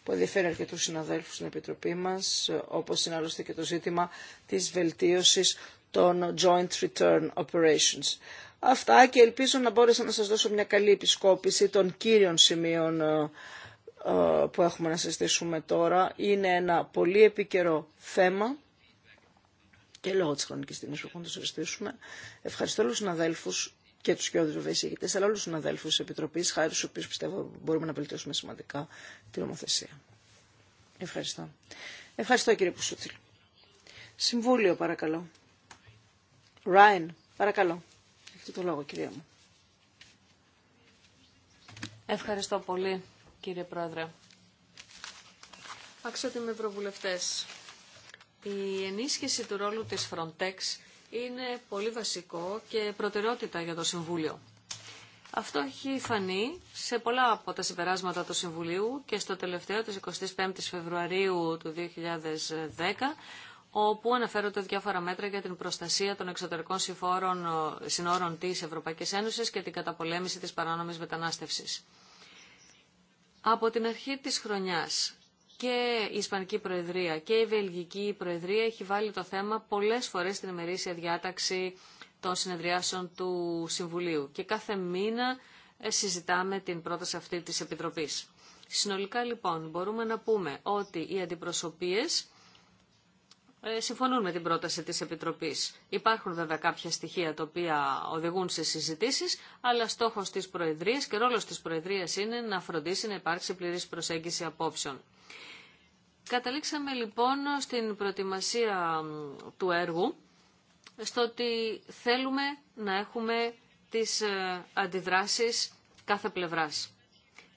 Speaker 3: που ενδιαφέρει αρκετού συναδέλφου στην Επιτροπή μα, όπω είναι άλλωστε και το ζήτημα τη βελτίωση των Joint Return Operations. Αυτά και ελπίζω να μπόρεσα να σας δώσω μια καλή επισκόπηση των κύριων σημείων ε, ε, που έχουμε να συζητήσουμε τώρα. Είναι ένα πολύ επίκαιρο θέμα και λόγω τη χρονική τιμή που έχουμε να το συζητήσουμε. Ευχαριστώ όλου του συναδέλφου και του κοιόδους βεβαίως αλλά όλου του συναδέλφου τη Επιτροπή, χάρη στου οποίου πιστεύω μπορούμε να βελτιώσουμε σημαντικά την νομοθεσία. Ευχαριστώ. Ευχαριστώ κύριε Πουσούτσιλ. Συμβούλιο παρακαλώ. Ράιν, παρακαλώ. Έχετε το λόγο κυρία μου.
Speaker 2: Ευχαριστώ πολύ κύριε Πρόεδρε. Αξιότιμοι προβουλευτέ, η ενίσχυση του ρόλου της Frontex είναι πολύ βασικό και προτεραιότητα για το Συμβούλιο. Αυτό έχει φανεί σε πολλά από τα συμπεράσματα του Συμβουλίου και στο τελευταίο της 25ης Φεβρουαρίου του 2010, όπου αναφέρονται διάφορα μέτρα για την προστασία των εξωτερικών συμφόρων, συνόρων της Ευρωπαϊκής Ένωσης και την καταπολέμηση της παράνομης μετανάστευσης. Από την αρχή της χρονιάς και η Ισπανική Προεδρία και η Βελγική Προεδρία έχει βάλει το θέμα πολλές φορές στην ημερήσια διάταξη των συνεδριάσεων του Συμβουλίου και κάθε μήνα ε, συζητάμε την πρόταση αυτή της Επιτροπής. Συνολικά λοιπόν μπορούμε να πούμε ότι οι αντιπροσωπείες ε, συμφωνούν με την πρόταση της Επιτροπής. Υπάρχουν βέβαια κάποια στοιχεία τα οποία οδηγούν σε συζητήσεις, αλλά στόχος της Προεδρίας και ρόλος της Προεδρίας είναι να φροντίσει να υπάρξει πλήρης προσέγγιση απόψεων. Καταλήξαμε λοιπόν στην προετοιμασία του έργου, στο ότι θέλουμε να έχουμε τις ε, αντιδράσεις κάθε πλευράς.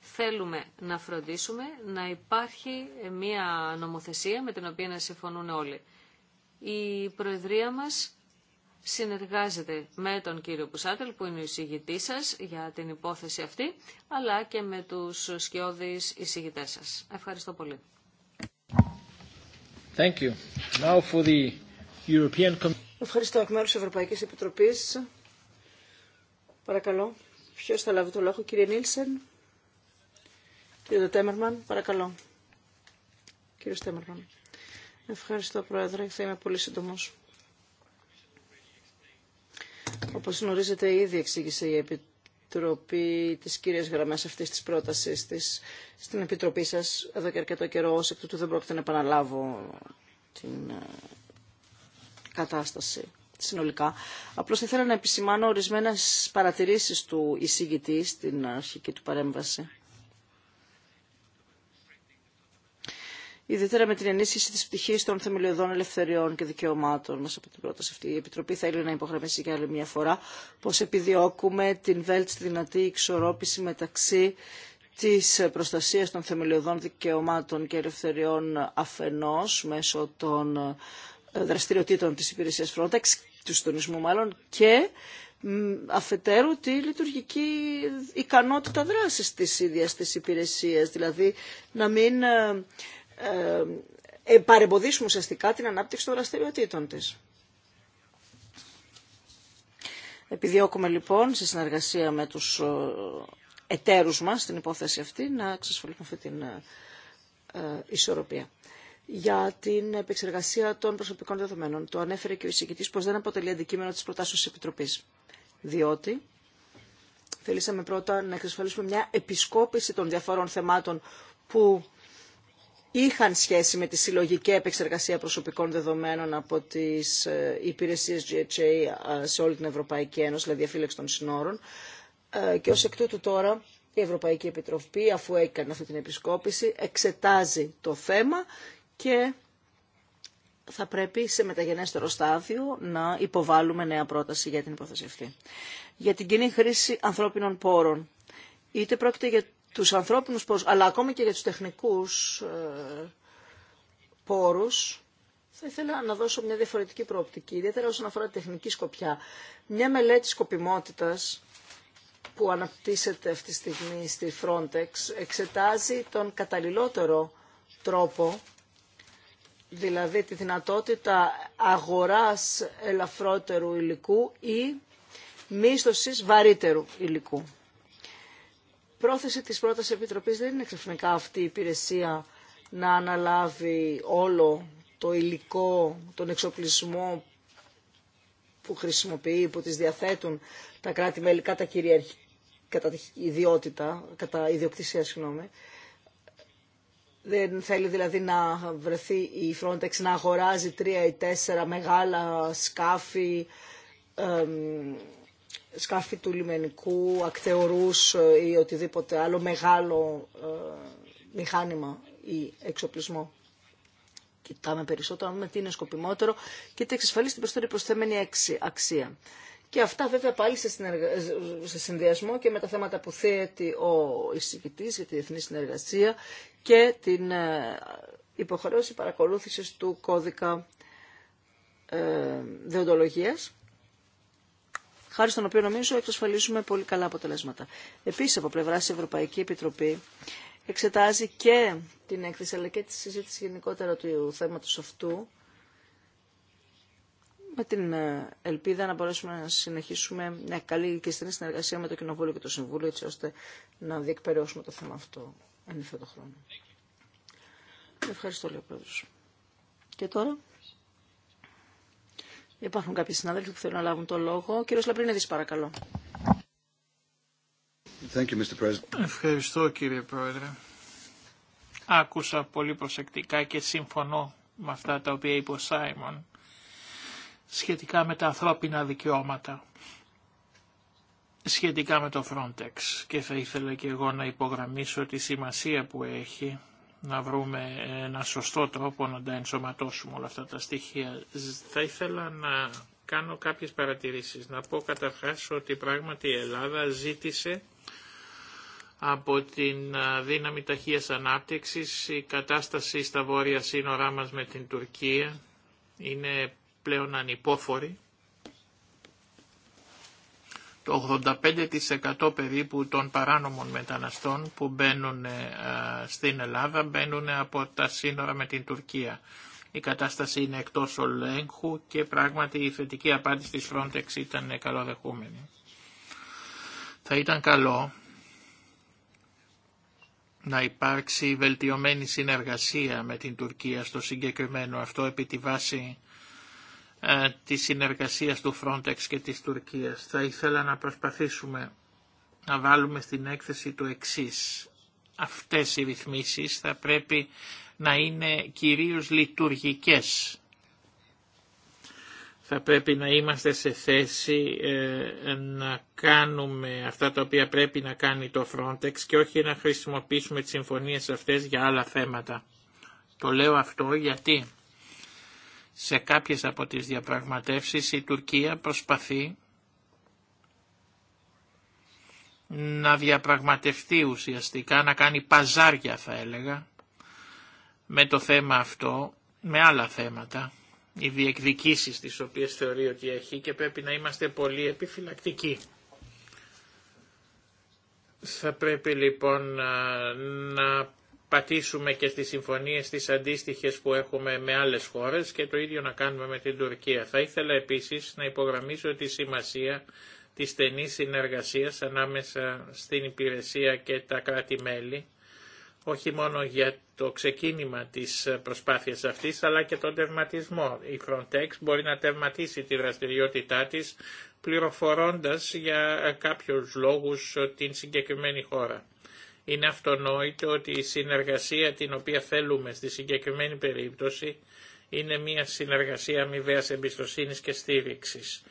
Speaker 2: Θέλουμε να φροντίσουμε να υπάρχει μια νομοθεσία με την οποία να συμφωνούν όλοι. Η Προεδρία μας συνεργάζεται με τον κύριο Πουσάτελ που είναι ο εισηγητής σας για την υπόθεση αυτή, αλλά και με τους σκιώδεις εισηγητές σας. Ευχαριστώ πολύ.
Speaker 4: Ευχαριστώ
Speaker 3: εκ μέρους Ευρωπαϊκής Επιτροπής. Παρακαλώ. Ποιος θα λάβει το λόγο, κύριε Νίλσεν. Κύριε Τέμερμαν, παρακαλώ. Κύριο Τέμερμαν. Ευχαριστώ, Πρόεδρε. Θα είμαι πολύ σύντομος. Όπως γνωρίζετε, ήδη εξήγησε η Επιτροπή Επιτροπή, τις κύριες γραμμές αυτής της πρότασης της, στην Επιτροπή σας εδώ και αρκετό καιρό, ως εκ τούτου δεν πρόκειται να επαναλάβω την ε, κατάσταση συνολικά. Απλώς ήθελα να επισημάνω ορισμένες παρατηρήσεις του εισηγητή στην αρχική του παρέμβαση. ιδιαίτερα με την ενίσχυση τη πτυχή των θεμελιωδών ελευθεριών και δικαιωμάτων μέσα από την πρόταση αυτή. Η Επιτροπή θέλει να υπογραμμίσει για άλλη μια φορά πω επιδιώκουμε την βέλτιστη δυνατή ισορρόπηση μεταξύ τη προστασία των θεμελιωδών δικαιωμάτων και ελευθεριών Αφενό μέσω των ε, δραστηριοτήτων τη Υπηρεσία Frontex, του συντονισμού μάλλον, και αφετέρου τη λειτουργική ικανότητα δράσης της ίδιας της υπηρεσίας, δηλαδή να μην ε, ε, ε, παρεμποδίσουμε ουσιαστικά την ανάπτυξη των δραστηριοτήτων της. Επιδιώκουμε λοιπόν σε συνεργασία με τους ε, εταίρους μας στην υπόθεση αυτή να εξασφαλίσουμε αυτή την ε, ισορροπία. Για την επεξεργασία των προσωπικών δεδομένων. Το ανέφερε και ο εισηγητής πως δεν αποτελεί αντικείμενο της προτάσεως της Επιτροπής. Διότι θέλησαμε πρώτα να εξασφαλίσουμε μια επισκόπηση των διαφορών θεμάτων που είχαν σχέση με τη συλλογική επεξεργασία προσωπικών δεδομένων από τις ε, υπηρεσίες GHA ε, σε όλη την Ευρωπαϊκή Ένωση, δηλαδή των συνόρων. Ε, και ως εκ τούτου τώρα η Ευρωπαϊκή Επιτροπή, αφού έκανε αυτή την επισκόπηση, εξετάζει το θέμα και θα πρέπει σε μεταγενέστερο στάδιο να υποβάλουμε νέα πρόταση για την υπόθεση αυτή. Για την κοινή χρήση ανθρώπινων πόρων. Είτε πρόκειται για τους ανθρώπινους αλλά ακόμα και για τους τεχνικούς ε, πόρους, θα ήθελα να δώσω μια διαφορετική προοπτική, ιδιαίτερα όσον αφορά τη τεχνική σκοπιά. Μια μελέτη σκοπιμότητας που αναπτύσσεται αυτή τη στιγμή στη Frontex εξετάζει τον καταλληλότερο τρόπο, δηλαδή τη δυνατότητα αγοράς ελαφρότερου υλικού ή μίσθωσης βαρύτερου υλικού πρόθεση της πρώτας επιτροπής δεν είναι ξαφνικά αυτή η υπηρεσία να αναλάβει όλο το υλικό, τον εξοπλισμό που χρησιμοποιεί, που τις διαθέτουν τα κράτη-μέλη κατά, κυριαρχία κατά ιδιότητα, κατά ιδιοκτησία, συγγνώμη. Δεν θέλει δηλαδή να βρεθεί η Frontex να αγοράζει τρία ή τέσσερα μεγάλα σκάφη, σκάφη του λιμενικού, ακτεωρούς ε, ή οτιδήποτε άλλο μεγάλο ε, μηχάνημα ή εξοπλισμό. Κοιτάμε περισσότερο με τι είναι σκοπιμότερο και τι εξασφαλίσει την περισσότερη προσθέμενη αξία. Και αυτά βέβαια πάλι σε, συνδυασμό και με τα θέματα που θέτει ο εισηγητή για τη διεθνή συνεργασία και την ε, υποχρέωση παρακολούθησης του κώδικα ε, χάρη στον οποίο νομίζω εξασφαλίσουμε πολύ καλά αποτελέσματα. Επίσης από πλευρά της Ευρωπαϊκή Επιτροπή εξετάζει και την έκθεση αλλά και τη συζήτηση γενικότερα του θέματος αυτού με την ε, ελπίδα να μπορέσουμε να συνεχίσουμε μια καλή και στενή συνεργασία με το Κοινοβούλιο και το Συμβούλιο έτσι ώστε να διεκπαιρεώσουμε το θέμα αυτό εν χρόνο. Ευχαριστώ, λίγο Και τώρα Υπάρχουν κάποιοι συνάδελφοι που θέλουν να λάβουν το λόγο. Ο κύριος Λαπρινίδης, παρακαλώ.
Speaker 1: Ευχαριστώ κύριε Πρόεδρε. Άκουσα πολύ προσεκτικά και συμφωνώ με αυτά τα οποία είπε ο Σάιμον σχετικά με τα ανθρώπινα δικαιώματα, σχετικά με το Frontex και θα ήθελα και εγώ να υπογραμμίσω τη σημασία που έχει να βρούμε ένα σωστό τρόπο να τα ενσωματώσουμε όλα αυτά τα στοιχεία. Θα ήθελα να κάνω κάποιες παρατηρήσεις. Να πω καταρχάς ότι πράγματι η Ελλάδα ζήτησε από την δύναμη ταχείας ανάπτυξης η κατάσταση στα βόρεια σύνορά μας με την Τουρκία είναι πλέον ανυπόφορη το 85% περίπου των παράνομων μεταναστών που μπαίνουν ε, στην Ελλάδα μπαίνουν από τα σύνορα με την Τουρκία. Η κατάσταση είναι εκτός ολέγχου και πράγματι η θετική απάντηση της Frontex ήταν καλοδεχούμενη. Θα ήταν καλό να υπάρξει βελτιωμένη συνεργασία με την Τουρκία στο συγκεκριμένο αυτό επί τη βάση ε, της συνεργασίας του Frontex και της Τουρκίας. Θα ήθελα να προσπαθήσουμε να βάλουμε στην έκθεση το εξής. Αυτές οι ρυθμίσεις θα πρέπει να είναι κυρίως λειτουργικές. Θα πρέπει να είμαστε σε θέση ε, να κάνουμε αυτά τα οποία πρέπει να κάνει το Frontex και όχι να χρησιμοποιήσουμε τις συμφωνίες αυτές για άλλα θέματα. Το λέω αυτό γιατί σε κάποιες από τις διαπραγματεύσεις η Τουρκία προσπαθεί να διαπραγματευτεί ουσιαστικά, να κάνει παζάρια θα έλεγα, με το θέμα αυτό, με άλλα θέματα, οι διεκδικήσεις τις οποίες θεωρεί ότι έχει και πρέπει να είμαστε πολύ επιφυλακτικοί. Θα πρέπει λοιπόν ε, να πατήσουμε και στις συμφωνίες τις αντίστοιχες που έχουμε με άλλες χώρες και το ίδιο να κάνουμε με την Τουρκία. Θα ήθελα επίσης να υπογραμμίσω τη σημασία της στενής συνεργασίας ανάμεσα στην υπηρεσία και τα κράτη-μέλη, όχι μόνο για το ξεκίνημα της προσπάθειας αυτής, αλλά και τον τερματισμό. Η Frontex μπορεί να τερματίσει τη δραστηριότητά της πληροφορώντας για κάποιους λόγους την συγκεκριμένη χώρα. Είναι αυτονόητο ότι η συνεργασία την οποία θέλουμε στη συγκεκριμένη περίπτωση είναι μια συνεργασία αμοιβαίας εμπιστοσύνης και στήριξης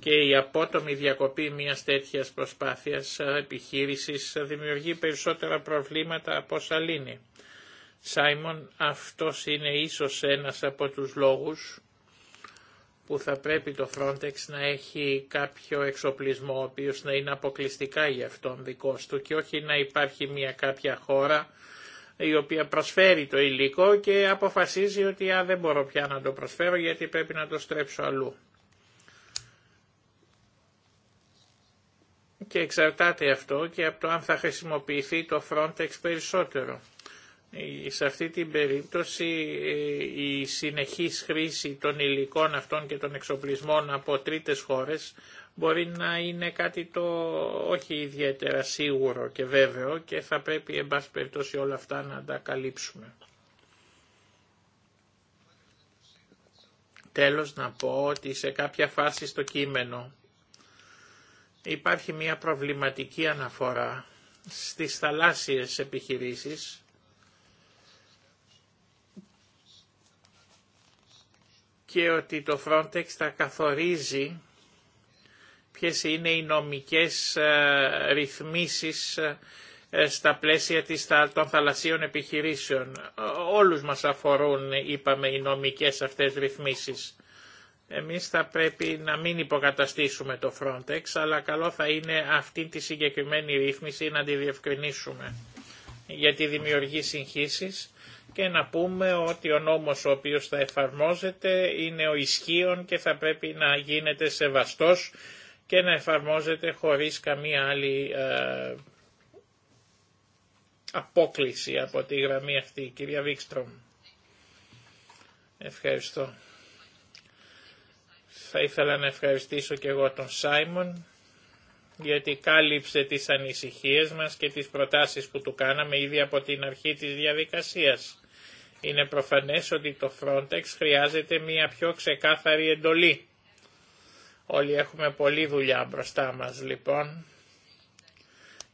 Speaker 1: και η απότομη διακοπή μιας τέτοιας προσπάθειας επιχείρησης δημιουργεί περισσότερα προβλήματα από σαλήνη. Σάιμον, αυτό είναι ίσως ένας από τους λόγους που θα πρέπει το Frontex να έχει κάποιο εξοπλισμό ο οποίος να είναι αποκλειστικά για αυτόν δικός του και όχι να υπάρχει μια κάποια χώρα η οποία προσφέρει το υλικό και αποφασίζει ότι α, δεν μπορώ πια να το προσφέρω γιατί πρέπει να το στρέψω αλλού. Και εξαρτάται αυτό και από το αν θα χρησιμοποιηθεί το Frontex περισσότερο. Ε, σε αυτή την περίπτωση ε, η συνεχής χρήση των υλικών αυτών και των εξοπλισμών από τρίτες χώρες μπορεί να είναι κάτι το όχι ιδιαίτερα σίγουρο και βέβαιο και θα πρέπει εν πάση περιπτώσει όλα αυτά να τα καλύψουμε. Τέλος να πω ότι σε κάποια φάση στο κείμενο υπάρχει μια προβληματική αναφορά στις θαλάσσιες επιχειρήσεις και ότι το Frontex θα καθορίζει ποιες είναι οι νομικές ε, ρυθμίσεις ε, στα πλαίσια της, των θαλασσίων επιχειρήσεων. Όλους μας αφορούν, είπαμε, οι νομικές αυτές ρυθμίσεις. Εμείς θα πρέπει να μην υποκαταστήσουμε το Frontex, αλλά καλό θα είναι αυτή τη συγκεκριμένη ρύθμιση να τη διευκρινίσουμε, γιατί δημιουργεί συγχύσεις και να πούμε ότι ο νόμος ο οποίος θα εφαρμόζεται είναι ο ισχύων και θα πρέπει να γίνεται σεβαστός και να εφαρμόζεται χωρίς καμία άλλη ε, απόκληση από τη γραμμή αυτή. Κυρία Βίξτρομ, ευχαριστώ. Θα ήθελα να ευχαριστήσω και εγώ τον Σάιμον γιατί κάλυψε τις ανησυχίες μας και τις προτάσεις που του κάναμε ήδη από την αρχή της διαδικασίας. Είναι προφανές ότι το Frontex χρειάζεται μια πιο ξεκάθαρη εντολή. Όλοι έχουμε πολλή δουλειά μπροστά μας λοιπόν.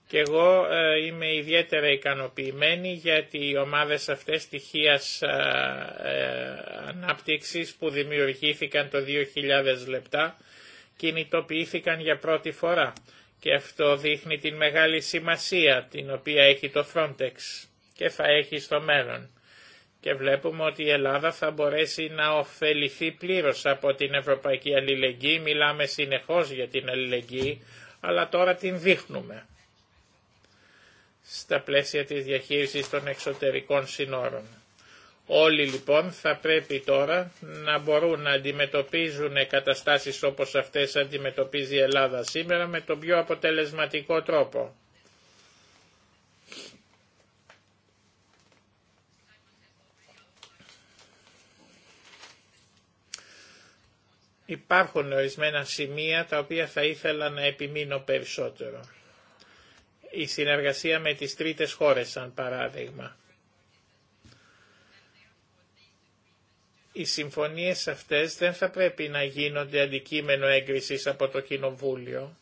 Speaker 1: Και εγώ ε, είμαι ιδιαίτερα ικανοποιημένη γιατί οι ομάδες αυτές ε, ε, ανάπτυξης που δημιουργήθηκαν το 2000 λεπτά κινητοποιήθηκαν για πρώτη φορά και αυτό δείχνει την μεγάλη σημασία την οποία έχει το Frontex και θα έχει στο μέλλον και βλέπουμε ότι η Ελλάδα θα μπορέσει να ωφεληθεί πλήρως από την ευρωπαϊκή αλληλεγγύη. Μιλάμε συνεχώς για την αλληλεγγύη, αλλά τώρα την δείχνουμε στα πλαίσια της διαχείρισης των εξωτερικών συνόρων. Όλοι λοιπόν θα πρέπει τώρα να μπορούν να αντιμετωπίζουν καταστάσεις όπως αυτές αντιμετωπίζει η Ελλάδα σήμερα με τον πιο αποτελεσματικό τρόπο. Υπάρχουν ορισμένα σημεία τα οποία θα ήθελα να επιμείνω περισσότερο. Η συνεργασία με τις τρίτες χώρες, σαν παράδειγμα. Οι συμφωνίες αυτές δεν θα πρέπει να γίνονται αντικείμενο έγκρισης από το Κοινοβούλιο,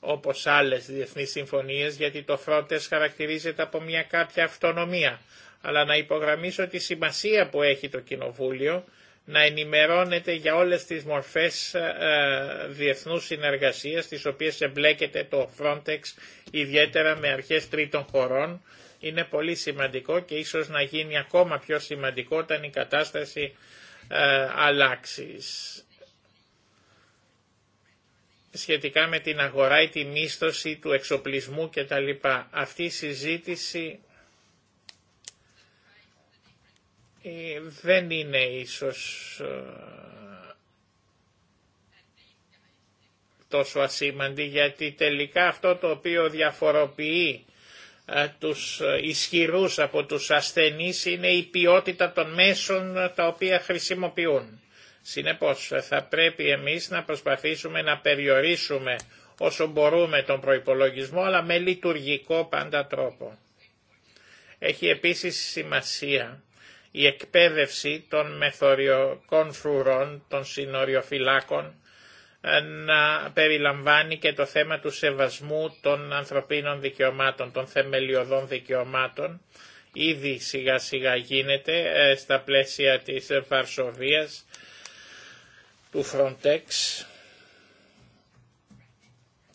Speaker 1: όπως άλλες διεθνείς συμφωνίες, γιατί το Φρόντες χαρακτηρίζεται από μια κάποια αυτονομία. Αλλά να υπογραμμίσω τη σημασία που έχει το Κοινοβούλιο να ενημερώνεται για όλες τις μορφές ε, διεθνούς συνεργασίας τις οποίες εμπλέκεται το Frontex ιδιαίτερα με αρχές τρίτων χωρών. Είναι πολύ σημαντικό και ίσως να γίνει ακόμα πιο σημαντικό όταν η κατάσταση ε, αλλάξει. Σχετικά με την αγορά ή τη μίσθωση του εξοπλισμού κτλ. Αυτή η συζήτηση Ε, δεν είναι ίσως ε, τόσο ασήμαντη γιατί τελικά αυτό το οποίο διαφοροποιεί ε, τους ισχυρούς από τους ασθενείς είναι η ποιότητα των μέσων τα οποία χρησιμοποιούν. Συνεπώς θα πρέπει εμείς να προσπαθήσουμε να περιορίσουμε όσο μπορούμε τον προϋπολογισμό αλλά με λειτουργικό πάντα τρόπο. Έχει επίσης σημασία η εκπαίδευση των μεθοριακών φρουρών, των συνοριοφυλάκων, ε, να περιλαμβάνει και το θέμα του σεβασμού των ανθρωπίνων δικαιωμάτων, των θεμελιωδών δικαιωμάτων. Ήδη σιγά σιγά γίνεται ε, στα πλαίσια της Βαρσοβίας, του Frontex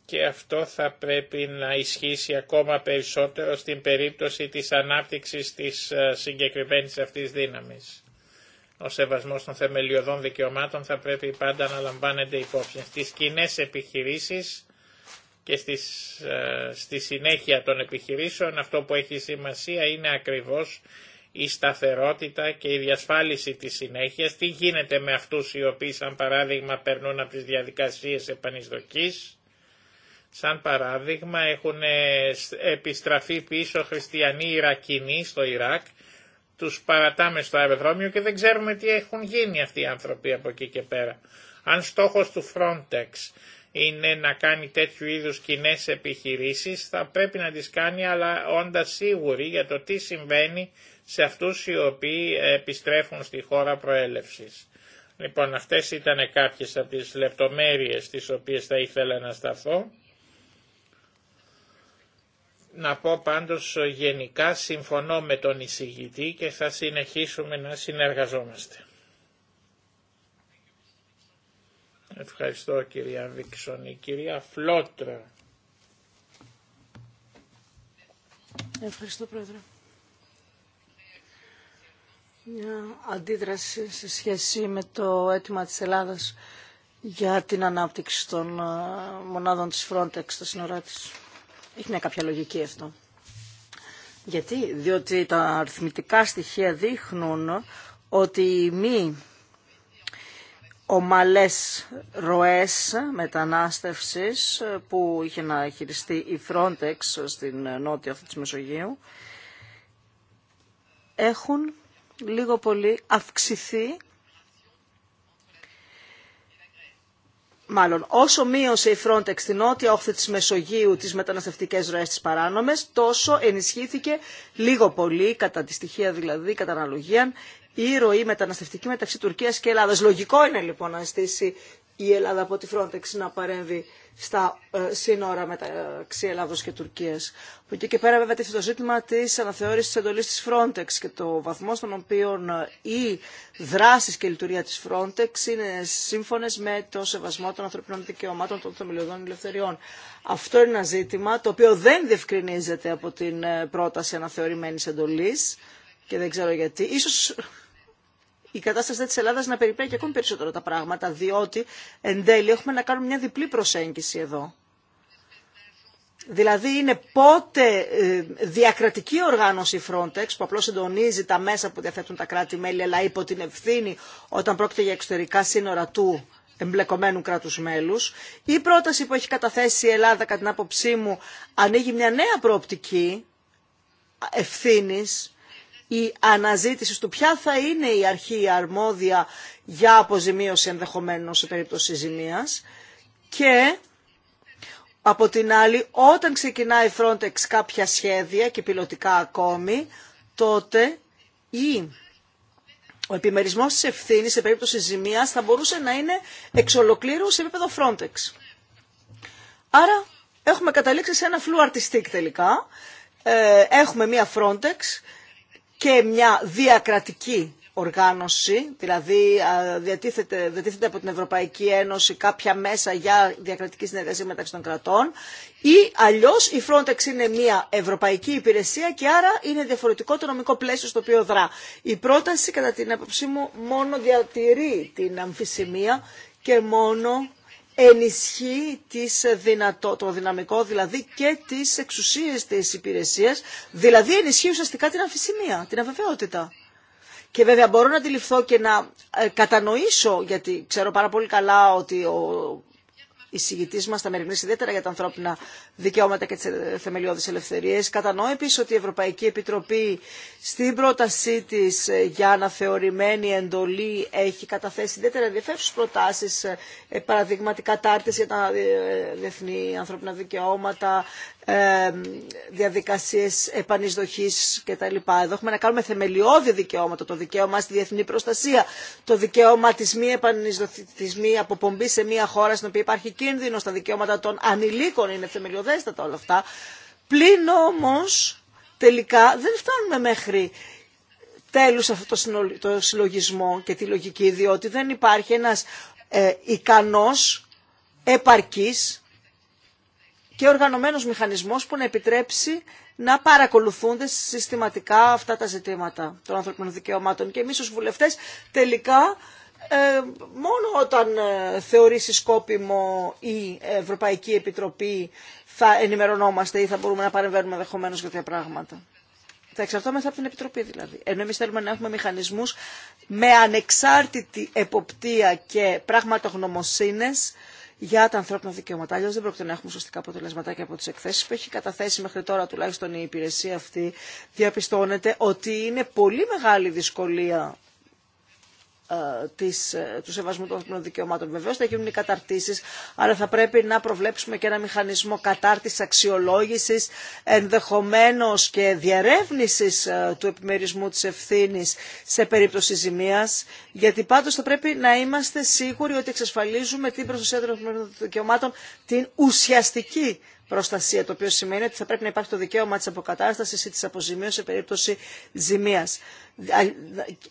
Speaker 1: και αυτό θα πρέπει να ισχύσει ακόμα περισσότερο στην περίπτωση της ανάπτυξης της ε, συγκεκριμένης αυτής δύναμης. Ο σεβασμός των θεμελιωδών δικαιωμάτων θα πρέπει πάντα να λαμβάνεται υπόψη στις κοινέ επιχειρήσεις και στις, ε, στη συνέχεια των επιχειρήσεων αυτό που έχει σημασία είναι ακριβώς η σταθερότητα και η διασφάλιση της συνέχειας, τι γίνεται με αυτούς οι οποίοι σαν παράδειγμα περνούν από τις διαδικασίες επανεισδοκής, Σαν παράδειγμα έχουν ε, επιστραφεί πίσω χριστιανοί Ιρακινοί στο Ιράκ, τους παρατάμε στο αεροδρόμιο και δεν ξέρουμε τι έχουν γίνει αυτοί οι άνθρωποι από εκεί και πέρα. Αν στόχος του Frontex είναι να κάνει τέτοιου είδους κοινέ επιχειρήσεις, θα πρέπει να τις κάνει αλλά όντα σίγουροι για το τι συμβαίνει σε αυτούς οι οποίοι επιστρέφουν στη χώρα προέλευσης. Λοιπόν, αυτές ήταν κάποιες από τις λεπτομέρειες τις οποίες θα ήθελα να σταθώ. Να πω πάντως γενικά συμφωνώ με τον εισηγητή και θα συνεχίσουμε να συνεργαζόμαστε. Ευχαριστώ κυρία Βίξον. κυρία Φλότρα.
Speaker 3: Ευχαριστώ πρόεδρε. Μια αντίδραση σε σχέση με το αίτημα της Ελλάδας για την ανάπτυξη των ε, μονάδων της Frontex στα σύνορά της. Έχει μια κάποια λογική αυτό. Γιατί, διότι τα αριθμητικά στοιχεία δείχνουν ότι οι μη ομαλές ροές μετανάστευσης που είχε να χειριστεί η Frontex στην νότια αυτή της Μεσογείου έχουν λίγο πολύ αυξηθεί μάλλον όσο μείωσε η Frontex στην νότια όχθη της Μεσογείου τις μεταναστευτικές ροές της παράνομες, τόσο ενισχύθηκε λίγο πολύ, κατά τη στοιχεία δηλαδή, κατά αναλογία, η ροή μεταναστευτική μεταξύ Τουρκίας και Ελλάδας. Λογικό είναι λοιπόν να στήσει η Ελλάδα από τη Frontex να παρέμβει στα ε, σύνορα μεταξύ Ελλάδος και Τουρκία. Από εκεί και πέρα βέβαια το ζήτημα τη αναθεώρησης τη εντολή τη Frontex και το βαθμό στον οποίο οι ε, δράσει και η λειτουργία τη Frontex είναι σύμφωνε με το σεβασμό των ανθρωπινών δικαιωμάτων των θεμελιωδών ελευθεριών. Αυτό είναι ένα ζήτημα το οποίο δεν διευκρινίζεται από την ε, πρόταση αναθεωρημένη εντολή και δεν ξέρω γιατί. Ίσως η κατάσταση της Ελλάδας να περιπλέκει ακόμη περισσότερο τα πράγματα, διότι εν τέλει έχουμε να κάνουμε μια διπλή προσέγγιση εδώ. Δηλαδή είναι πότε ε, διακρατική οργάνωση Frontex που απλώς συντονίζει τα μέσα που διαθέτουν τα κράτη-μέλη αλλά υπό την ευθύνη όταν πρόκειται για εξωτερικά σύνορα του εμπλεκομένου κράτους μέλους. Η πρόταση που έχει καταθέσει η Ελλάδα κατά την άποψή μου ανοίγει μια νέα προοπτική ευθύνης η αναζήτηση του ποια θα είναι η αρχή αρμόδια για αποζημίωση ενδεχομένω σε περίπτωση ζημίας και από την άλλη όταν ξεκινάει η Frontex κάποια σχέδια και πιλωτικά ακόμη τότε η ο επιμερισμός της ευθύνη σε περίπτωση ζημίας θα μπορούσε να είναι εξ ολοκλήρου σε επίπεδο Frontex. Άρα έχουμε καταλήξει σε ένα φλου τελικά. Ε, έχουμε μία Frontex και μια διακρατική οργάνωση, δηλαδή διατίθεται, από την Ευρωπαϊκή Ένωση κάποια μέσα για διακρατική συνεργασία μεταξύ των κρατών ή αλλιώς η Frontex είναι μια ευρωπαϊκή υπηρεσία και άρα είναι διαφορετικό το νομικό πλαίσιο στο οποίο δρά. Η πρόταση κατά την άποψή μου μόνο διατηρεί την αμφισημία και μόνο ενισχύει τις δυνατό, το δυναμικό δηλαδή και τις εξουσίες της υπηρεσίας, δηλαδή ενισχύει ουσιαστικά την αμφισημία, την αβεβαιότητα. Και βέβαια μπορώ να αντιληφθώ και να ε, κατανοήσω, γιατί ξέρω πάρα πολύ καλά ότι ο εισηγητή μα θα μεριμνήσει ιδιαίτερα για τα ανθρώπινα δικαιώματα και τι ε, θεμελιώδει ελευθερίε. Κατανοώ επίση ότι η Ευρωπαϊκή Επιτροπή στην πρότασή τη ε, για αναθεωρημένη εντολή έχει καταθέσει ιδιαίτερα ενδιαφέρουσε προτάσεις, ε, παραδείγματι κατάρτιση για τα διεθνή ανθρώπινα δικαιώματα, ε, διαδικασίες επανεισδοχής κτλ. Εδώ έχουμε να κάνουμε θεμελιώδη δικαιώματα, το δικαίωμα στη διεθνή προστασία, το δικαίωμα της μη, της μη αποπομπής σε μια χώρα στην οποία υπάρχει κίνδυνο τα δικαιώματα των ανηλίκων είναι θεμελιωδέστατα όλα αυτά. Πλην όμως τελικά δεν φτάνουμε μέχρι τέλους αυτό το συλλογισμό και τη λογική, διότι δεν υπάρχει ένας ε, ικανός, επαρκής, και οργανωμένος μηχανισμός που να επιτρέψει να παρακολουθούνται συστηματικά αυτά τα ζητήματα των ανθρωπινών δικαιωμάτων. Και εμείς ως βουλευτές τελικά ε, μόνο όταν ε, θεωρήσει σκόπιμο η Ευρωπαϊκή Επιτροπή θα ενημερωνόμαστε ή θα μπορούμε να παρεμβαίνουμε δεχομένως για τέτοια πράγματα. Θα εξαρτώμεθα από την Επιτροπή δηλαδή. Ενώ εμεί θέλουμε να έχουμε μηχανισμούς με ανεξάρτητη εποπτεία και γνωμοσύνες, για τα ανθρώπινα δικαιώματα. Αλλιώ δεν πρόκειται να έχουμε σωστικά αποτελεσματάκια από τι εκθέσει που έχει καταθέσει μέχρι τώρα τουλάχιστον η υπηρεσία αυτή. Διαπιστώνεται ότι είναι πολύ μεγάλη δυσκολία ε, ε, του σεβασμού των δικαιωμάτων. Βεβαίω θα γίνουν οι καταρτήσει, αλλά θα πρέπει να προβλέψουμε και ένα μηχανισμό κατάρτιση, αξιολόγηση, ενδεχομένω και διερεύνηση ε, του επιμερισμού τη ευθύνη σε περίπτωση ζημία. Γιατί πάντω θα πρέπει να είμαστε σίγουροι ότι εξασφαλίζουμε την προστασία των δικαιωμάτων, την ουσιαστική προστασία, το οποίο σημαίνει ότι θα πρέπει να υπάρχει το δικαίωμα της αποκατάστασης ή της αποζημίωσης σε περίπτωση ζημίας.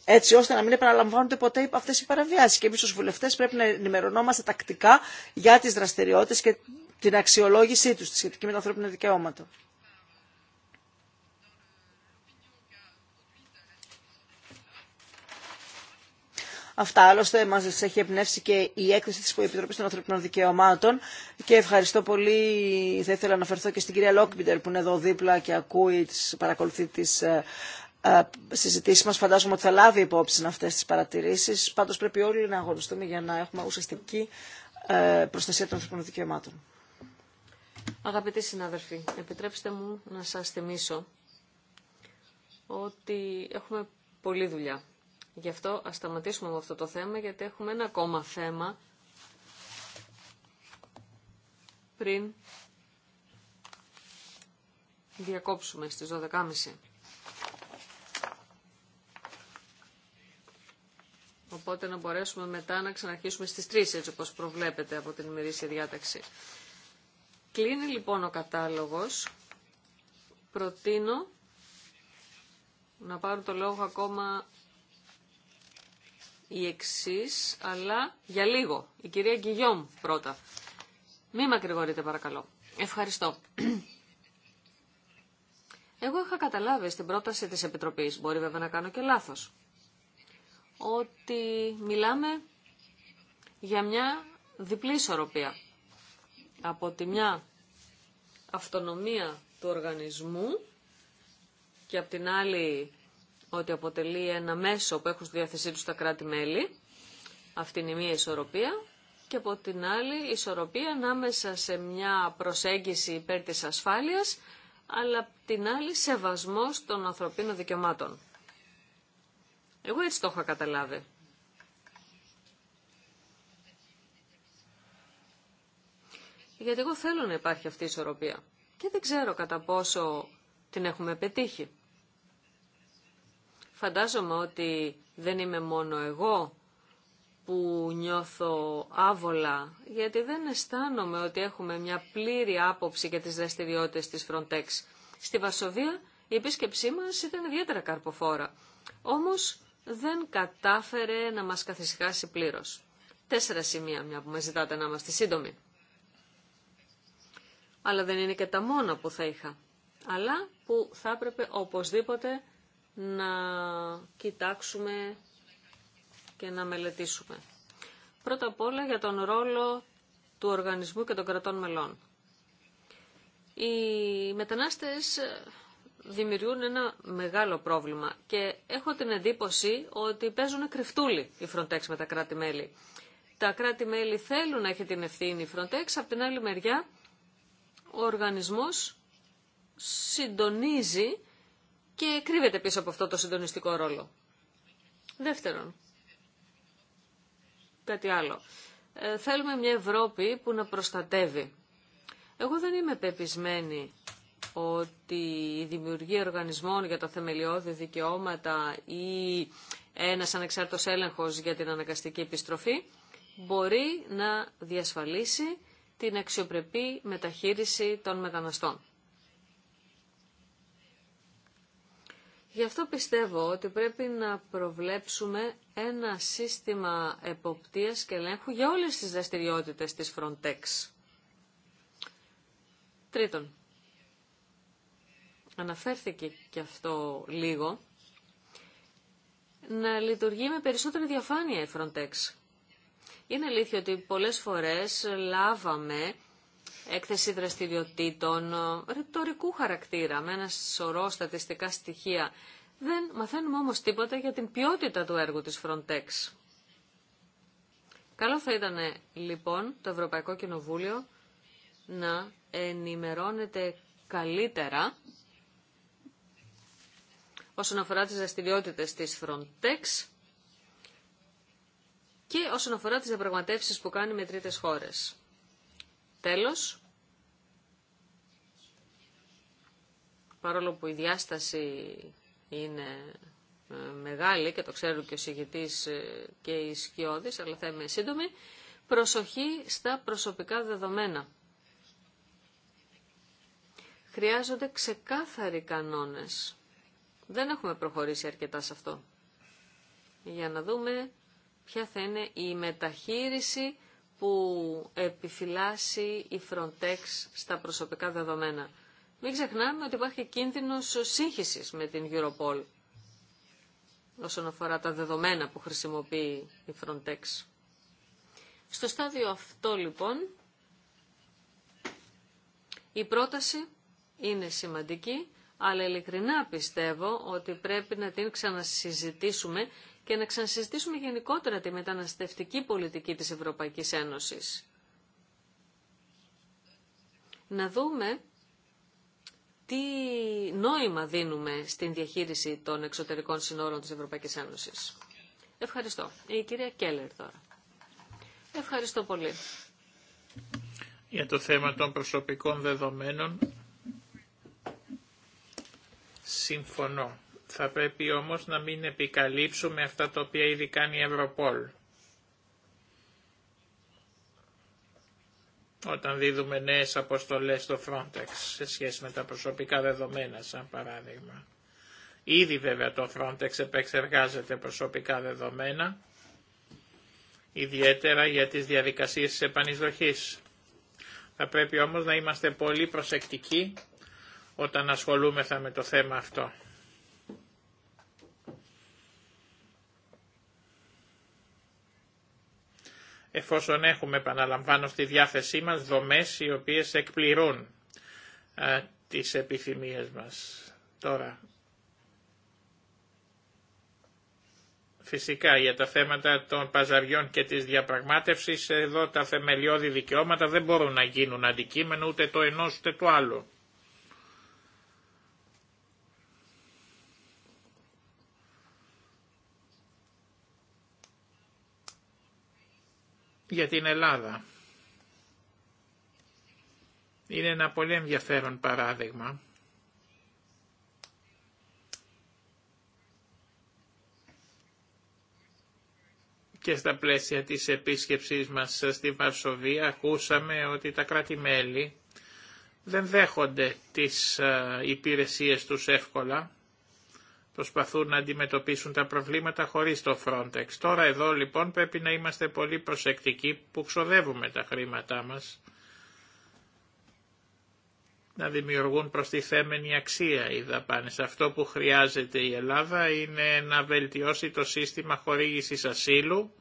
Speaker 3: Έτσι ώστε να μην επαναλαμβάνονται ποτέ αυτές οι παραβιάσεις. Και εμείς ως βουλευτές πρέπει να ενημερωνόμαστε τακτικά για τις δραστηριότητες και την αξιολόγησή τους, τη σχετική με τα ανθρώπινα δικαιώματα. Αυτά άλλωστε μας έχει εμπνεύσει και η έκθεση της Επιτροπής των Ανθρωπινών Δικαιωμάτων και ευχαριστώ πολύ. Θα ήθελα να αναφερθώ και στην κυρία Λόκμπιντερ που είναι εδώ δίπλα και ακούει, παρακολουθεί τις ε, ε, συζητήσεις μας. Φαντάζομαι ότι θα λάβει υπόψη αυτές τις παρατηρήσεις. Πάντως πρέπει όλοι να αγωνιστούμε για να έχουμε ουσιαστική ε, προστασία των ανθρωπινών δικαιωμάτων.
Speaker 2: Αγαπητοί συνάδελφοι, επιτρέψτε μου να σας θυμίσω ότι έχουμε πολλή δουλειά Γι' αυτό ας σταματήσουμε με αυτό το θέμα, γιατί έχουμε ένα ακόμα θέμα πριν διακόψουμε στις 12.30. Οπότε να μπορέσουμε μετά να ξαναρχίσουμε στις 3, έτσι όπως προβλέπετε από την ημερήσια διάταξη. Κλείνει λοιπόν ο κατάλογος. Προτείνω να πάρουν το λόγο ακόμα η εξή, αλλά για λίγο. Η κυρία Γκυγιόμ πρώτα. Μη μακρηγορείτε παρακαλώ. Ευχαριστώ. Εγώ είχα καταλάβει στην πρόταση της Επιτροπής, μπορεί βέβαια να κάνω και λάθος, ότι μιλάμε για μια διπλή ισορροπία. Από τη μια αυτονομία του οργανισμού και από την άλλη ότι αποτελεί ένα μέσο που έχουν στη διάθεσή τους τα κράτη-μέλη. Αυτή είναι η μία ισορροπία. Και από την άλλη ισορροπία ανάμεσα σε μια προσέγγιση υπέρ της ασφάλειας, αλλά από την άλλη σεβασμός των ανθρωπίνων δικαιωμάτων. Εγώ έτσι το είχα καταλάβει. Γιατί εγώ θέλω να υπάρχει αυτή η ισορροπία. Και δεν ξέρω κατά πόσο την έχουμε πετύχει. Φαντάζομαι ότι δεν είμαι μόνο εγώ που νιώθω άβολα, γιατί δεν αισθάνομαι ότι έχουμε μια πλήρη άποψη για τις δραστηριότητες της Frontex. Στη Βασοβία η επίσκεψή μας ήταν ιδιαίτερα καρποφόρα, όμως δεν κατάφερε να μας καθησυχάσει πλήρως. Τέσσερα σημεία, μια που με ζητάτε να είμαστε σύντομοι. Αλλά δεν είναι και τα μόνα που θα είχα, αλλά που θα έπρεπε οπωσδήποτε να κοιτάξουμε και να μελετήσουμε. Πρώτα απ' όλα για τον ρόλο του οργανισμού και των κρατών μελών. Οι μετανάστες δημιουργούν ένα μεγάλο πρόβλημα και έχω την εντύπωση ότι παίζουν κρυφτούλοι οι Frontex με τα κράτη-μέλη. Τα κράτη-μέλη θέλουν να έχει την ευθύνη η Frontex, απ' την άλλη μεριά ο οργανισμός συντονίζει και κρύβεται πίσω από αυτό το συντονιστικό ρόλο. Δεύτερον, κάτι άλλο. Ε, θέλουμε μια Ευρώπη που να προστατεύει. Εγώ δεν είμαι πεπισμένη ότι η δημιουργία οργανισμών για τα θεμελιώδη δικαιώματα ή ένας ανεξάρτητος έλεγχος για την αναγκαστική επιστροφή μπορεί να διασφαλίσει την αξιοπρεπή μεταχείριση των μεταναστών. Γι' αυτό πιστεύω ότι πρέπει να προβλέψουμε ένα σύστημα εποπτείας και ελέγχου για όλες τις δραστηριότητες της Frontex. Τρίτον, αναφέρθηκε και αυτό λίγο, να λειτουργεί με περισσότερη διαφάνεια η Frontex. Είναι αλήθεια ότι πολλές φορές λάβαμε έκθεση δραστηριοτήτων ρητορικού χαρακτήρα με ένα σωρό στατιστικά στοιχεία. Δεν μαθαίνουμε όμως τίποτα για την ποιότητα του έργου της Frontex. Καλό θα ήταν λοιπόν το Ευρωπαϊκό Κοινοβούλιο να ενημερώνεται καλύτερα όσον αφορά τις δραστηριότητε της Frontex και όσον αφορά τις διαπραγματεύσεις που κάνει με τρίτες χώρες. Τέλος, παρόλο που η διάσταση είναι ε, μεγάλη και το ξέρουν και ο συγητής ε, και οι σκιώδεις, αλλά θα είμαι σύντομη, προσοχή στα προσωπικά δεδομένα. Χρειάζονται ξεκάθαροι κανόνες. Δεν έχουμε προχωρήσει αρκετά σε αυτό. Για να δούμε ποια θα είναι η μεταχείριση που επιφυλάσσει η Frontex στα προσωπικά δεδομένα. Μην ξεχνάμε ότι υπάρχει κίνδυνος σύγχυσης με την Europol όσον αφορά τα δεδομένα που χρησιμοποιεί η Frontex. Στο στάδιο αυτό λοιπόν η πρόταση είναι σημαντική, αλλά ειλικρινά πιστεύω ότι πρέπει να την ξανασυζητήσουμε και να ξανασυζητήσουμε γενικότερα τη μεταναστευτική πολιτική της Ευρωπαϊκής Ένωσης. Να δούμε τι νόημα δίνουμε στην διαχείριση των εξωτερικών συνόρων της Ευρωπαϊκής Ένωσης. Ευχαριστώ. Η κυρία Κέλλερ τώρα. Ευχαριστώ πολύ.
Speaker 1: Για το θέμα των προσωπικών δεδομένων συμφωνώ θα πρέπει όμως να μην επικαλύψουμε αυτά τα οποία ήδη κάνει η Ευρωπόλ. Όταν δίδουμε νέες αποστολές στο Frontex σε σχέση με τα προσωπικά δεδομένα, σαν παράδειγμα. Ήδη βέβαια το Frontex επεξεργάζεται προσωπικά δεδομένα, ιδιαίτερα για τις διαδικασίες της επανεισδοχής. Θα πρέπει όμως να είμαστε πολύ προσεκτικοί όταν ασχολούμεθα με το θέμα αυτό. εφόσον έχουμε, επαναλαμβάνω, στη διάθεσή μας δομές οι οποίες εκπληρούν α, ε, τις επιθυμίες μας. Τώρα, φυσικά για τα θέματα των παζαριών και της διαπραγμάτευσης, εδώ τα θεμελιώδη δικαιώματα δεν μπορούν να γίνουν αντικείμενο ούτε το ενός ούτε το άλλο. για την Ελλάδα. Είναι ένα πολύ ενδιαφέρον παράδειγμα. Και στα πλαίσια της επίσκεψής μας στη Βαρσοβία ακούσαμε ότι τα κράτη-μέλη δεν δέχονται τις ε, υπηρεσίες τους εύκολα προσπαθούν να αντιμετωπίσουν τα προβλήματα χωρίς το Frontex. Τώρα εδώ λοιπόν πρέπει να είμαστε πολύ προσεκτικοί που ξοδεύουμε τα χρήματά μας να δημιουργούν προστιθέμενη αξία οι δαπάνες. Αυτό που χρειάζεται η Ελλάδα είναι να βελτιώσει το σύστημα χορήγησης ασύλου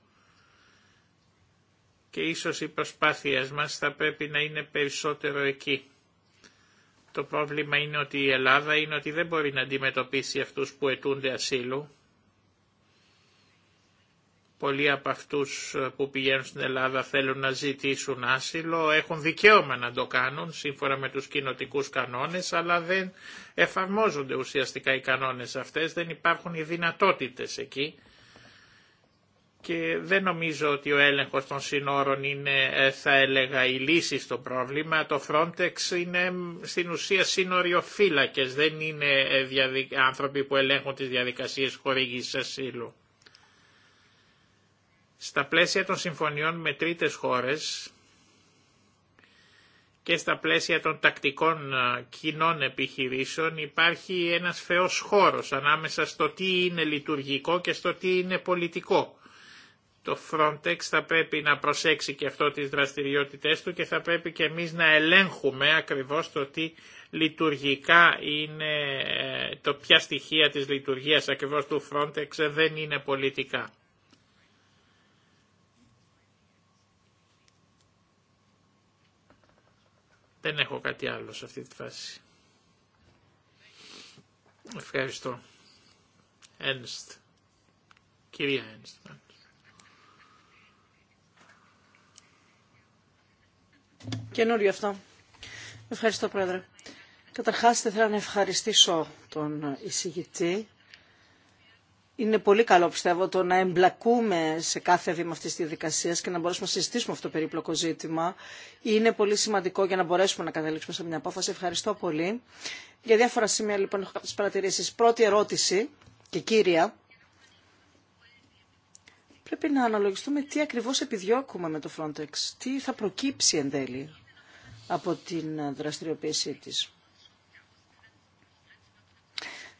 Speaker 1: και ίσως οι προσπάθειες μας θα πρέπει να είναι περισσότερο εκεί. Το πρόβλημα είναι ότι η Ελλάδα είναι ότι δεν μπορεί να αντιμετωπίσει αυτούς που αιτούνται ασύλου. Πολλοί από αυτούς ε, που πηγαίνουν στην Ελλάδα θέλουν να ζητήσουν άσυλο, έχουν δικαίωμα να το κάνουν σύμφωνα με τους κοινοτικού κανόνες, αλλά δεν εφαρμόζονται ουσιαστικά οι κανόνες αυτές, δεν υπάρχουν οι δυνατότητες εκεί και δεν νομίζω ότι ο έλεγχος των συνόρων είναι, ε, θα έλεγα, η λύση στο πρόβλημα. Το Frontex είναι στην ουσία σύνοριοφύλακες, δεν είναι ε, άνθρωποι που ελέγχουν τις διαδικασίες χορήγησης ασύλου. Στα πλαίσια των συμφωνιών με τρίτες χώρες και στα πλαίσια των τακτικών ε, κοινών επιχειρήσεων υπάρχει ένας φαιός χώρος ανάμεσα στο τι είναι λειτουργικό και στο τι είναι πολιτικό το Frontex θα πρέπει να προσέξει και αυτό τις δραστηριότητές του και θα πρέπει και εμείς να ελέγχουμε ακριβώς το λειτουργικά είναι, ε, το ποια στοιχεία της λειτουργίας ακριβώς του Frontex δεν είναι πολιτικά. Δεν έχω κάτι άλλο σε αυτή τη φάση. Ευχαριστώ. Ένστ. Κυρία Ένστ.
Speaker 3: Καινούριο αυτό. Ευχαριστώ, Πρόεδρε. Καταρχάς, θα ήθελα να ευχαριστήσω τον εισηγητή. Είναι πολύ καλό, πιστεύω, το να εμπλακούμε σε κάθε βήμα αυτή τη διαδικασία και να μπορέσουμε να συζητήσουμε αυτό το περίπλοκο ζήτημα. Είναι πολύ σημαντικό για να μπορέσουμε να καταλήξουμε σε μια απόφαση. Ευχαριστώ πολύ. Για διάφορα σημεία, λοιπόν, έχω κάποιε παρατηρήσει. Πρώτη ερώτηση και κύρια πρέπει να αναλογιστούμε τι ακριβώς επιδιώκουμε με το Frontex, τι θα προκύψει εν τέλει από την δραστηριοποίησή της.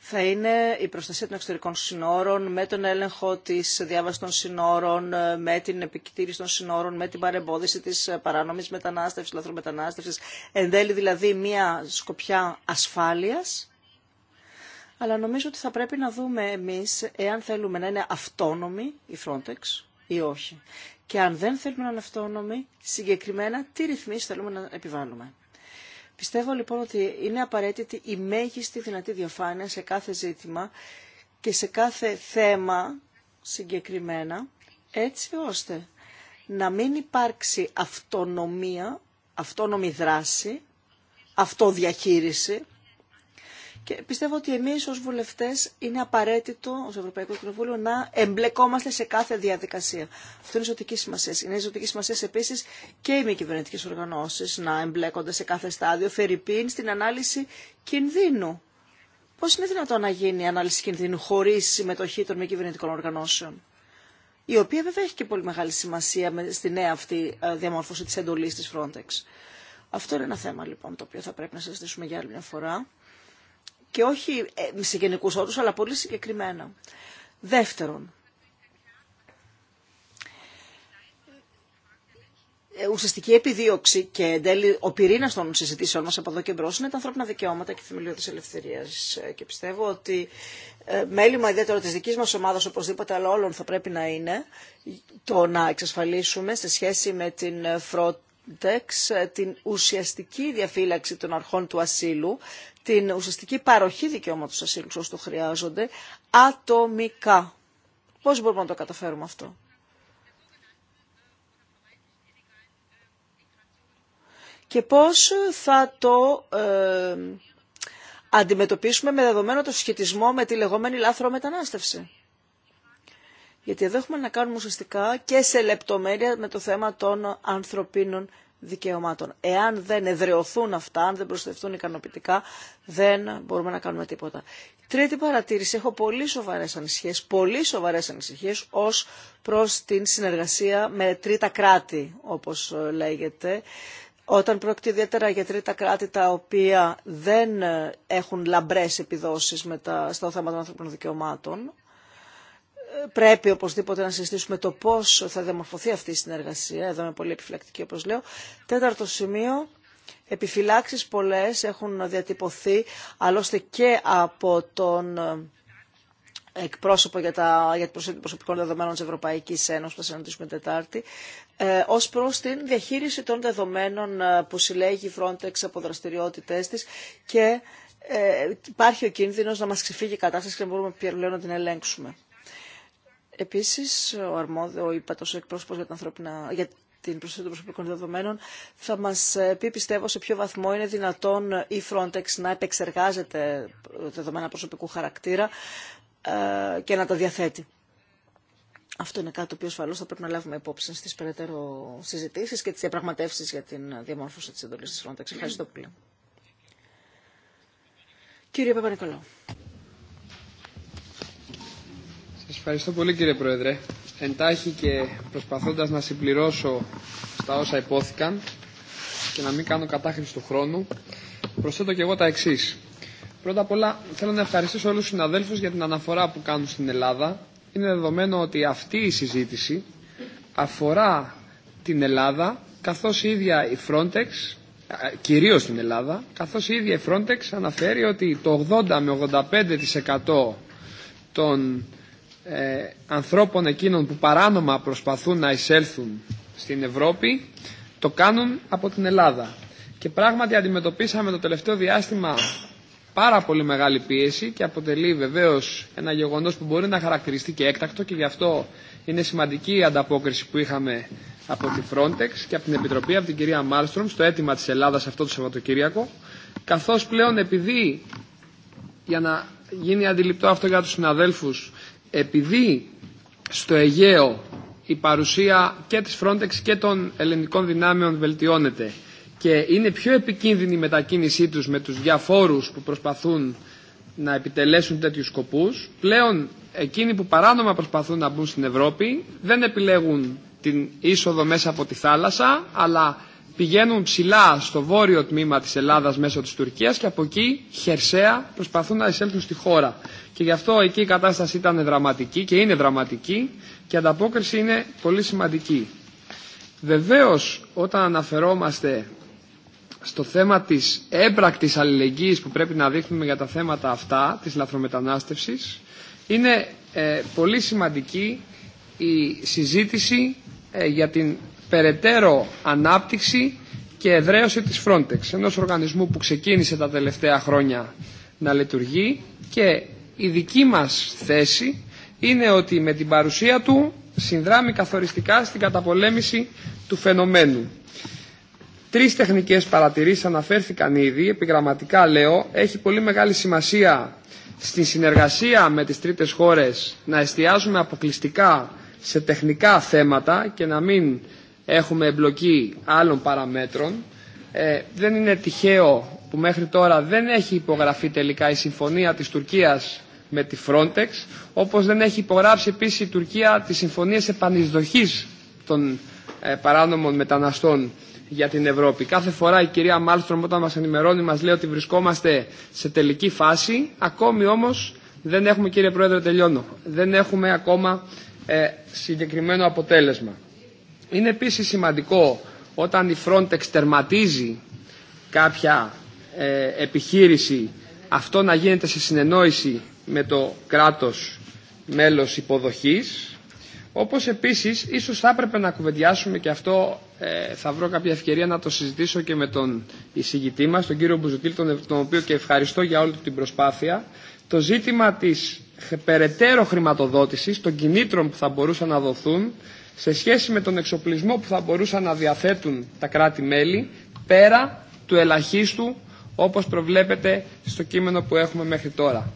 Speaker 3: Θα είναι η προστασία των εξωτερικών συνόρων, με τον έλεγχο της διάβασης των συνόρων, με την επικτήρηση των συνόρων, με την παρεμπόδιση της παράνομης μετανάστευσης, λαθρομετανάστευσης, εν τέλει δηλαδή μια σκοπιά ασφάλειας αλλά νομίζω ότι θα πρέπει να δούμε εμείς εάν θέλουμε να είναι αυτόνομη η Frontex ή όχι. Και αν δεν θέλουμε να είναι αυτόνομη, συγκεκριμένα τι ρυθμίσεις θέλουμε να επιβάλλουμε. Πιστεύω λοιπόν ότι είναι απαραίτητη η μέγιστη δυνατή διαφάνεια σε κάθε ζήτημα και σε κάθε θέμα συγκεκριμένα, έτσι ώστε να μην υπάρξει αυτονομία, αυτόνομη δράση, αυτοδιαχείριση, και πιστεύω ότι εμεί ω βουλευτέ είναι απαραίτητο ω Ευρωπαϊκό Κοινοβούλιο να εμπλεκόμαστε σε κάθε διαδικασία. Αυτό είναι ζωτική σημασία. Είναι ζωτική σημασία επίση και οι μη κυβερνητικές οργανώσεις να εμπλέκονται σε κάθε στάδιο, φερειπίν στην ανάλυση κινδύνου. Πώ είναι δυνατόν να γίνει η ανάλυση κινδύνου χωρί συμμετοχή των μη κυβερνητικών οργανώσεων η οποία βέβαια έχει και πολύ μεγάλη σημασία στη νέα αυτή ε, διαμόρφωση τη εντολή τη Frontex. Αυτό είναι ένα θέμα λοιπόν το οποίο θα πρέπει να συζητήσουμε για άλλη μια φορά και όχι ε, σε γενικού όρου, αλλά πολύ συγκεκριμένα. Δεύτερον, ε, ουσιαστική επιδίωξη και εν τέλει ο πυρήνα των συζητήσεων μα από εδώ και μπρο είναι τα ανθρώπινα δικαιώματα και θεμελιώδη ελευθερία. Ε, και πιστεύω ότι μέλημα ιδιαίτερα τη δική μα ομάδα οπωσδήποτε, αλλά όλων θα πρέπει να είναι το να εξασφαλίσουμε σε σχέση με την φρόντιση ε, την ουσιαστική διαφύλαξη των αρχών του ασύλου, την ουσιαστική παροχή δικαιώματος ασύλου όσο το χρειάζονται, ατομικά. Πώς μπορούμε να το καταφέρουμε αυτό. Και πώς θα το ε, αντιμετωπίσουμε με δεδομένο το σχετισμό με τη λεγόμενη λάθρο μετανάστευση. Γιατί εδώ έχουμε να κάνουμε ουσιαστικά και σε λεπτομέρεια με το θέμα των ανθρωπίνων δικαιωμάτων. Εάν δεν εδρεωθούν αυτά, αν δεν προστατευτούν ικανοποιητικά, δεν μπορούμε να κάνουμε τίποτα. Τρίτη παρατήρηση, έχω πολύ σοβαρές ανησυχίες, πολύ σοβαρές ανησυχίες ως προς την συνεργασία με τρίτα κράτη, όπως λέγεται. Όταν πρόκειται ιδιαίτερα για τρίτα κράτη τα οποία δεν έχουν λαμπρές επιδόσεις στο θέμα των ανθρωπίνων δικαιωμάτων, πρέπει οπωσδήποτε να συζητήσουμε το πώς θα διαμορφωθεί αυτή η συνεργασία, εδώ είμαι πολύ επιφυλακτική όπως λέω. Τέταρτο σημείο, επιφυλάξεις πολλές έχουν διατυπωθεί, άλλωστε και από τον ε, εκπρόσωπο για, τα, για την προσέγγιση προσωπικών δεδομένων της Ευρωπαϊκής Ένωσης, που θα συναντήσουμε Τετάρτη, ε, ως προς την διαχείριση των δεδομένων ε, που συλλέγει η Frontex από δραστηριότητές της και ε, υπάρχει ο κίνδυνος να μας ξεφύγει η κατάσταση και να μπορούμε πλέον να την ελέγξουμε. Επίσης, ο αρμόδιο, ο υπατός εκπρόσωπος για, ανθρώπινα, για την προστασία των προσωπικών δεδομένων, θα μας ε, πει, πιστεύω, σε ποιο βαθμό είναι δυνατόν η Frontex να επεξεργάζεται δεδομένα προσωπικού χαρακτήρα ε, και να τα διαθέτει. Αυτό είναι κάτι το οποίο ασφαλώ θα πρέπει να λάβουμε υπόψη στι περαιτέρω συζητήσει και τι διαπραγματεύσει για την διαμόρφωση τη εντολή τη Frontex. Ευχαριστώ πολύ. Κύριε Παπα-Νικολάου.
Speaker 5: Σας ευχαριστώ πολύ κύριε Πρόεδρε. Εντάχει και προσπαθώντας να συμπληρώσω στα όσα υπόθηκαν και να μην κάνω κατάχρηση του χρόνου, προσθέτω και εγώ τα εξή. Πρώτα απ' όλα θέλω να ευχαριστήσω όλους τους συναδέλφους για την αναφορά που κάνουν στην Ελλάδα. Είναι δεδομένο ότι αυτή η συζήτηση αφορά την Ελλάδα καθώς η ίδια η Frontex, κυρίως στην Ελλάδα, καθώς η ίδια η Frontex αναφέρει ότι το 80 με 85% των ε, ανθρώπων εκείνων που παράνομα προσπαθούν να εισέλθουν στην Ευρώπη το κάνουν από την Ελλάδα. Και πράγματι αντιμετωπίσαμε το τελευταίο διάστημα πάρα πολύ μεγάλη πίεση και αποτελεί βεβαίως ένα γεγονός που μπορεί να χαρακτηριστεί και έκτακτο και γι' αυτό είναι σημαντική η ανταπόκριση που είχαμε από τη Frontex και από την Επιτροπή, από την κυρία Μάλστρομ στο αίτημα της Ελλάδας αυτό το Σαββατοκύριακο καθώς πλέον επειδή για να γίνει αντιληπτό αυτό για τους συναδέλφους επειδή στο Αιγαίο η παρουσία και της Frontex και των ελληνικών δυνάμεων βελτιώνεται και είναι πιο επικίνδυνη η μετακίνησή τους με τους διαφόρους που προσπαθούν να επιτελέσουν τέτοιους σκοπούς, πλέον εκείνοι που παράνομα προσπαθούν να μπουν στην Ευρώπη δεν επιλέγουν την είσοδο μέσα από τη θάλασσα, αλλά πηγαίνουν ψηλά στο βόρειο τμήμα της Ελλάδας μέσω της Τουρκίας και από εκεί χερσαία προσπαθούν να εισέλθουν στη χώρα. Και γι' αυτό εκεί η κατάσταση ήταν δραματική και είναι δραματική και η ανταπόκριση είναι πολύ σημαντική. Βεβαίως όταν αναφερόμαστε στο θέμα της έμπρακτης αλληλεγγύης που πρέπει να δείχνουμε για τα θέματα αυτά της λαθρομετανάστευσης είναι ε, πολύ σημαντική η συζήτηση ε, για την περαιτέρω ανάπτυξη και εδραίωση της Frontex, ενός οργανισμού που ξεκίνησε τα τελευταία χρόνια να λειτουργεί και η δική μας θέση είναι ότι με την παρουσία του συνδράμει καθοριστικά στην καταπολέμηση του φαινομένου. Τρεις τεχνικές παρατηρήσεις αναφέρθηκαν ήδη, επιγραμματικά λέω, έχει πολύ μεγάλη σημασία στη συνεργασία με τις τρίτες χώρες να εστιάζουμε αποκλειστικά σε τεχνικά θέματα και να μην έχουμε εμπλοκή άλλων παραμέτρων. Ε, δεν είναι τυχαίο που μέχρι τώρα δεν έχει υπογραφεί τελικά η συμφωνία της Τουρκίας με τη Frontex, όπως δεν έχει υπογράψει επίσης η Τουρκία τις συμφωνίες επανεισδοχής των ε, παράνομων μεταναστών για την Ευρώπη. Κάθε φορά η κυρία Μάλστρομ όταν μας ενημερώνει μας λέει ότι βρισκόμαστε σε τελική φάση, ακόμη όμως δεν έχουμε κύριε Πρόεδρε τελειώνω, δεν έχουμε ακόμα ε, συγκεκριμένο αποτέλεσμα. Είναι επίσης σημαντικό όταν η Frontex τερματίζει κάποια ε, επιχείρηση αυτό να γίνεται σε συνεννόηση με το κράτος μέλος υποδοχής όπως επίσης ίσως θα έπρεπε να κουβεντιάσουμε και αυτό ε, θα βρω κάποια ευκαιρία να το συζητήσω και με τον εισηγητή μας τον κύριο Μπουζουτήλ τον, οποίο και ευχαριστώ για όλη την προσπάθεια το ζήτημα της περαιτέρω χρηματοδότησης των κινήτρων που θα μπορούσαν να δοθούν σε σχέση με τον εξοπλισμό που θα μπορούσαν να διαθέτουν τα κράτη-μέλη πέρα του ελαχίστου όπως προβλέπεται στο κείμενο που έχουμε μέχρι τώρα.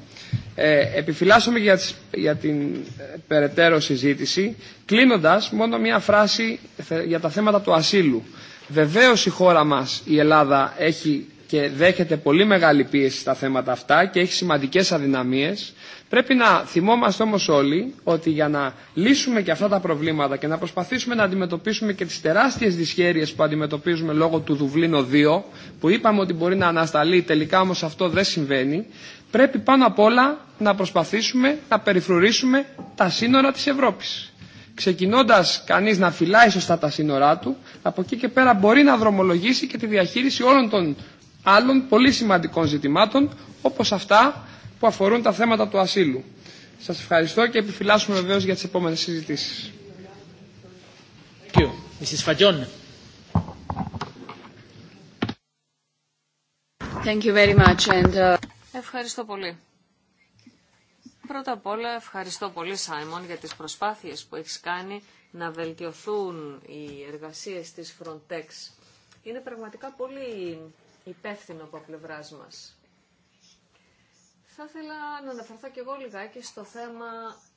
Speaker 5: Ε, επιφυλάσσομαι για, για την ε, περαιτέρω συζήτηση, κλείνοντας μόνο μία φράση για τα θέματα του ασύλου. Βεβαίως η χώρα μας, η Ελλάδα, έχει και δέχεται πολύ μεγάλη πίεση στα θέματα αυτά και έχει σημαντικές αδυναμίες. Πρέπει να θυμόμαστε όμως όλοι ότι για να λύσουμε και αυτά τα προβλήματα και να προσπαθήσουμε να αντιμετωπίσουμε και τις τεράστιες δυσχέρειες που αντιμετωπίζουμε λόγω του Δουβλίνο 2, που είπαμε ότι μπορεί να ανασταλεί, τελικά όμως αυτό δεν συμβαίνει, πρέπει πάνω απ' όλα να προσπαθήσουμε να περιφρουρήσουμε τα σύνορα της Ευρώπης ξεκινώντα κανεί να φυλάει σωστά τα σύνορά του, από εκεί και πέρα μπορεί να δρομολογήσει και τη διαχείριση όλων των άλλων πολύ σημαντικών ζητημάτων, όπως αυτά που αφορούν τα θέματα του ασύλου. Σας ευχαριστώ και επιφυλάσσουμε βεβαίως για τις επόμενες συζητήσεις.
Speaker 2: Thank you. very much and... Uh, ευχαριστώ πολύ. Πρώτα απ' όλα ευχαριστώ πολύ Σάιμον για τις προσπάθειες που έχει κάνει να βελτιωθούν οι εργασίες της Frontex. Είναι πραγματικά πολύ υπεύθυνο από πλευρά μας. Θα ήθελα να αναφερθώ και εγώ λιγάκι στο θέμα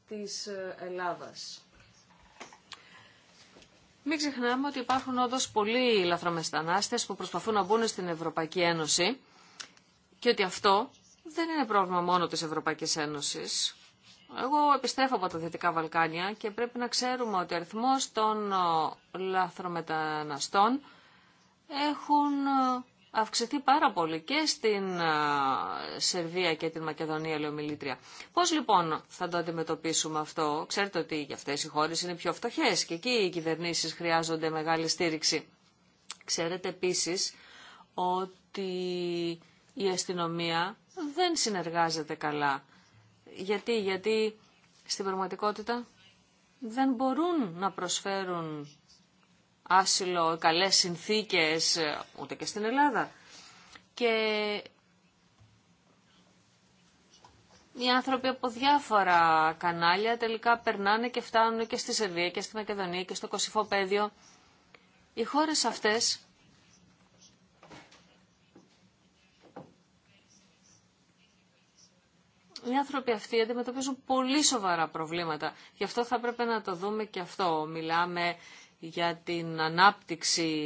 Speaker 2: της Ελλάδας. Μην ξεχνάμε ότι υπάρχουν όντω πολλοί λαθρομεστανάστες που προσπαθούν να μπουν στην Ευρωπαϊκή Ένωση και ότι αυτό δεν είναι πρόβλημα μόνο της Ευρωπαϊκής Ένωσης. Εγώ επιστρέφω από τα Δυτικά Βαλκάνια και πρέπει να ξέρουμε ότι ο αριθμός των λαθρομεταναστών έχουν αυξηθεί πάρα πολύ και στην Σερβία και την Μακεδονία, λέει μιλήτρια. Πώς λοιπόν θα το αντιμετωπίσουμε αυτό. Ξέρετε ότι για αυτές οι χώρες είναι πιο φτωχές και εκεί οι κυβερνήσεις χρειάζονται μεγάλη στήριξη. Ξέρετε επίσης ότι η αστυνομία δεν συνεργάζεται καλά. Γιατί, γιατί στην πραγματικότητα δεν μπορούν να προσφέρουν άσυλο, καλές συνθήκες, ούτε και στην Ελλάδα. Και οι άνθρωποι από διάφορα κανάλια τελικά περνάνε και φτάνουν και στη Σερβία και στη Μακεδονία και στο Πέδιο. Οι χώρες αυτές οι άνθρωποι αυτοί αντιμετωπίζουν πολύ σοβαρά προβλήματα. Γι' αυτό θα πρέπει να το δούμε και αυτό. Μιλάμε για την ανάπτυξη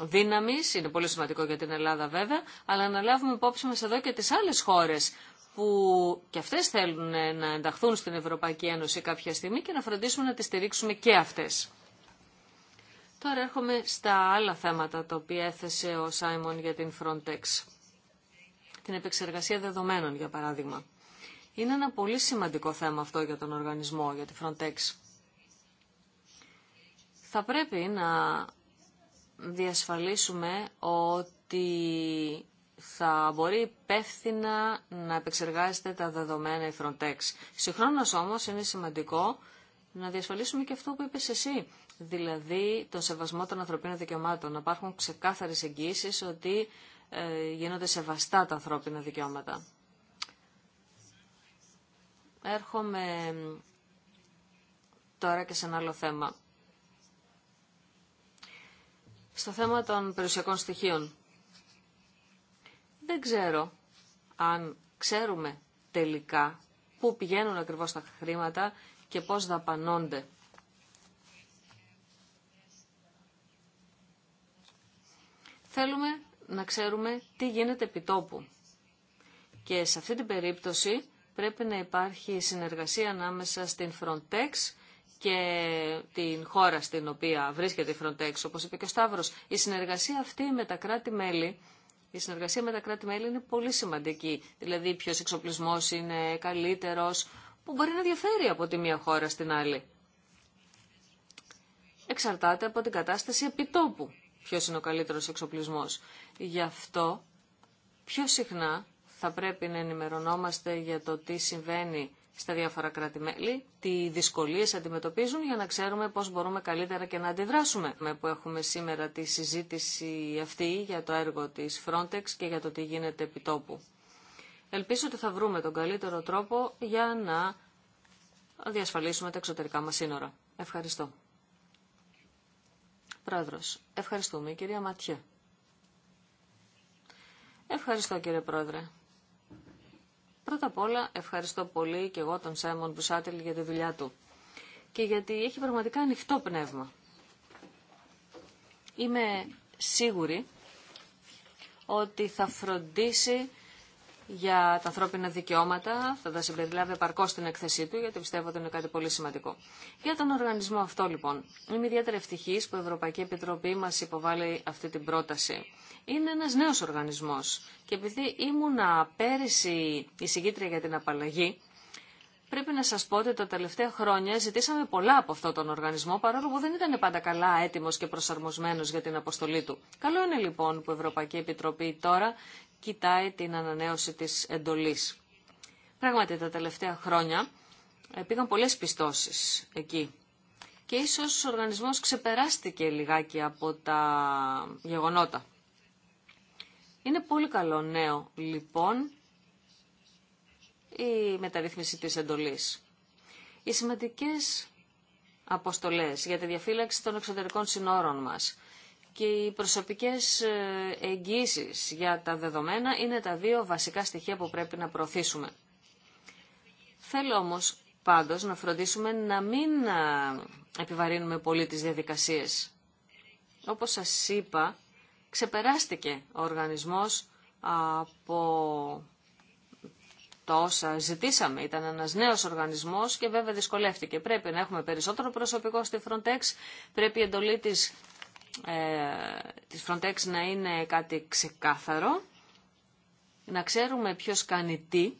Speaker 2: δύναμης, είναι πολύ σημαντικό για την Ελλάδα βέβαια, αλλά να λάβουμε υπόψη μας εδώ και τις άλλες χώρες που και αυτές θέλουν να ενταχθούν στην Ευρωπαϊκή Ένωση κάποια στιγμή και να φροντίσουμε να τις στηρίξουμε και αυτές. Τώρα έρχομαι στα άλλα θέματα τα οποία έθεσε ο Σάιμον για την Frontex. Την επεξεργασία δεδομένων, για παράδειγμα. Είναι ένα πολύ σημαντικό θέμα αυτό για τον οργανισμό, για τη Frontex. Θα πρέπει να διασφαλίσουμε ότι θα μπορεί υπεύθυνα να επεξεργάζεται τα δεδομένα η Frontex. Συγχρόνως όμως είναι σημαντικό να διασφαλίσουμε και αυτό που είπες εσύ, δηλαδή τον σεβασμό των ανθρωπίνων δικαιωμάτων. Να υπάρχουν ξεκάθαρες εγγύσεις ότι ε, γίνονται σεβαστά τα ανθρώπινα δικαιώματα. Έρχομαι τώρα και σε ένα άλλο θέμα στο θέμα των περιουσιακών στοιχείων. Δεν ξέρω αν ξέρουμε τελικά πού πηγαίνουν ακριβώς τα χρήματα και πώς δαπανώνται. Θέλουμε να ξέρουμε τι γίνεται επί Και σε αυτή την περίπτωση πρέπει να υπάρχει συνεργασία ανάμεσα στην Frontex και την χώρα στην οποία βρίσκεται η Frontex. Όπως είπε και ο Σταύρος, η συνεργασία αυτή με τα κράτη-μέλη η συνεργασία με τα κράτη-μέλη είναι πολύ σημαντική. Δηλαδή, ποιο εξοπλισμό είναι καλύτερο, που μπορεί να διαφέρει από τη μία χώρα στην άλλη. Εξαρτάται από την κατάσταση επιτόπου ποιο είναι ο καλύτερο εξοπλισμό. Γι' αυτό πιο συχνά θα πρέπει να ενημερωνόμαστε για το τι συμβαίνει στα διάφορα κράτη-μέλη, τι δυσκολίες αντιμετωπίζουν για να ξέρουμε πώς μπορούμε καλύτερα και να αντιδράσουμε με που έχουμε σήμερα τη συζήτηση αυτή για το έργο της Frontex και για το τι γίνεται επί τόπου. Ελπίζω ότι θα βρούμε τον καλύτερο τρόπο για να διασφαλίσουμε τα εξωτερικά μας σύνορα. Ευχαριστώ. Πρόεδρος, ευχαριστούμε. Κυρία Ματιέ. Ευχαριστώ κύριε Πρόεδρε. Πρώτα απ' όλα ευχαριστώ πολύ και εγώ τον Σάιμον Μπουσάτελ για τη δουλειά του και γιατί έχει πραγματικά ανοιχτό πνεύμα. Είμαι σίγουρη ότι θα φροντίσει για τα ανθρώπινα δικαιώματα. Θα τα συμπεριλάβει επαρκώ στην εκθεσή του, γιατί πιστεύω ότι είναι κάτι πολύ σημαντικό. Για τον οργανισμό αυτό, λοιπόν, είμαι ιδιαίτερα ευτυχή που η Ευρωπαϊκή Επιτροπή μα υποβάλλει αυτή την πρόταση. Είναι ένα νέο οργανισμό. Και επειδή ήμουνα πέρυσι εισηγήτρια για την απαλλαγή, Πρέπει να σα πω ότι τα τελευταία χρόνια ζητήσαμε πολλά από αυτόν τον οργανισμό, παρόλο που δεν ήταν πάντα καλά έτοιμο και προσαρμοσμένο για την αποστολή του. Καλό είναι λοιπόν που η Ευρωπαϊκή Επιτροπή τώρα κοιτάει την ανανέωση της εντολής. Πράγματι τα τελευταία χρόνια πήγαν πολλές πιστώσεις εκεί. Και ίσως ο οργανισμός ξεπεράστηκε λιγάκι από τα γεγονότα. Είναι πολύ καλό νέο λοιπόν η μεταρρύθμιση της εντολής. Οι σημαντικές αποστολές για τη διαφύλαξη των εξωτερικών συνόρων μας, και οι προσωπικές ε, εγγύσεις για τα δεδομένα είναι τα δύο βασικά στοιχεία που πρέπει να προωθήσουμε. Θέλω όμως πάντως να φροντίσουμε να μην ε, επιβαρύνουμε πολύ τις διαδικασίες. Όπως σας είπα, ξεπεράστηκε ο οργανισμός από το όσα ζητήσαμε. Ήταν ένας νέος οργανισμός και βέβαια δυσκολεύτηκε. Πρέπει να έχουμε περισσότερο προσωπικό στη Frontex, πρέπει η εντολή της ε, της Frontex να είναι κάτι ξεκάθαρο, να ξέρουμε ποιος κάνει τι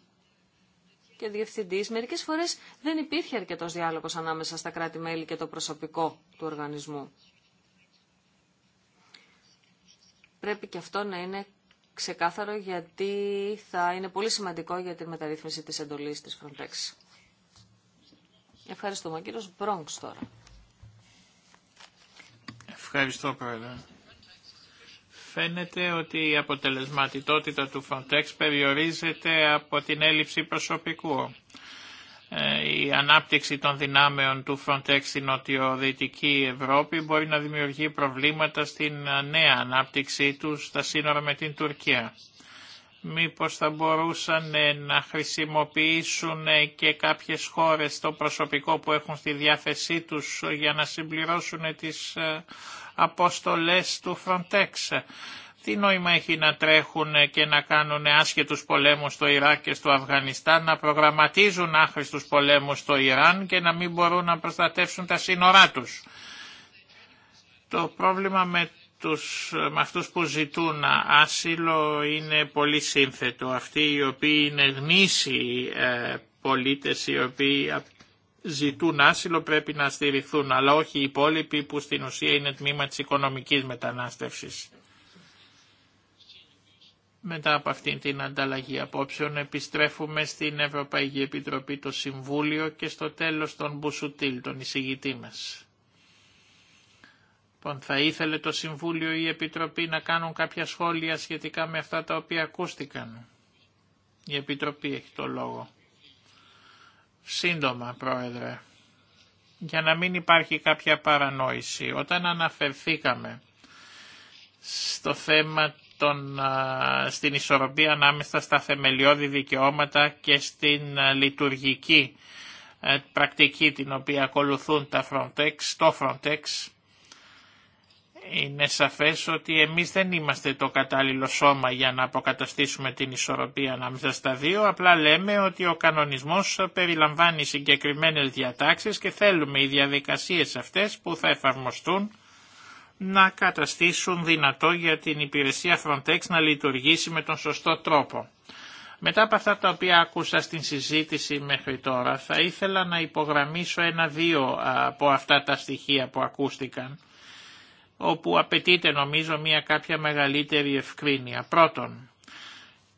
Speaker 2: και διευθυντής. Μερικές φορές δεν υπήρχε αρκετός διάλογος ανάμεσα στα κράτη-μέλη και το προσωπικό του οργανισμού. Πρέπει και αυτό να είναι ξεκάθαρο γιατί θα είναι πολύ σημαντικό για τη μεταρρύθμιση της εντολής της Frontex. Ευχαριστούμε. Ο κύριος Μπρόγκς
Speaker 1: τώρα. Ευχαριστώ Πρόεδρε. Φαίνεται ότι η αποτελεσματικότητα του Frontex περιορίζεται από την έλλειψη προσωπικού. Ε, η ανάπτυξη των δυνάμεων του Frontex στην νοτιοδυτική Ευρώπη μπορεί να δημιουργεί προβλήματα στην ε, νέα ανάπτυξή του στα σύνορα με την Τουρκία μήπως θα μπορούσαν ε, να χρησιμοποιήσουν ε, και κάποιες χώρες το προσωπικό που έχουν στη διάθεσή τους ε, για να συμπληρώσουν τις αποστολές του Frontex. Τι νόημα έχει να τρέχουν και να κάνουν άσχετους πολέμους στο Ιράκ και στο Αφγανιστάν, να προγραμματίζουν άχρηστους πολέμους στο Ιράν και να μην μπορούν να προστατεύσουν τα σύνορά τους. Το πρόβλημα με τους, με αυτούς που ζητούν άσυλο είναι πολύ σύνθετο. Αυτοί οι οποίοι είναι γνήσιοι ε, πολίτες οι οποίοι ζητούν άσυλο πρέπει να στηριχθούν, αλλά όχι οι υπόλοιποι που στην ουσία είναι τμήμα της οικονομικής μετανάστευσης. Μετά από αυτήν την ανταλλαγή απόψεων επιστρέφουμε στην Ευρωπαϊκή Επιτροπή, το Συμβούλιο και στο τέλος τον Μπουσουτήλ, τον εισηγητή μας. Λοιπόν, θα ήθελε το Συμβούλιο ή η Επιτροπή να κάνουν κάποια σχόλια σχετικά με αυτά τα οποία ακούστηκαν. Η Επιτροπή έχει το λόγο. Σύντομα, Πρόεδρε, για να μην υπάρχει κάποια παρανόηση, όταν αναφερθήκαμε στο θέμα των, στην ισορροπία ανάμεσα στα θεμελιώδη δικαιώματα και στην λειτουργική ε, πρακτική την οποία ακολουθούν τα Frontex, το Frontex, είναι σαφές ότι εμείς δεν είμαστε το κατάλληλο σώμα για να αποκαταστήσουμε την ισορροπία ανάμεσα στα δύο, απλά λέμε ότι ο κανονισμός περιλαμβάνει συγκεκριμένες διατάξεις και θέλουμε οι διαδικασίες αυτές που θα εφαρμοστούν να καταστήσουν δυνατό για την υπηρεσία Frontex να λειτουργήσει με τον σωστό τρόπο. Μετά από αυτά τα οποία άκουσα στην συζήτηση μέχρι τώρα, θα ήθελα να υπογραμμίσω ένα-δύο από αυτά τα στοιχεία που ακούστηκαν όπου απαιτείται νομίζω μια κάποια μεγαλύτερη ευκρίνεια. Πρώτον,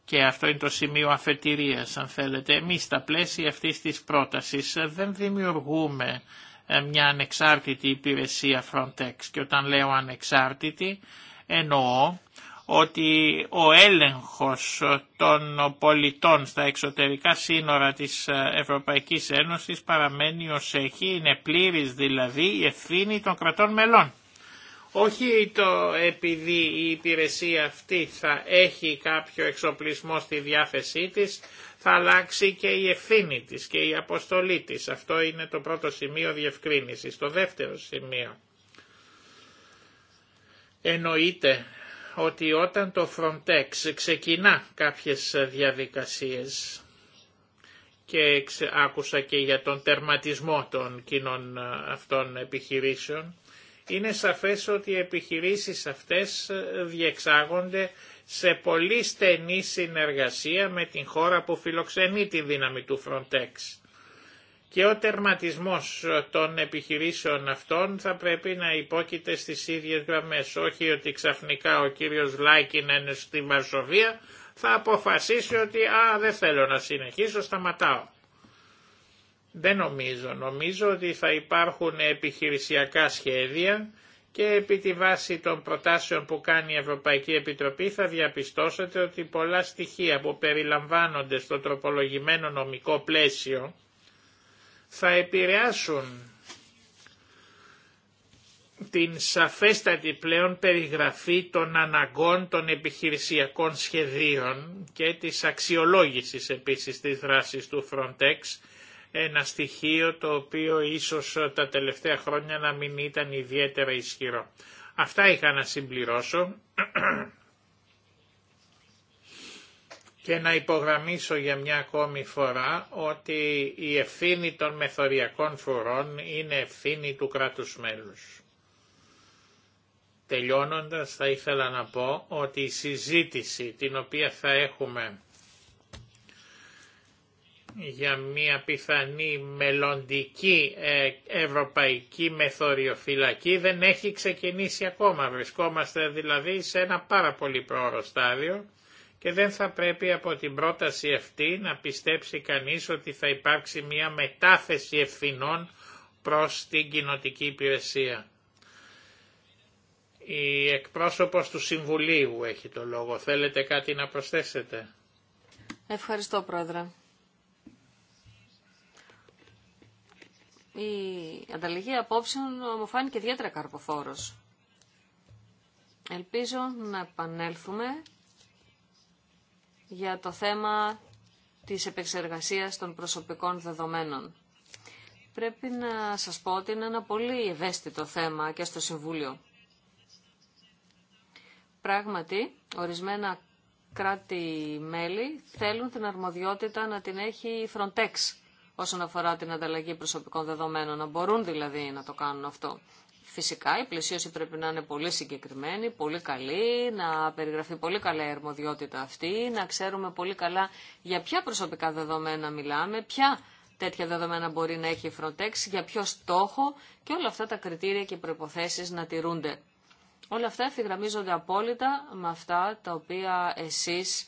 Speaker 1: και αυτό είναι το σημείο αφετηρίας αν θέλετε, εμείς στα πλαίσια αυτής της πρότασης δεν δημιουργούμε ε, μια ανεξάρτητη υπηρεσία Frontex και όταν λέω ανεξάρτητη εννοώ ότι ο έλεγχος των πολιτών στα εξωτερικά σύνορα της ε, Ευρωπαϊκής Ένωσης παραμένει ως έχει, είναι πλήρης δηλαδή η ευθύνη των κρατών μελών. Όχι το επειδή η υπηρεσία αυτή θα έχει κάποιο εξοπλισμό στη διάθεσή της, θα αλλάξει και η ευθύνη της και η αποστολή της. Αυτό είναι το πρώτο σημείο διευκρίνησης. Το δεύτερο σημείο. Εννοείται ότι όταν το Frontex ξεκινά κάποιες διαδικασίες και άκουσα και για τον τερματισμό των κοινών ε, αυτών επιχειρήσεων, είναι σαφές ότι οι επιχειρήσεις αυτές ε, διεξάγονται σε πολύ στενή συνεργασία με την χώρα που φιλοξενεί τη δύναμη του Frontex. Και ο τερματισμός ε, των επιχειρήσεων αυτών θα πρέπει να υπόκειται στις ίδιες γραμμές, όχι ότι ξαφνικά ο κύριος Λάικιν να είναι στη Βαρσοβία, θα αποφασίσει ότι «α, δεν θέλω να συνεχίσω, σταματάω». Δεν νομίζω. Νομίζω ότι θα υπάρχουν επιχειρησιακά σχέδια και επί τη βάση των προτάσεων που κάνει η Ευρωπαϊκή Επιτροπή θα διαπιστώσετε ότι πολλά στοιχεία που περιλαμβάνονται στο τροπολογημένο νομικό πλαίσιο θα επηρεάσουν την σαφέστατη πλέον περιγραφή των αναγκών των επιχειρησιακών σχεδίων και της αξιολόγησης επίσης της δράσης του Frontex ένα στοιχείο το οποίο ίσως τα τελευταία χρόνια να μην ήταν ιδιαίτερα ισχυρό. Αυτά είχα να συμπληρώσω και να υπογραμμίσω για μια ακόμη φορά ότι η ευθύνη των μεθοριακών φορών είναι ευθύνη του κράτους μέλους. Τελειώνοντας θα ήθελα να πω ότι η συζήτηση την οποία θα έχουμε για μια πιθανή μελλοντική ε, ευρωπαϊκή μεθοριοφυλακή δεν έχει ξεκινήσει ακόμα. Βρισκόμαστε δηλαδή σε ένα πάρα πολύ πρόωρο στάδιο και δεν θα πρέπει από την πρόταση αυτή να πιστέψει κανείς ότι θα υπάρξει μια μετάθεση ευθυνών προς την κοινοτική υπηρεσία. Η εκπρόσωπος του Συμβουλίου έχει το λόγο. Θέλετε κάτι να προσθέσετε.
Speaker 2: Ευχαριστώ Πρόεδρε. η ανταλλαγή απόψεων μου φάνηκε ιδιαίτερα καρποφόρος. Ελπίζω να επανέλθουμε για το θέμα της επεξεργασίας των προσωπικών δεδομένων. Πρέπει να σας πω ότι είναι ένα πολύ ευαίσθητο θέμα και στο Συμβούλιο. Πράγματι, ορισμένα κράτη-μέλη θέλουν την αρμοδιότητα να την έχει η Frontex όσον αφορά την ανταλλαγή προσωπικών δεδομένων, να μπορούν δηλαδή να το κάνουν αυτό. Φυσικά η πλαισίωση πρέπει να είναι πολύ συγκεκριμένη, πολύ καλή, να περιγραφεί πολύ καλά η αρμοδιότητα αυτή, να ξέρουμε πολύ καλά για ποια προσωπικά δεδομένα μιλάμε, ποια τέτοια δεδομένα μπορεί να έχει η Frontex, για ποιο στόχο και όλα αυτά τα κριτήρια και προϋποθέσεις να τηρούνται. Όλα αυτά ευθυγραμμίζονται απόλυτα με αυτά τα οποία εσείς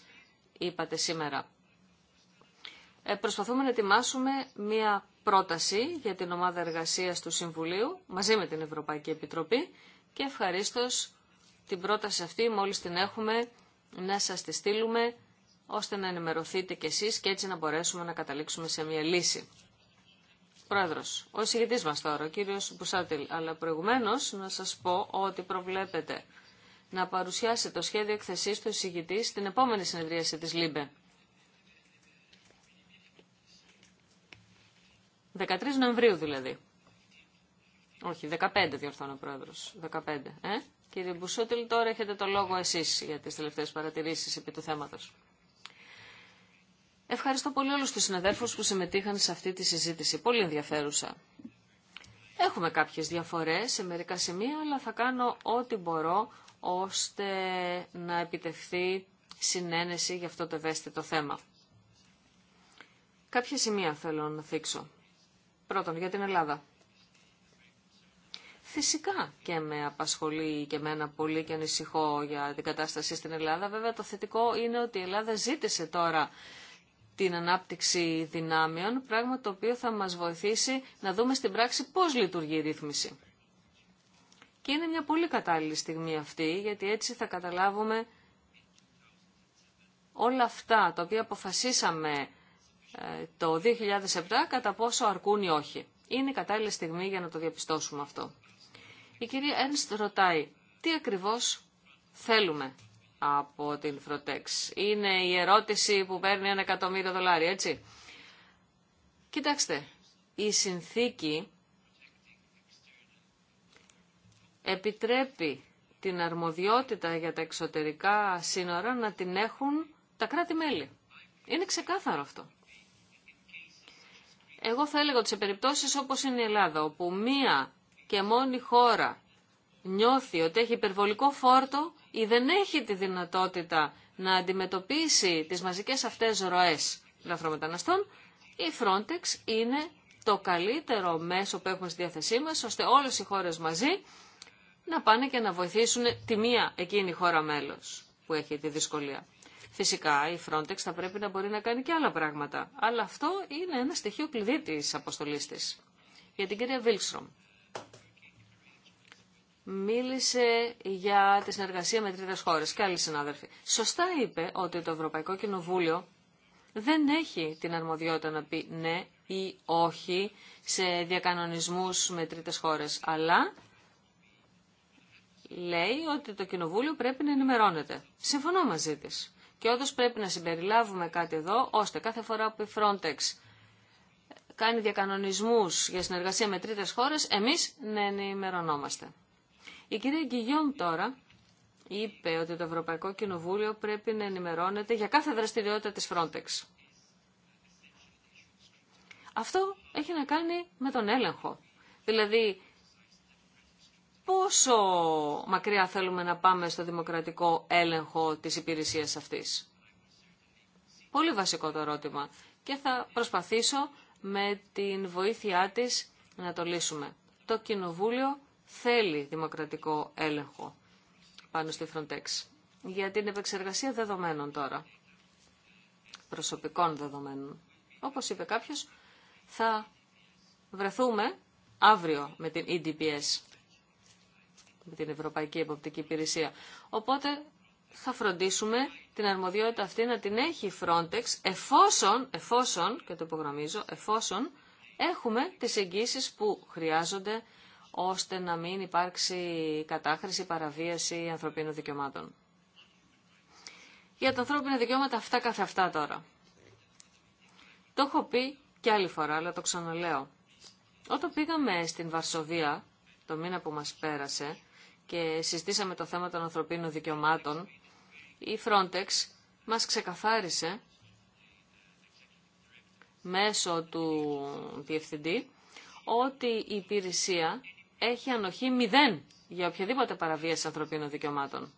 Speaker 2: είπατε σήμερα. Ε, προσπαθούμε να ετοιμάσουμε μία πρόταση για την ομάδα εργασίας του Συμβουλίου μαζί με την Ευρωπαϊκή Επιτροπή και ευχαρίστως την πρόταση αυτή μόλις την έχουμε να σας τη στείλουμε ώστε να ενημερωθείτε κι εσείς και έτσι να μπορέσουμε να καταλήξουμε σε μια λύση. Πρόεδρος, ο εισηγητής μας τώρα, ο κύριος Μπουσάτιλ, αλλά προηγουμένως να σας πω ότι προβλέπετε να παρουσιάσει το σχέδιο εκθεσής του εισηγητή στην επόμενη συνεδρίαση της ΛΥΜΠΕ. 13 Νοεμβρίου δηλαδή. Όχι, 15 διορθώνω ο πρόεδρος. 15, ε? Κύριε Μπουσούτιλ, τώρα έχετε το λόγο εσεί για τι τελευταίε παρατηρήσει επί του θέματο. Ευχαριστώ πολύ όλου του συναδέλφου που συμμετείχαν σε αυτή τη συζήτηση. Πολύ ενδιαφέρουσα. Έχουμε κάποιε διαφορέ σε μερικά σημεία, αλλά θα κάνω ό,τι μπορώ ώστε να επιτευχθεί συνένεση για αυτό το ευαίσθητο θέμα. Κάποια σημεία θέλω να θίξω. Πρώτον, για την Ελλάδα. Φυσικά και με απασχολεί και εμένα πολύ και ανησυχώ για την κατάσταση στην Ελλάδα. Βέβαια το θετικό είναι ότι η Ελλάδα ζήτησε τώρα την ανάπτυξη δυνάμεων, πράγμα το οποίο θα μας βοηθήσει να δούμε στην πράξη πώς λειτουργεί η ρύθμιση. Και είναι μια πολύ κατάλληλη στιγμή αυτή, γιατί έτσι θα καταλάβουμε όλα αυτά τα οποία αποφασίσαμε το 2007 κατά πόσο αρκούν ή όχι. Είναι η κατάλληλη στιγμή για να το διαπιστώσουμε αυτό. Η κυρία Ένστ ρωτάει τι ακριβώς θέλουμε από την Φροτεξ. Είναι η ερώτηση που παίρνει ένα εκατομμύριο δολάρια, έτσι. Κοιτάξτε, η συνθήκη επιτρέπει την αρμοδιότητα για τα εξωτερικά σύνορα να την έχουν τα κράτη-μέλη. Είναι ξεκάθαρο αυτό. Εγώ θα έλεγα ότι σε περιπτώσεις όπως είναι η Ελλάδα, όπου μία και μόνη χώρα νιώθει ότι έχει υπερβολικό φόρτο ή δεν έχει τη δυνατότητα να αντιμετωπίσει τις μαζικές αυτές ροές λαθρομεταναστών, η Frontex είναι το καλύτερο μέσο που έχουμε στη διάθεσή μας, ώστε όλες οι χώρες μαζί να πάνε και να βοηθήσουν τη μία εκείνη χώρα μέλος που έχει τη δυσκολία. Φυσικά η Frontex θα πρέπει να μπορεί να κάνει και άλλα πράγματα, αλλά αυτό είναι ένα στοιχείο κλειδί τη αποστολή τη. Για την κυρία Βίλστρομ. Μίλησε για τη συνεργασία με τρίτες χώρες και άλλοι συνάδελφοι. Σωστά είπε ότι το Ευρωπαϊκό Κοινοβούλιο δεν έχει την αρμοδιότητα να πει ναι ή όχι σε διακανονισμούς με τρίτες χώρες, αλλά λέει ότι το Κοινοβούλιο πρέπει να ενημερώνεται. Συμφωνώ μαζί της. Και όντω πρέπει να συμπεριλάβουμε κάτι εδώ, ώστε κάθε φορά που η Frontex κάνει διακανονισμούς για συνεργασία με τρίτες χώρες, εμείς να ενημερωνόμαστε. Η κυρία Γκυγιόμ τώρα είπε ότι το Ευρωπαϊκό Κοινοβούλιο πρέπει να ενημερώνεται για κάθε δραστηριότητα της Frontex. Αυτό έχει να κάνει με τον έλεγχο. Δηλαδή, πόσο μακριά θέλουμε να πάμε στο δημοκρατικό έλεγχο της υπηρεσίας αυτής. Πολύ βασικό το ερώτημα και θα προσπαθήσω με την βοήθειά της να το λύσουμε. Το Κοινοβούλιο θέλει δημοκρατικό έλεγχο πάνω στη Frontex για την επεξεργασία δεδομένων τώρα, προσωπικών δεδομένων. Όπως είπε κάποιος, θα βρεθούμε αύριο με την EDPS με την Ευρωπαϊκή Εποπτική Υπηρεσία. Οπότε θα φροντίσουμε την αρμοδιότητα αυτή να την έχει η Frontex εφόσον, εφόσον, και το υπογραμμίζω, εφόσον έχουμε τις εγγύσεις που χρειάζονται ώστε να μην υπάρξει κατάχρηση, παραβίαση ανθρωπίνων δικαιωμάτων. Για τα ανθρώπινα δικαιώματα αυτά κάθε αυτά τώρα. Το έχω πει και άλλη φορά, αλλά το ξαναλέω. Όταν πήγαμε στην Βαρσοβία, το μήνα που μας πέρασε, και συζητήσαμε το θέμα των ανθρωπίνων δικαιωμάτων, η Frontex μας ξεκαθάρισε μέσω του Διευθυντή ότι η υπηρεσία έχει ανοχή μηδέν για οποιαδήποτε παραβίαση ανθρωπίνων δικαιωμάτων.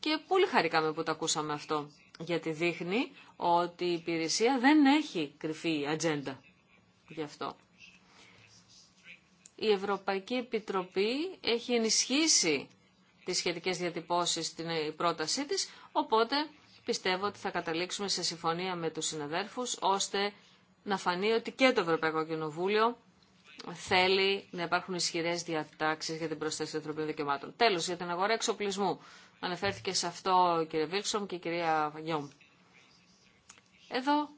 Speaker 2: Και πολύ χαρήκαμε που το ακούσαμε αυτό, γιατί δείχνει ότι η υπηρεσία δεν έχει κρυφή ατζέντα γι' αυτό η Ευρωπαϊκή Επιτροπή έχει ενισχύσει τις σχετικές διατυπώσεις στην ε, πρότασή της, οπότε πιστεύω ότι θα καταλήξουμε σε συμφωνία με τους συναδέρφους, ώστε να φανεί ότι και το Ευρωπαϊκό Κοινοβούλιο θέλει να υπάρχουν ισχυρέ διατάξει για την προσθέση των ανθρωπίνων δικαιωμάτων. Τέλο, για την αγορά εξοπλισμού. Αναφέρθηκε σε αυτό η κυρία Βίξομ και η κυρία Γιόμ. Εδώ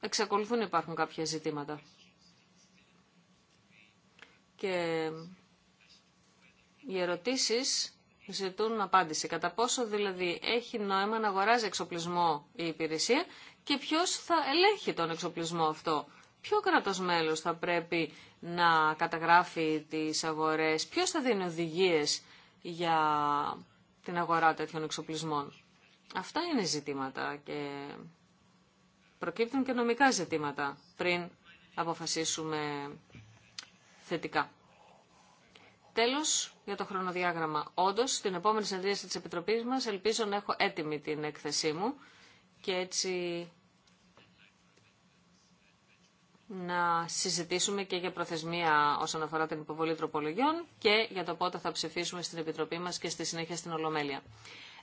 Speaker 2: εξακολουθούν να υπάρχουν κάποια ζητήματα και οι ερωτήσεις ζητούν απάντηση. Κατά πόσο δηλαδή έχει νόημα να αγοράζει εξοπλισμό η υπηρεσία και ποιος θα ελέγχει τον εξοπλισμό αυτό. Ποιο κράτος μέλος θα πρέπει να καταγράφει τις αγορές, ποιος θα δίνει οδηγίες για την αγορά τέτοιων εξοπλισμών. Αυτά είναι ζητήματα και προκύπτουν και νομικά ζητήματα πριν αποφασίσουμε θετικά. Τέλος, για το χρονοδιάγραμμα. όντω, στην επόμενη συνεδρίαση τη Επιτροπή μα, ελπίζω να έχω έτοιμη την έκθεσή μου και έτσι να συζητήσουμε και για προθεσμία όσον αφορά την υποβολή τροπολογιών και για το πότε θα ψηφίσουμε στην Επιτροπή μας και στη συνέχεια στην Ολομέλεια.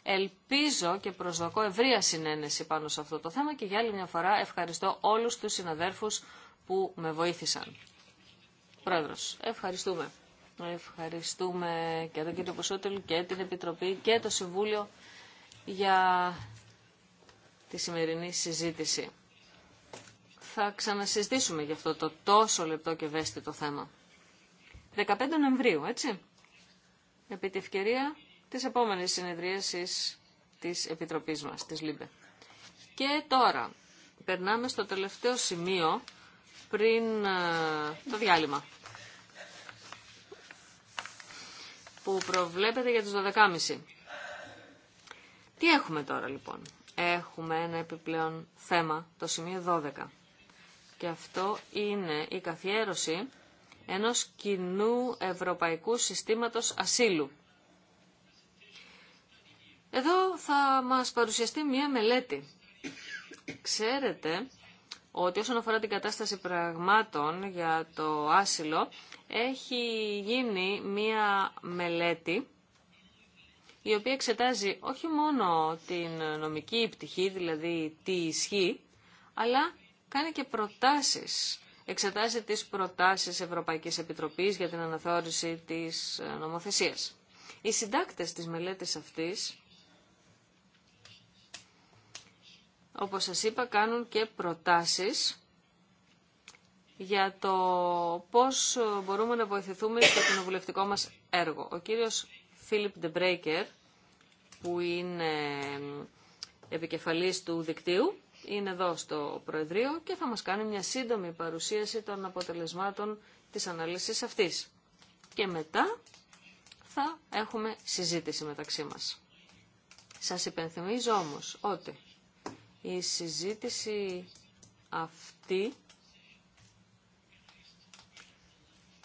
Speaker 2: Ελπίζω και προσδοκώ ευρεία συνένεση πάνω σε αυτό το θέμα και για άλλη μια φορά ευχαριστώ όλους τους συναδέρφους που με βοήθησαν. Πρόεδρος, ευχαριστούμε. Ευχαριστούμε και τον κύριο Ποσότελ και την Επιτροπή και το Συμβούλιο για τη σημερινή συζήτηση. Θα ξανασυζητήσουμε για αυτό το τόσο λεπτό και το θέμα. 15 Νοεμβρίου, έτσι. Επί τη ευκαιρία της επόμενης συνεδρίασης της Επιτροπής μας, της ΛΥΜΠΕ. Και τώρα περνάμε στο τελευταίο σημείο πριν ε, το διάλειμμα. που προβλέπεται για τις 12.30. Τι έχουμε τώρα λοιπόν. Έχουμε ένα επιπλέον θέμα, το σημείο 12. Και αυτό είναι η καθιέρωση ενός κοινού ευρωπαϊκού συστήματος ασύλου. Εδώ θα μας παρουσιαστεί μία μελέτη. Ξέρετε ότι όσον αφορά την κατάσταση πραγμάτων για το άσυλο, έχει γίνει μία μελέτη η οποία εξετάζει όχι μόνο την νομική πτυχή, δηλαδή τι ισχύει, αλλά κάνει και προτάσεις. Εξετάζει τις προτάσεις Ευρωπαϊκής Επιτροπής για την αναθεώρηση της νομοθεσίας. Οι συντάκτες της μελέτης αυτής όπως σας είπα, κάνουν και προτάσεις για το πώς μπορούμε να βοηθηθούμε στο κοινοβουλευτικό μας έργο. Ο κύριος Φίλιπ Ντεμπρέικερ, που είναι επικεφαλής του δικτύου, είναι εδώ στο Προεδρείο και θα μας κάνει μια σύντομη παρουσίαση των αποτελεσμάτων της αναλύσης αυτής. Και μετά θα έχουμε συζήτηση μεταξύ μας. Σας υπενθυμίζω όμως ότι η συζήτηση αυτή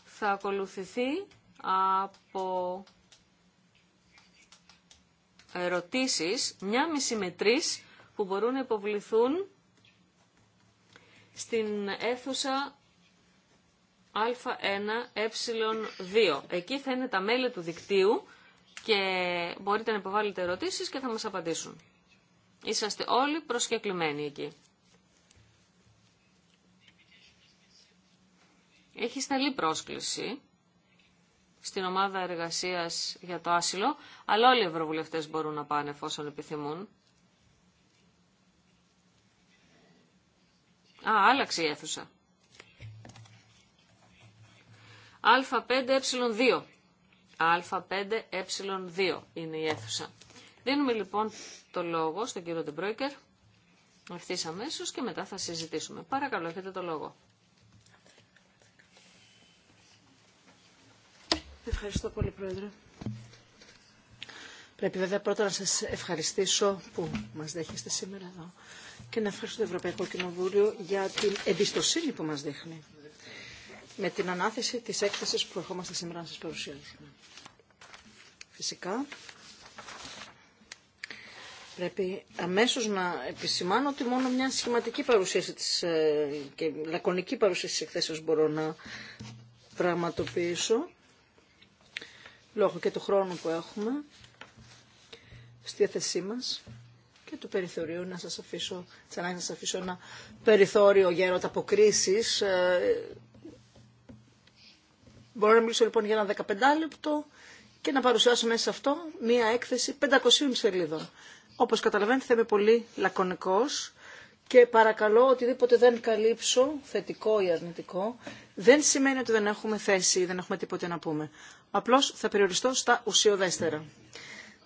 Speaker 2: θα ακολουθηθεί από ερωτήσεις, μια μισή με τρεις, που μπορούν να υποβληθούν στην αίθουσα α1ε2. Εκεί θα είναι τα μέλη του δικτύου και μπορείτε να υποβάλλετε ερωτήσεις και θα μας απαντήσουν. Είσαστε όλοι προσκεκλημένοι εκεί. Έχει στελεί πρόσκληση στην ομάδα εργασίας για το άσυλο, αλλά όλοι οι ευρωβουλευτές μπορούν να πάνε εφόσον επιθυμούν. Α, άλλαξε η αίθουσα. Α5Ε2. Α5Ε2 είναι η αίθουσα. Δίνουμε λοιπόν το λόγο στον κύριο Ντεμπρόικερ ευθύ αμέσω και μετά θα συζητήσουμε. Παρακαλώ, έχετε το λόγο.
Speaker 3: Ευχαριστώ πολύ, Πρόεδρε. Πρέπει βέβαια πρώτα να σας ευχαριστήσω που μας δέχεστε σήμερα εδώ και να ευχαριστώ το Ευρωπαϊκό Κοινοβούλιο για την εμπιστοσύνη που μας δείχνει με την ανάθεση της έκθεσης που ερχόμαστε σήμερα να σας παρουσιάσουμε. Φυσικά, Πρέπει αμέσως να επισημάνω ότι μόνο μια σχηματική παρουσίαση της, ε, και λακωνική παρουσίαση της εκθέσεως μπορώ να πραγματοποιήσω, λόγω και του χρόνου που έχουμε στη θέση μας και του περιθωρίου να σας αφήσω, να αφήσω ένα περιθώριο για Ε, Μπορώ να μιλήσω λοιπόν για ένα 15 λεπτό και να παρουσιάσω μέσα σε αυτό μία έκθεση 500 σελίδων. Όπως καταλαβαίνετε θα είμαι πολύ λακωνικός και παρακαλώ οτιδήποτε δεν καλύψω, θετικό ή αρνητικό, δεν σημαίνει ότι δεν έχουμε θέση ή δεν έχουμε τίποτε να πούμε. Απλώς θα περιοριστώ στα ουσιοδέστερα.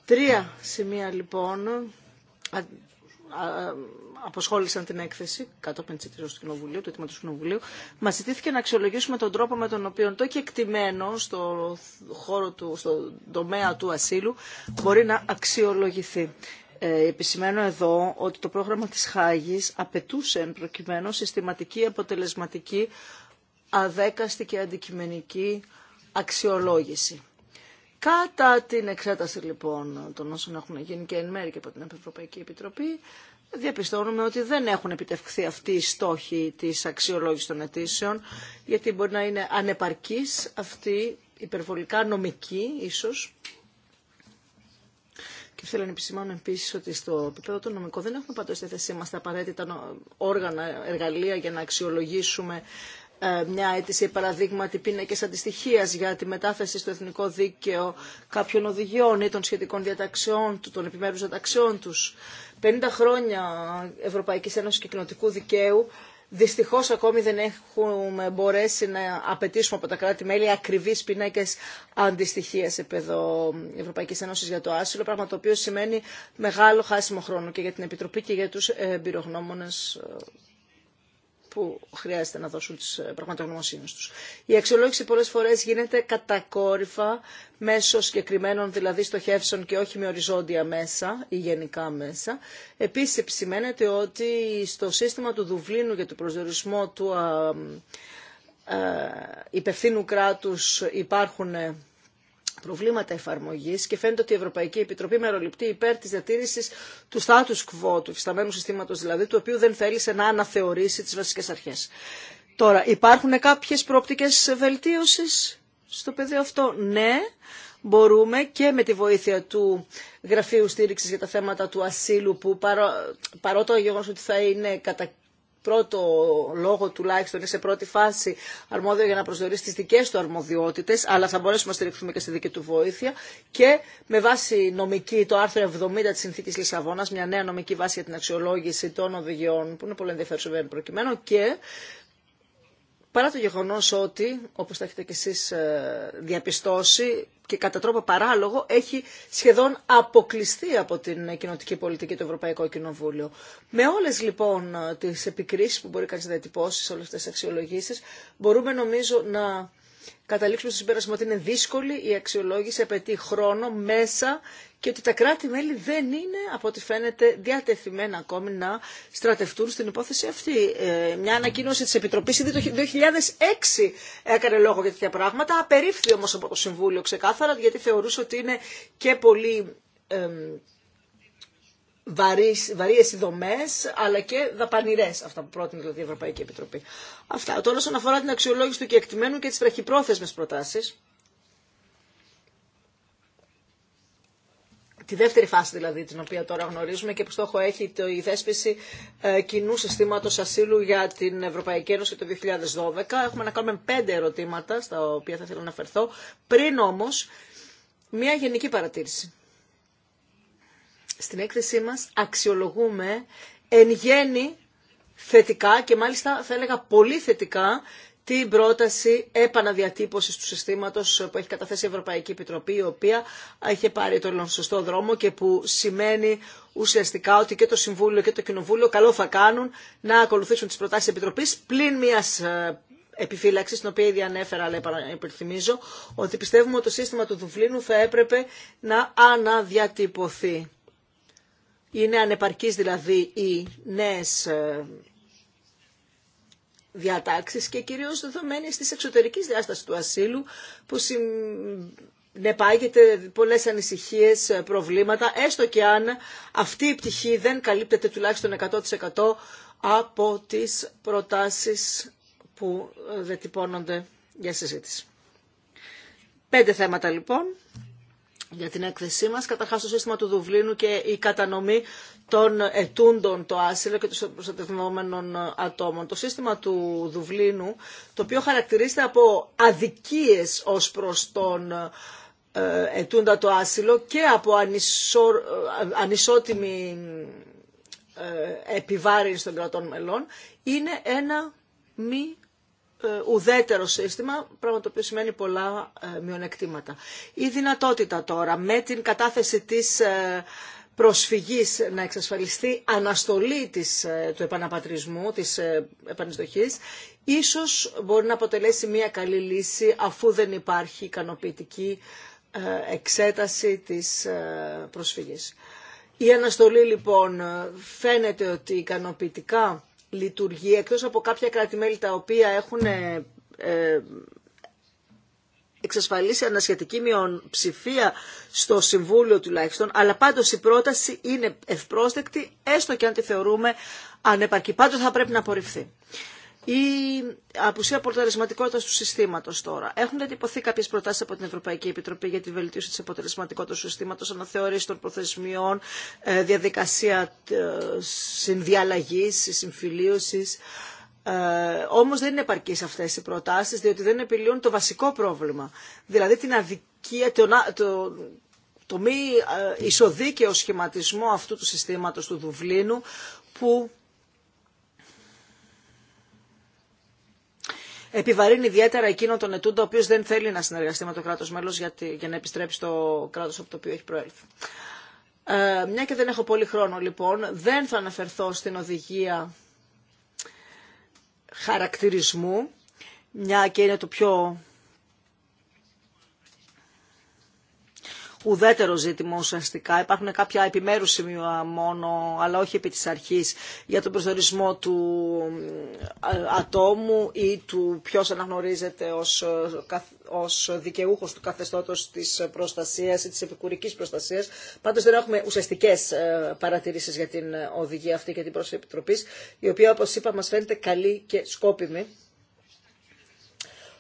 Speaker 3: Τρία σημεία λοιπόν αποσχόλησαν την έκθεση κατόπιν τη του Κοινοβουλίου, του αιτήματο του Κοινοβουλίου, μα ζητήθηκε να αξιολογήσουμε τον τρόπο με τον οποίο το κεκτημένο στο χώρο του, στον τομέα του ασύλου μπορεί να αξιολογηθεί. Ε, επισημαίνω εδώ ότι το πρόγραμμα της Χάγης απαιτούσε εν προκειμένου συστηματική, αποτελεσματική, αδέκαστη και αντικειμενική αξιολόγηση. Κατά την εξέταση λοιπόν των όσων έχουν γίνει και εν μέρει και από την Ευρωπαϊκή Επιτροπή, διαπιστώνουμε ότι δεν έχουν επιτευχθεί αυτοί οι στόχοι της αξιολόγησης των αιτήσεων, γιατί μπορεί να είναι ανεπαρκής αυτή, υπερβολικά νομική ίσως, και θέλω να επισημάνω επίση ότι στο επίπεδο το νομικό δεν έχουμε πάντω στη θέση μα τα απαραίτητα όργανα, εργαλεία για να αξιολογήσουμε ε, μια αίτηση παραδείγματι πίνακε αντιστοιχία για τη μετάθεση στο εθνικό δίκαιο κάποιων οδηγιών ή των σχετικών διαταξιών του, των επιμέρου διαταξιών του. 50 χρόνια Ευρωπαϊκή Ένωση και Κοινοτικού Δικαίου Δυστυχώ ακόμη δεν έχουμε μπορέσει να απαιτήσουμε από τα κράτη-μέλη ακριβεί πινάκες αντιστοιχεία σε Ευρωπαϊκή Ευρωπαϊκής Ένωσης για το άσυλο, πράγμα το οποίο σημαίνει μεγάλο χάσιμο χρόνο και για την Επιτροπή και για τους εμπειρογνώμονε. Ε, που χρειάζεται να δώσουν τις ε, πραγματογνωμοσύνες τους. Η αξιολόγηση πολλές φορές γίνεται κατακόρυφα μέσω συγκεκριμένων δηλαδή στοχεύσεων και όχι με οριζόντια μέσα ή γενικά μέσα. Επίσης επισημαίνεται ότι στο σύστημα του Δουβλίνου για τον προσδιορισμό του α, α, ε, υπευθύνου κράτους υπάρχουν ε, προβλήματα εφαρμογή και φαίνεται ότι η Ευρωπαϊκή Επιτροπή μεροληπτεί υπέρ τη διατήρηση του status quo, του φυσταμένου συστήματο, δηλαδή, του οποίου δεν θέλησε να αναθεωρήσει τι βασικέ αρχέ. Τώρα, υπάρχουν κάποιε πρόπτικε βελτίωση στο πεδίο αυτό. Ναι, μπορούμε και με τη βοήθεια του Γραφείου Στήριξης για τα θέματα του ασύλου που παρό, το γεγονός ότι θα είναι κατά πρώτο λόγο τουλάχιστον είναι σε πρώτη φάση αρμόδιο για να προσδιορίσει τι δικέ του αρμοδιότητε, αλλά θα μπορέσουμε να στηριχθούμε και στη δική του βοήθεια. Και με βάση νομική, το άρθρο 70 τη Συνθήκη Λισαβόνα, μια νέα νομική βάση για την αξιολόγηση των οδηγιών, που είναι πολύ ενδιαφέρουσα βέβαια προκειμένου, και παρά το γεγονό ότι, όπως θα έχετε κι εσείς ε, διαπιστώσει και κατά τρόπο παράλογο, έχει σχεδόν αποκλειστεί από την κοινοτική πολιτική του Ευρωπαϊκό Κοινοβούλιο. Με όλες λοιπόν τις επικρίσεις που μπορεί κάνει να διατυπώσει σε όλες αυτές τις μπορούμε νομίζω να καταλήξουμε στο συμπέρασμα ότι είναι δύσκολη η αξιολόγηση, απαιτεί χρόνο μέσα και ότι τα κράτη-μέλη δεν είναι, από ό,τι φαίνεται, διατεθειμένα ακόμη να στρατευτούν στην υπόθεση αυτή. Ε, μια ανακοίνωση της Επιτροπής ήδη το 2006 έκανε λόγο για τέτοια πράγματα, απερίφθη όμως από το Συμβούλιο ξεκάθαρα, γιατί θεωρούσε ότι είναι και πολύ... Ε, βαρύς, βαρύες οι δομές, αλλά και δαπανηρές, αυτά που πρότεινε δηλαδή, η Ευρωπαϊκή Επιτροπή. Αυτά. Τώρα όσον αφορά την αξιολόγηση του κεκτημένου και τις βραχυπρόθεσμες προτάσεις, τη δεύτερη φάση δηλαδή την οποία τώρα γνωρίζουμε και που στόχο έχει το, η θέσπιση ε, κοινού συστήματος ασύλου για την Ευρωπαϊκή Ένωση το 2012. Έχουμε να κάνουμε πέντε ερωτήματα στα οποία θα ήθελα να αφαιρθώ. Πριν όμως, μια γενική παρατήρηση. Στην έκθεσή μας αξιολογούμε εν γέννη θετικά και μάλιστα θα έλεγα πολύ θετικά την πρόταση επαναδιατύπωση του συστήματο που έχει καταθέσει η Ευρωπαϊκή Επιτροπή, η οποία είχε πάρει τον σωστό δρόμο και που σημαίνει ουσιαστικά ότι και το Συμβούλιο και το Κοινοβούλιο καλό θα κάνουν να ακολουθήσουν τι προτάσει τη Επιτροπή πλην μια ε, επιφύλαξη, την οποία ήδη ανέφερα, αλλά υπενθυμίζω, ότι πιστεύουμε ότι το σύστημα του Δουβλίνου θα έπρεπε να αναδιατυπωθεί. Είναι ανεπαρκής δηλαδή οι νέες ε, και κυρίως δεδομένε τη εξωτερική διάσταση του ασύλου που συνεπάγεται πολλές ανησυχίες, προβλήματα, έστω και αν αυτή η πτυχή δεν καλύπτεται τουλάχιστον 100% από τις προτάσεις που ε, δετυπώνονται για συζήτηση. Πέντε θέματα λοιπόν για την έκθεσή μας, καταρχάς το σύστημα του Δουβλίνου και η κατανομή των ετούντων το άσυλο και των προστατευνόμενων ατόμων. Το σύστημα του Δουβλίνου, το οποίο χαρακτηρίζεται από αδικίες ως προς τον ε, ετούντα το άσυλο και από ανισό, ε, ανισότιμη ε, επιβάρυνση των κρατών μελών, είναι ένα μη ε, ουδέτερο σύστημα, πράγμα το οποίο σημαίνει πολλά ε, μειονεκτήματα. Η δυνατότητα τώρα με την κατάθεση της ε, προσφυγής να εξασφαλιστεί αναστολή της, του επαναπατρισμού, της επανεισδοχής, ίσως μπορεί να αποτελέσει μια καλή λύση αφού δεν υπάρχει ικανοποιητική εξέταση της προσφυγής. Η αναστολή λοιπόν φαίνεται ότι ικανοποιητικά λειτουργεί, εκτός από κάποια τα οποία έχουν ε, ε, εξασφαλίσει ανασχετική μειονψηφία στο Συμβούλιο τουλάχιστον, αλλά πάντως η πρόταση είναι ευπρόσδεκτη, έστω και αν τη θεωρούμε ανεπαρκή. Πάντως θα πρέπει να απορριφθεί η απουσία αποτελεσματικότητα του συστήματο τώρα. Έχουν εντυπωθεί κάποιε προτάσει από την Ευρωπαϊκή Επιτροπή για τη βελτίωση τη αποτελεσματικότητα του συστήματο, αναθεώρηση των προθεσμιών, ε, διαδικασία ε, συνδιαλλαγή, συμφιλίωση. Ε, όμως δεν είναι επαρκείς αυτές οι προτάσεις, διότι δεν επιλύουν το βασικό πρόβλημα. Δηλαδή την αδικία, το, το, μη ε, ισοδίκαιο σχηματισμό αυτού του συστήματο του Δουβλίνου, που επιβαρύνει ιδιαίτερα εκείνο τον ετούντο ο οποίο δεν θέλει να συνεργαστεί με το κράτο μέλο για, για να επιστρέψει στο κράτο από το οποίο έχει προέλθει. Ε, μια και δεν έχω πολύ χρόνο λοιπόν, δεν θα αναφερθώ στην οδηγία χαρακτηρισμού, μια και είναι το πιο ουδέτερο ζήτημα ουσιαστικά. Υπάρχουν κάποια επιμέρου σημεία μόνο, αλλά όχι επί της αρχής, για τον προσδιορισμό του ε, ατόμου ή του ποιος αναγνωρίζεται ως, ε, ως δικαιούχος του καθεστώτος της προστασίας ή της επικουρικής προστασίας. Πάντως δεν έχουμε ουσιαστικές ε, παρατηρήσεις για την οδηγία αυτή και την πρόσφυγη επιτροπής, η οποία όπως είπα μας φαίνεται καλή και σκόπιμη.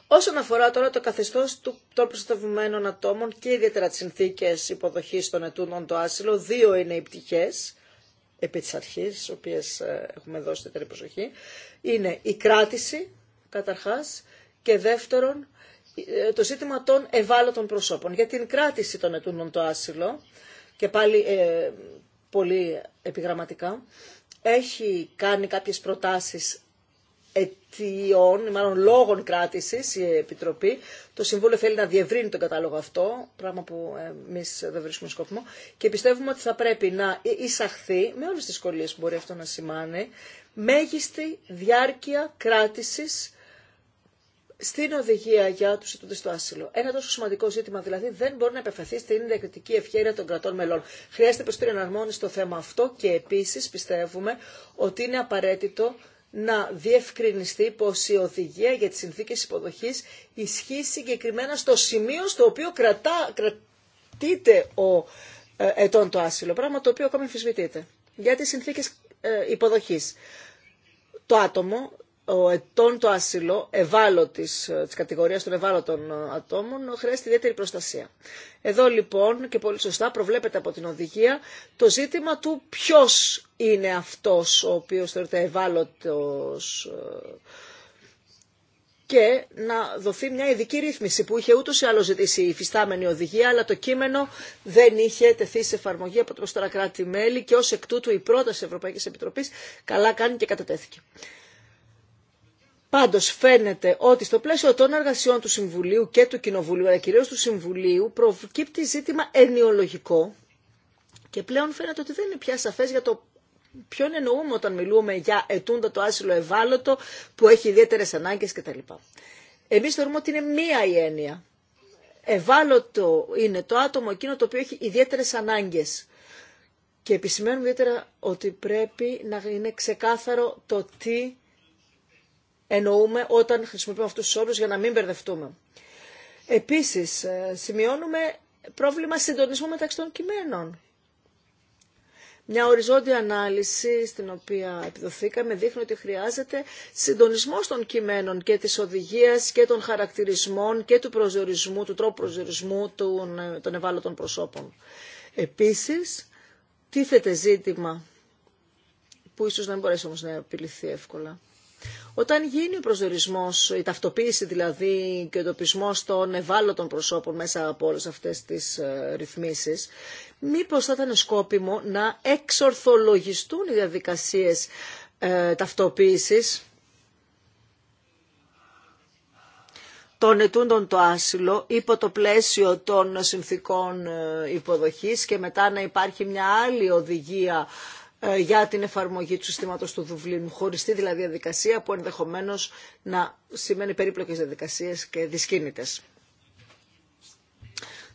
Speaker 3: Όσον αφορά τώρα το καθεστώ των προστατευμένων ατόμων και ιδιαίτερα τι συνθήκε υποδοχή των ετούνων το άσυλο, δύο είναι οι πτυχέ επί τη αρχή, τι οποίες ε, έχουμε δώσει ιδιαίτερη προσοχή, είναι η κράτηση, καταρχάς, και δεύτερον, ε, το ζήτημα των ευάλωτων προσώπων. Για την κράτηση των ετούνων το άσυλο, και πάλι ε, πολύ επιγραμματικά, έχει κάνει κάποιες προτάσεις αιτιών, μάλλον λόγων κράτηση η Επιτροπή. Το Συμβούλιο θέλει να διευρύνει τον κατάλογο αυτό, πράγμα που ε, εμεί δεν βρίσκουμε σκόπιμο. Και πιστεύουμε ότι θα πρέπει να εισαχθεί, με όλε τι δυσκολίε που μπορεί αυτό να σημάνει, μέγιστη διάρκεια κράτηση στην οδηγία για του ετούντε στο άσυλο. Ένα τόσο σημαντικό ζήτημα δηλαδή δεν μπορεί να επεφεθεί στην διακριτική ευχαίρεια των κρατών μελών. Χρειάζεται περισσότερη αναρμόνιση στο θέμα αυτό και επίση πιστεύουμε ότι είναι απαραίτητο να διευκρινιστεί πως η οδηγία για τις συνθήκες υποδοχής ισχύει συγκεκριμένα στο σημείο στο οποίο κρατά, κρατείται ο ε, ετών το άσυλο, πράγμα το οποίο ακόμη εμφισβητείται. Για τις συνθήκες ε, υποδοχής. Το άτομο ο ετών το άσυλο ευάλωτης, ε, της κατηγορίας των ευάλωτων ε, ατόμων χρειάζεται ιδιαίτερη προστασία. Εδώ λοιπόν και πολύ σωστά προβλέπεται από την οδηγία το ζήτημα του ποιος είναι αυτός ο οποίος θεωρείται ευάλωτος ε, και να δοθεί μια ειδική ρύθμιση που είχε ούτως ή άλλως ζητήσει η υφιστάμενη οδηγία, αλλά το κείμενο δεν είχε τεθεί σε εφαρμογή από τα κράτη-μέλη και ως εκ τούτου η πρόταση Ευρωπαϊκής Επιτροπής καλά κάνει και κατατέθηκε. Πάντω φαίνεται ότι στο πλαίσιο των εργασιών του Συμβουλίου και του Κοινοβουλίου, αλλά κυρίω του Συμβουλίου, προκύπτει ζήτημα ενοιολογικό και πλέον φαίνεται ότι δεν είναι πια σαφέ για το ποιον εννοούμε όταν μιλούμε για ετούντα το άσυλο ευάλωτο που έχει ιδιαίτερε ανάγκε κτλ. Εμεί θεωρούμε ότι είναι μία η έννοια. Ευάλωτο είναι το άτομο εκείνο το οποίο έχει ιδιαίτερε ανάγκε. Και επισημαίνουμε ιδιαίτερα ότι πρέπει να είναι ξεκάθαρο το τι εννοούμε όταν χρησιμοποιούμε αυτούς τους όρους για να μην μπερδευτούμε. Επίσης, ε, σημειώνουμε πρόβλημα συντονισμού μεταξύ των κειμένων. Μια οριζόντια ανάλυση στην οποία επιδοθήκαμε δείχνει ότι χρειάζεται συντονισμό των κειμένων και της οδηγίας και των χαρακτηρισμών και του προσδιορισμού, του τρόπου προσδιορισμού των, ε, των ευάλωτων προσώπων. Επίσης, τίθεται ζήτημα που ίσως να μην μπορέσει όμως να επιληθεί εύκολα όταν γίνει ο προσδιορισμός, η ταυτοποίηση δηλαδή και ο τοπισμό των ευάλωτων προσώπων μέσα από όλες αυτές τις ε, ρυθμίσεις, μήπω θα ήταν σκόπιμο να εξορθολογιστούν οι διαδικασίες ε, ταυτοποίησης των ετούντων το άσυλο υπό το πλαίσιο των συνθήκων ε, υποδοχής και μετά να υπάρχει μια άλλη οδηγία ε, για την εφαρμογή του συστήματος του Δουβλίνου. Χωριστή δηλαδή διαδικασία που ενδεχομένως να σημαίνει περίπλοκες διαδικασίες και δυσκίνητες.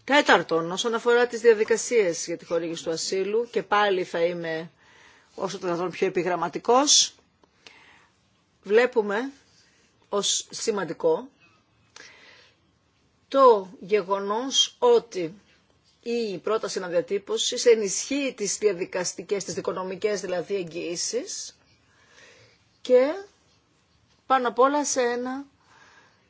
Speaker 3: Τέταρτον, όσον αφορά τις διαδικασίες για τη χορήγηση του ασύλου και πάλι θα είμαι όσο το δυνατόν πιο επιγραμματικός, βλέπουμε ως σημαντικό το γεγονός ότι η πρόταση αναδιατύπωση ενισχύει τι διαδικαστικέ, τι δικονομικέ δηλαδή εγγυήσει και πάνω απ' όλα σε ένα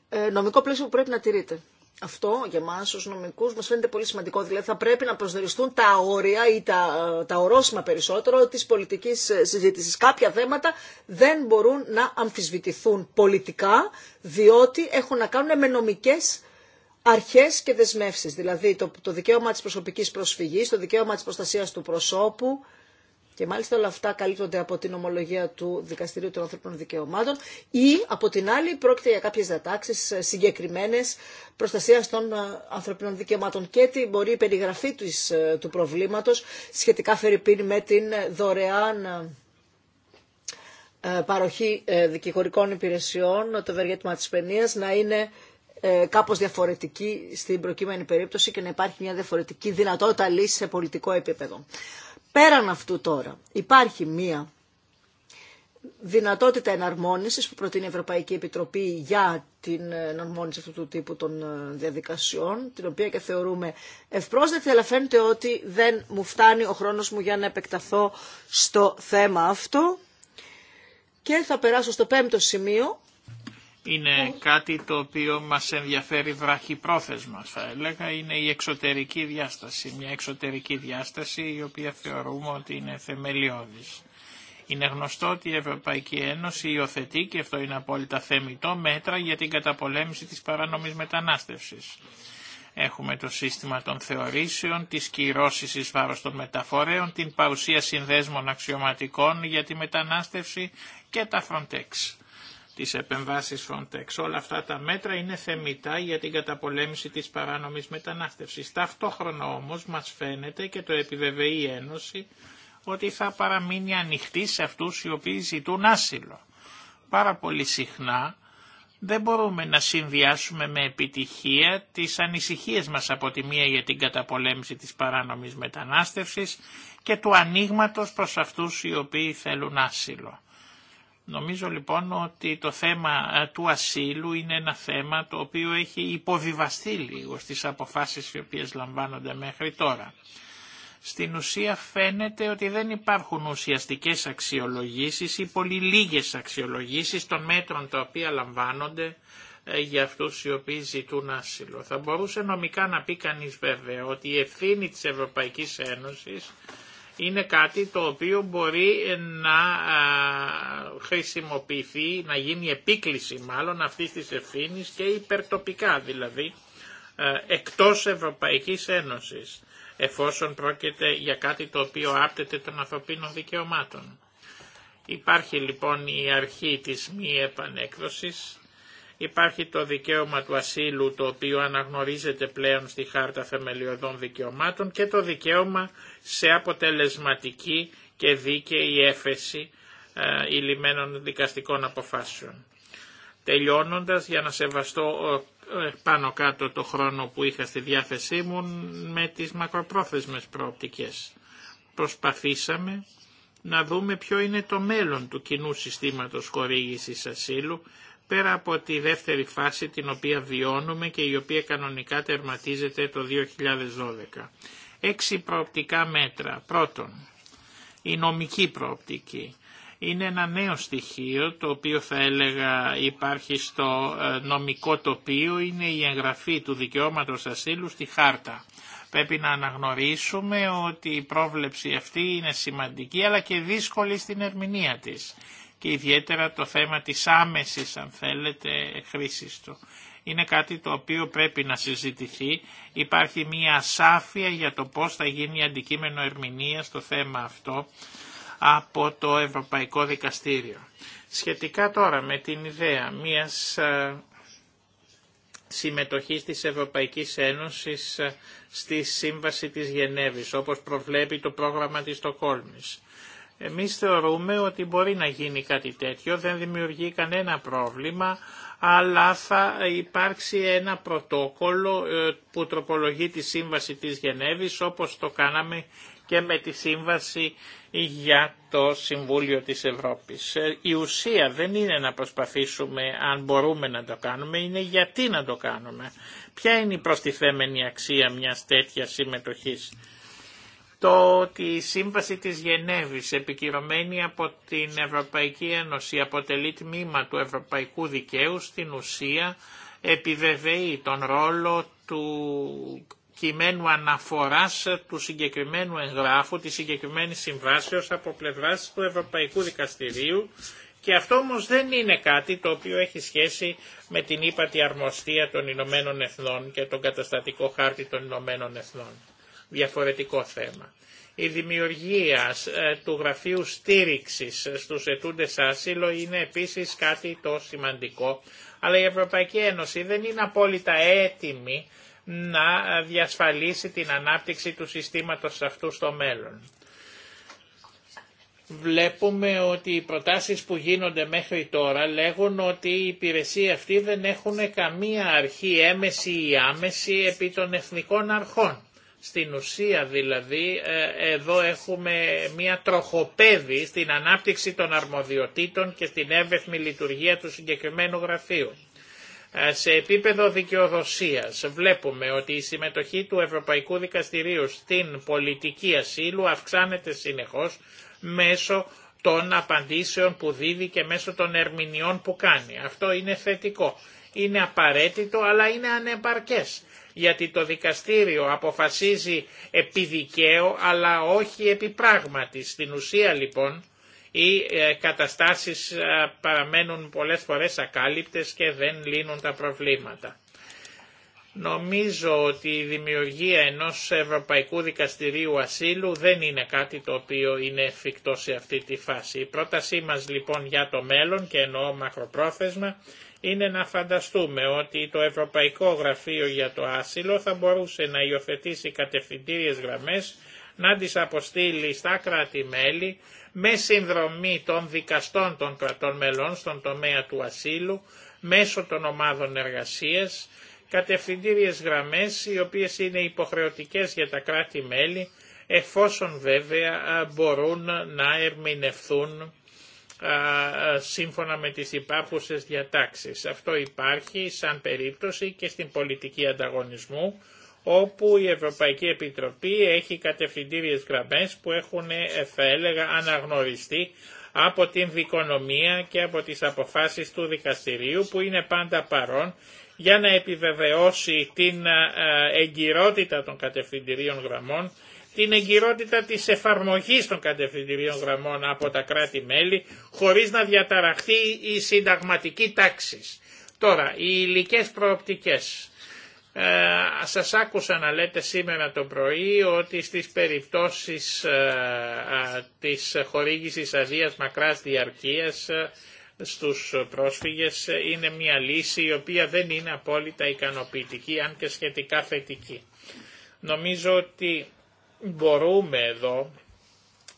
Speaker 3: ε, νομικό πλαίσιο που πρέπει να τηρείται. Αυτό για εμά ως νομικού μα φαίνεται πολύ σημαντικό. Δηλαδή θα πρέπει να προσδιοριστούν τα όρια ή τα, ε, τα ορόσημα περισσότερο τη πολιτική ε, συζήτηση. Κάποια θέματα δεν μπορούν να αμφισβητηθούν πολιτικά, διότι έχουν να κάνουν με νομικέ αρχές και δεσμεύσεις, δηλαδή το, δικαίωμα της προσωπικής προσφυγής, το δικαίωμα της προστασίας του προσώπου και μάλιστα όλα αυτά καλύπτονται από την ομολογία του Δικαστηρίου των Ανθρώπινων Δικαιωμάτων ή από την άλλη πρόκειται για κάποιες διατάξεις ε, συγκεκριμένες προστασίας των ε, ανθρωπίνων δικαιωμάτων και τι μπορεί η περιγραφή της, ε, του προβλήματος σχετικά φερειπίν με την δωρεάν παροχή δικηγορικών υπηρεσιών, το ευεργέτημα της παινίας, να είναι ε, κάπως διαφορετική στην προκείμενη περίπτωση και να υπάρχει μια διαφορετική δυνατότητα λύση σε πολιτικό επίπεδο. Πέραν αυτού τώρα υπάρχει μια δυνατότητα εναρμόνισης που προτείνει η Ευρωπαϊκή Επιτροπή για την εναρμόνιση αυτού του τύπου των ε, διαδικασιών, την οποία και θεωρούμε ευπρόσδεκτη, αλλά φαίνεται ότι δεν μου φτάνει ο χρόνος μου για να επεκταθώ στο θέμα αυτό. Και θα περάσω στο πέμπτο σημείο,
Speaker 1: είναι κάτι το οποίο μας ενδιαφέρει πρόθεσμα, θα έλεγα, είναι η εξωτερική διάσταση, μια εξωτερική διάσταση η οποία θεωρούμε ότι είναι θεμελιώδης. Είναι γνωστό ότι η Ευρωπαϊκή Ένωση υιοθετεί, και αυτό είναι απόλυτα θεμητό, μέτρα για την καταπολέμηση της παράνομης μετανάστευσης. Έχουμε το σύστημα των θεωρήσεων, της κυρώσεις εις βάρος των μεταφορέων, την παρουσία συνδέσμων αξιωματικών για τη μετανάστευση και τα Frontex τις επεμβάσεις Frontex. Όλα αυτά τα μέτρα είναι θεμητά για την καταπολέμηση της παράνομης μετανάστευσης. Ταυτόχρονα όμως μας φαίνεται και το επιβεβαιεί η Ένωση ότι θα παραμείνει ανοιχτή σε αυτούς οι οποίοι ζητούν άσυλο. Πάρα πολύ συχνά δεν μπορούμε να συνδυάσουμε με επιτυχία τις ανησυχίες μας από τη μία για την καταπολέμηση της παράνομης μετανάστευσης και του ανοίγματο προς αυτούς οι οποίοι θέλουν άσυλο. Νομίζω λοιπόν ότι το θέμα ε, του ασύλου είναι ένα θέμα το οποίο έχει υποβιβαστεί λίγο στις αποφάσεις οι οποίες λαμβάνονται μέχρι τώρα. Στην ουσία φαίνεται ότι δεν υπάρχουν ουσιαστικές αξιολογήσεις ή πολύ λίγες αξιολογήσεις των μέτρων τα οποία λαμβάνονται ε, για αυτούς οι οποίοι ζητούν άσυλο. Θα μπορούσε νομικά να πει κανείς βέβαια ότι η ευθύνη της Ευρωπαϊκής Ένωσης είναι κάτι το οποίο μπορεί να χρησιμοποιηθεί, να γίνει επίκληση μάλλον αυτή της ευθύνη και υπερτοπικά δηλαδή εκτός Ευρωπαϊκής Ένωσης εφόσον πρόκειται για κάτι το οποίο άπτεται των ανθρωπίνων δικαιωμάτων. Υπάρχει λοιπόν η αρχή της μη επανέκδοσης Υπάρχει το δικαίωμα του ασύλου το οποίο αναγνωρίζεται πλέον στη Χάρτα Θεμελιωδών Δικαιωμάτων και το δικαίωμα σε αποτελεσματική και δίκαιη έφεση ε, ηλιμένων δικαστικών αποφάσεων. Τελειώνοντας, για να σεβαστώ ε, πάνω κάτω το χρόνο που είχα στη διάθεσή μου με τις μακροπρόθεσμες προοπτικές. Προσπαθήσαμε να δούμε ποιο είναι το μέλλον του κοινού συστήματος χορήγησης ασύλου πέρα από τη δεύτερη φάση την οποία βιώνουμε και η οποία κανονικά τερματίζεται το 2012. Έξι προοπτικά μέτρα. Πρώτον, η νομική προοπτική. Είναι ένα νέο στοιχείο το οποίο θα έλεγα υπάρχει στο ε, νομικό τοπίο, είναι η εγγραφή του δικαιώματος ασύλου στη χάρτα. Πρέπει να αναγνωρίσουμε ότι η πρόβλεψη αυτή είναι σημαντική αλλά και δύσκολη στην ερμηνεία της και ιδιαίτερα το θέμα της άμεσης, αν θέλετε, χρήσης του. Είναι κάτι το οποίο πρέπει να συζητηθεί. Υπάρχει μία ασάφεια για το πώς θα γίνει αντικείμενο ερμηνεία στο θέμα αυτό από το Ευρωπαϊκό Δικαστήριο. Σχετικά τώρα με την ιδέα μίας ε, συμμετοχής της Ευρωπαϊκής Ένωσης ε, στη Σύμβαση της Γενέβης, όπως προβλέπει το πρόγραμμα της Στοκόλμης. Εμείς θεωρούμε ότι μπορεί να γίνει κάτι τέτοιο, δεν δημιουργεί κανένα πρόβλημα, αλλά θα υπάρξει ένα πρωτόκολλο ε, που τροπολογεί τη Σύμβαση της Γενέβης, όπως το κάναμε και με τη Σύμβαση για το Συμβούλιο της Ευρώπης. Ε, η ουσία δεν είναι να προσπαθήσουμε αν μπορούμε να το κάνουμε, είναι γιατί να το κάνουμε. Ποια είναι η προστιθέμενη αξία μιας τέτοιας συμμετοχής το ότι η Σύμβαση της Γενέβης επικυρωμένη από την Ευρωπαϊκή Ένωση αποτελεί τμήμα του Ευρωπαϊκού Δικαίου στην ουσία επιβεβαιεί τον ρόλο του κειμένου αναφοράς του συγκεκριμένου εγγράφου, της συγκεκριμένης συμβάσεως από πλευράς του Ευρωπαϊκού Δικαστηρίου και αυτό όμως δεν είναι κάτι το οποίο έχει σχέση με την ύπατη αρμοστία των Ηνωμένων Εθνών και τον καταστατικό χάρτη των Ηνωμένων Εθνών διαφορετικό θέμα. Η δημιουργία ε, του γραφείου στήριξης ε, στους ετούντες άσυλο είναι επίσης κάτι το σημαντικό, αλλά η Ευρωπαϊκή Ένωση δεν είναι απόλυτα έτοιμη να ε, διασφαλίσει την ανάπτυξη του συστήματος αυτού στο μέλλον. Βλέπουμε ότι οι προτάσεις που γίνονται μέχρι τώρα λέγουν ότι οι υπηρεσίε αυτοί δεν έχουν καμία αρχή έμεση ή άμεση επί των εθνικών αρχών. Στην ουσία δηλαδή ε, εδώ έχουμε μια τροχοπέδη στην ανάπτυξη των αρμοδιοτήτων και στην έβεθμη λειτουργία του συγκεκριμένου γραφείου. Ε, σε επίπεδο δικαιοδοσίας βλέπουμε ότι η συμμετοχή του Ευρωπαϊκού Δικαστηρίου στην πολιτική ασύλου αυξάνεται συνεχώς μέσω των απαντήσεων που δίδει και μέσω των ερμηνειών που κάνει. Αυτό είναι θετικό. Είναι απαραίτητο αλλά είναι ανεπαρκές γιατί το δικαστήριο αποφασίζει επί δικαίου αλλά όχι επί πράγματι. Στην ουσία λοιπόν οι ε, καταστάσεις ε, παραμένουν πολλές φορές ακάλυπτες και δεν λύνουν τα προβλήματα. Νομίζω ότι η δημιουργία ενός Ευρωπαϊκού Δικαστηρίου Ασύλου δεν είναι κάτι το οποίο είναι εφικτό σε αυτή τη φάση. Η πρότασή μας λοιπόν για το μέλλον και εννοώ μακροπρόθεσμα είναι να φανταστούμε ότι το Ευρωπαϊκό Γραφείο για το Άσυλο θα μπορούσε να υιοθετήσει κατευθυντήριες γραμμές, να τις αποστείλει στα κράτη-μέλη, με συνδρομή των δικαστών των κρατών μελών στον τομέα του ασύλου, μέσω των ομάδων εργασίας, κατευθυντήριες γραμμές οι οποίες είναι υποχρεωτικές για τα κράτη-μέλη, εφόσον βέβαια μπορούν να ερμηνευθούν σύμφωνα με τις υπάρχουσες διατάξεις. Αυτό υπάρχει σαν περίπτωση και στην πολιτική ανταγωνισμού, όπου η Ευρωπαϊκή Επιτροπή έχει κατευθυντήριες γραμμές που έχουν, ε, θα έλεγα, αναγνωριστεί από την δικονομία και από τις αποφάσεις του δικαστηρίου που είναι πάντα παρόν για να επιβεβαιώσει την ε, ε, εγκυρότητα των κατευθυντηρίων γραμμών την εγκυρότητα της εφαρμογής των κατευθυντηρίων γραμμών από τα κράτη-μέλη χωρίς να διαταραχθεί η συνταγματική τάξη. Τώρα, οι υλικέ προοπτικές. Ε, σας άκουσα να λέτε σήμερα το πρωί ότι στις περιπτώσεις ε, της χορήγησης αδείας μακράς διαρκείας ε, στους πρόσφυγες ε, είναι μια λύση η οποία δεν είναι απόλυτα ικανοποιητική αν και σχετικά θετική. Νομίζω ότι μπορούμε εδώ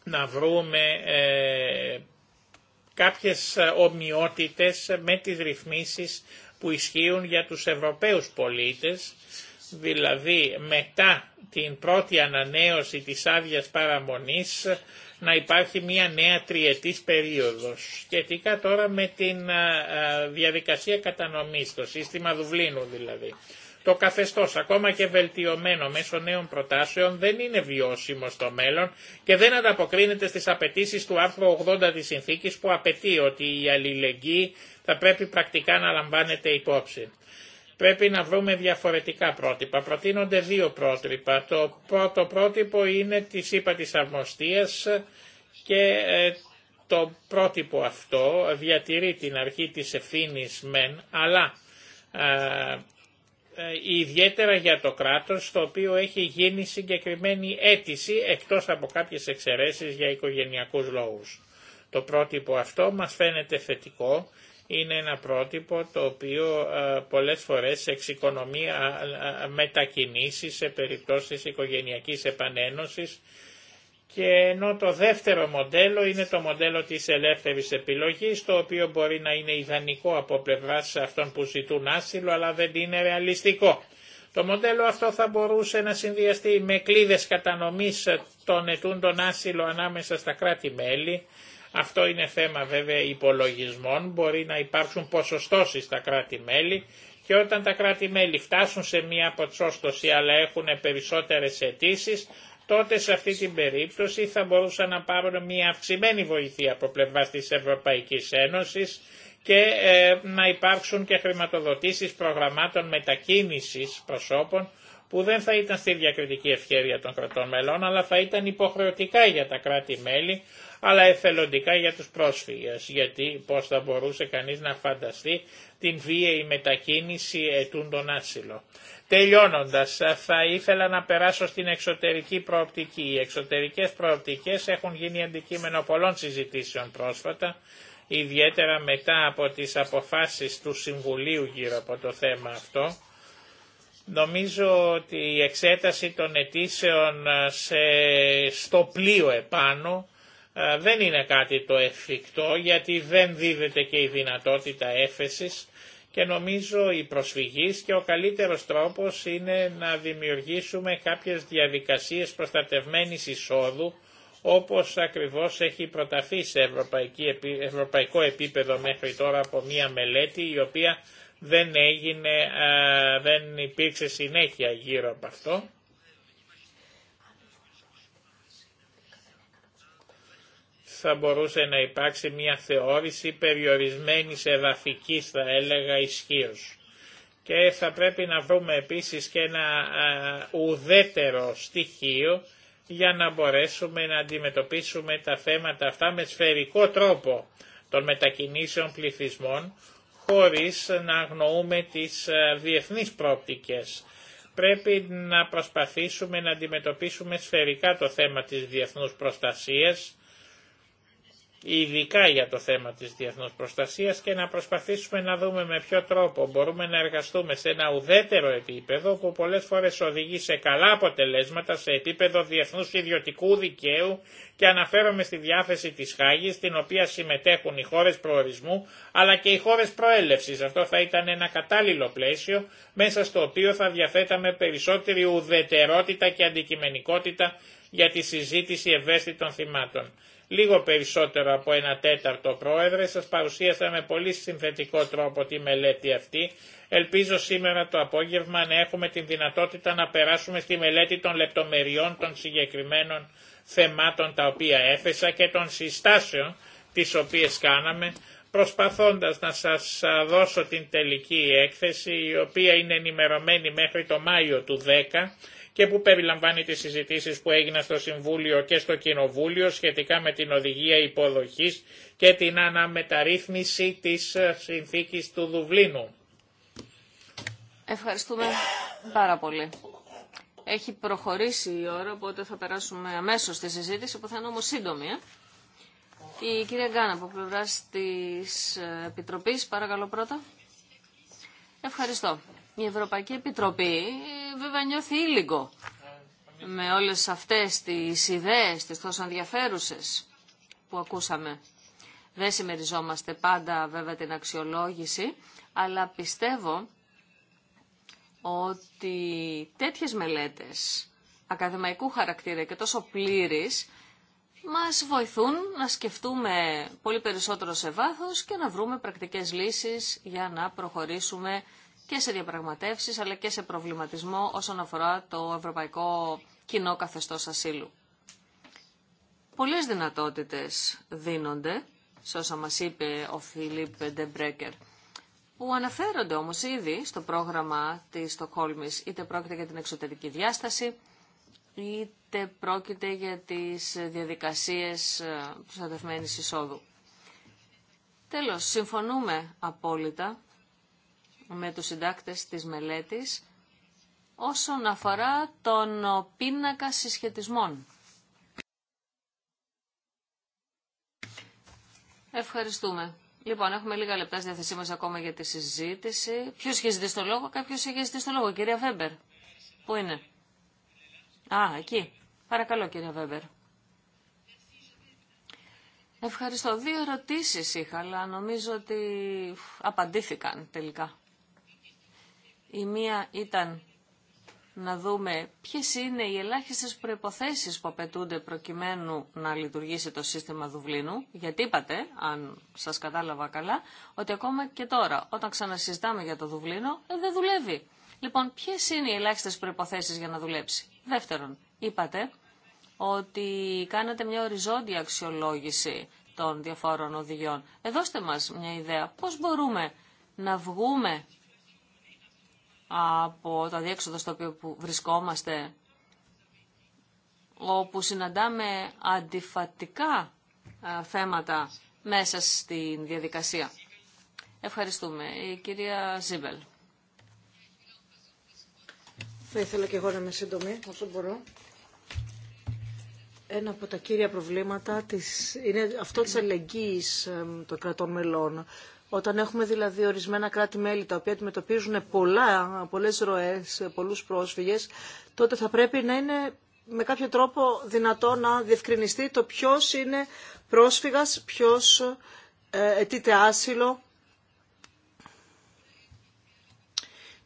Speaker 1: να βρούμε ε, κάποιες ε, ομοιότητες με τις ρυθμίσεις που ισχύουν για τους Ευρωπαίους πολίτες, δηλαδή μετά την πρώτη ανανέωση της άδεια παραμονής να υπάρχει μια νέα τριετής περίοδος. Σχετικά τώρα με την ε, ε, διαδικασία κατανομής, το σύστημα Δουβλίνου δηλαδή. Το καθεστώς ακόμα και βελτιωμένο μέσω νέων προτάσεων δεν είναι βιώσιμο στο μέλλον και δεν ανταποκρίνεται στις απαιτήσει του άρθρου 80 της συνθήκης που απαιτεί ότι η αλληλεγγύη θα πρέπει πρακτικά να λαμβάνεται υπόψη. Πρέπει να βρούμε διαφορετικά πρότυπα. Προτείνονται δύο πρότυπα. Το πρώτο πρότυπο είναι τη ύπα τη Αρμοστία και ε, το πρότυπο αυτό διατηρεί την αρχή της ευθύνη μεν, αλλά ε, ε, ιδιαίτερα για το κράτος το οποίο έχει γίνει συγκεκριμένη αίτηση εκτός από κάποιες εξαιρέσεις για οικογενειακούς λόγους. Το πρότυπο αυτό μας φαίνεται θετικό, είναι ένα πρότυπο το οποίο ε, πολλές φορές εξοικονομεί ε, μετακινήσεις σε περιπτώσεις οικογενειακής επανένωσης και ενώ το δεύτερο μοντέλο είναι το μοντέλο της ελεύθερης επιλογής, το οποίο μπορεί να είναι ιδανικό από πλευρά σε αυτών που ζητούν άσυλο, αλλά δεν είναι ρεαλιστικό. Το μοντέλο αυτό θα μπορούσε να συνδυαστεί με κλίδες κατανομής των ετούντων άσυλο ανάμεσα στα κράτη-μέλη. Αυτό είναι θέμα βέβαια υπολογισμών, μπορεί να υπάρξουν ποσοστώσεις στα κράτη-μέλη και όταν τα κράτη-μέλη φτάσουν σε μία ποσόστοση αλλά έχουν περισσότερες αιτήσει, τότε σε αυτή την περίπτωση θα μπορούσαν να πάρουν μια αυξημένη βοήθεια από πλευρά της Ευρωπαϊκής Ένωσης και ε, να υπάρξουν και χρηματοδοτήσεις προγραμμάτων μετακίνησης προσώπων που δεν θα ήταν στη διακριτική ευχέρεια των κρατών μελών, αλλά θα ήταν υποχρεωτικά για τα κράτη-μέλη, αλλά εθελοντικά για τους πρόσφυγες, γιατί πώς θα μπορούσε κανείς να φανταστεί την βίαιη μετακίνηση ετούν τον άσυλο. Τελειώνοντας, ε, θα ήθελα να περάσω στην εξωτερική προοπτική. Οι εξωτερικές προοπτικές έχουν γίνει αντικείμενο πολλών συζητήσεων πρόσφατα, ιδιαίτερα μετά από τις αποφάσεις του Συμβουλίου γύρω από το θέμα αυτό. Νομίζω ότι η εξέταση των αιτήσεων ε, σε, στο πλοίο επάνω ε, δεν είναι κάτι το εφικτό, γιατί δεν δίδεται και η δυνατότητα έφεσης και νομίζω η προσφυγή, και ο καλύτερος τρόπος είναι να δημιουργήσουμε κάποιες διαδικασίες προστατευμένης εισόδου όπως ακριβώς έχει προταθεί σε ευρωπαϊκό επίπεδο μέχρι τώρα από μία μελέτη η οποία δεν έγινε, δεν υπήρξε συνέχεια γύρω από αυτό. θα μπορούσε να υπάρξει μια θεώρηση περιορισμένης εδαφικής θα έλεγα ισχύως. Και θα πρέπει να βρούμε επίσης και ένα ουδέτερο στοιχείο για να μπορέσουμε να αντιμετωπίσουμε τα θέματα αυτά με σφαιρικό τρόπο των μετακινήσεων πληθυσμών χωρίς να αγνοούμε τις διεθνείς πρόπτικες. Πρέπει να προσπαθήσουμε να αντιμετωπίσουμε σφαιρικά το θέμα της διεθνούς προστασίας ειδικά για το θέμα της διεθνούς προστασίας και να προσπαθήσουμε να δούμε με ποιο τρόπο μπορούμε να εργαστούμε σε ένα ουδέτερο επίπεδο που πολλές φορές οδηγεί σε καλά αποτελέσματα σε επίπεδο διεθνούς ιδιωτικού δικαίου και αναφέρομαι στη διάθεση της Χάγης στην οποία συμμετέχουν οι χώρες προορισμού αλλά και οι χώρες προέλευσης. Αυτό θα ήταν ένα κατάλληλο πλαίσιο μέσα στο οποίο θα διαθέταμε περισσότερη ουδετερότητα και αντικειμενικότητα για τη συζήτηση ευαίσθητων θυμάτων λίγο περισσότερο από ένα τέταρτο πρόεδρε. Σας παρουσίασα με πολύ συνθετικό τρόπο τη μελέτη αυτή. Ελπίζω σήμερα το απόγευμα να έχουμε τη δυνατότητα να περάσουμε στη μελέτη των λεπτομεριών των συγκεκριμένων θεμάτων τα οποία έθεσα και των συστάσεων τις οποίες κάναμε προσπαθώντας να σας δώσω την τελική έκθεση η οποία είναι ενημερωμένη μέχρι το Μάιο του 10 και που περιλαμβάνει τις συζητήσεις που έγιναν στο Συμβούλιο και στο Κοινοβούλιο σχετικά με την οδηγία υποδοχής και την αναμεταρρύθμιση της ε, συνθήκης του Δουβλίνου.
Speaker 2: Ευχαριστούμε πάρα πολύ. Έχει προχωρήσει η ώρα, οπότε θα περάσουμε αμέσω στη συζήτηση που θα είναι όμω σύντομη. Ε? Η κυρία Γκάνα από πλευρά τη ε, Επιτροπή, παρακαλώ πρώτα. Ευχαριστώ. Η Ευρωπαϊκή Επιτροπή βέβαια νιώθει ήλιγκο με όλες αυτές τις ιδέες, τις τόσο ενδιαφέρουσες που ακούσαμε. Δεν συμμεριζόμαστε πάντα βέβαια την αξιολόγηση, αλλά πιστεύω ότι τέτοιες μελέτες ακαδημαϊκού χαρακτήρα και τόσο πλήρης μας βοηθούν να σκεφτούμε πολύ περισσότερο σε βάθος και να βρούμε πρακτικές λύσεις για να προχωρήσουμε και σε διαπραγματεύσεις αλλά και σε προβληματισμό όσον αφορά το ευρωπαϊκό κοινό καθεστώς ασύλου. Πολλές δυνατότητες δίνονται, σε όσα μας είπε ο Φιλίπ Ντεμπρέκερ, που αναφέρονται όμως ήδη στο πρόγραμμα της Στοκχόλμης, είτε πρόκειται για την εξωτερική διάσταση, είτε πρόκειται για τις διαδικασίες προστατευμένης εισόδου. Τέλος, συμφωνούμε απόλυτα με τους συντάκτες της μελέτης όσον αφορά τον πίνακα συσχετισμών. Ευχαριστούμε. Λοιπόν, έχουμε λίγα λεπτά στη διάθεσή μα ακόμα για τη συζήτηση. Ποιο είχε ζητήσει το λόγο, κάποιο είχε ζητήσει το λόγο. Κυρία Βέμπερ, πού είναι. Α, εκεί. Παρακαλώ, κυρία Βέμπερ. Ευχαριστώ. Δύο ερωτήσεις είχα, αλλά νομίζω ότι απαντήθηκαν τελικά. Η μία ήταν να δούμε ποιες είναι οι ελάχιστες προϋποθέσεις που απαιτούνται προκειμένου να λειτουργήσει το σύστημα Δουβλίνου, γιατί είπατε, αν σας κατάλαβα καλά, ότι ακόμα και τώρα όταν ξανασυζητάμε για το Δουβλίνο ε, δεν δουλεύει. Λοιπόν, ποιες είναι οι ελάχιστες προϋποθέσεις για να δουλέψει. Δεύτερον, είπατε ότι κάνατε μια οριζόντια αξιολόγηση των διαφόρων οδηγιών. Εδώστε μας μια ιδέα πώς μπορούμε να βγούμε από το αδιέξοδο στο οποίο που βρισκόμαστε, όπου συναντάμε αντιφατικά ε, θέματα μέσα στην διαδικασία. Ευχαριστούμε. Η κυρία Ζίμπελ.
Speaker 3: Θα ήθελα και εγώ να είμαι σύντομη όσο μπορώ. Ένα από τα κύρια προβλήματα της, είναι αυτό της αλληλεγγύης των κρατών μελών όταν έχουμε δηλαδή ορισμένα κράτη-μέλη τα οποία αντιμετωπίζουν πολλά, πολλές ροές, πολλούς πρόσφυγες, τότε θα πρέπει να είναι με κάποιο τρόπο δυνατό να διευκρινιστεί το ποιος είναι πρόσφυγας, ποιος ε, αιτείται άσυλο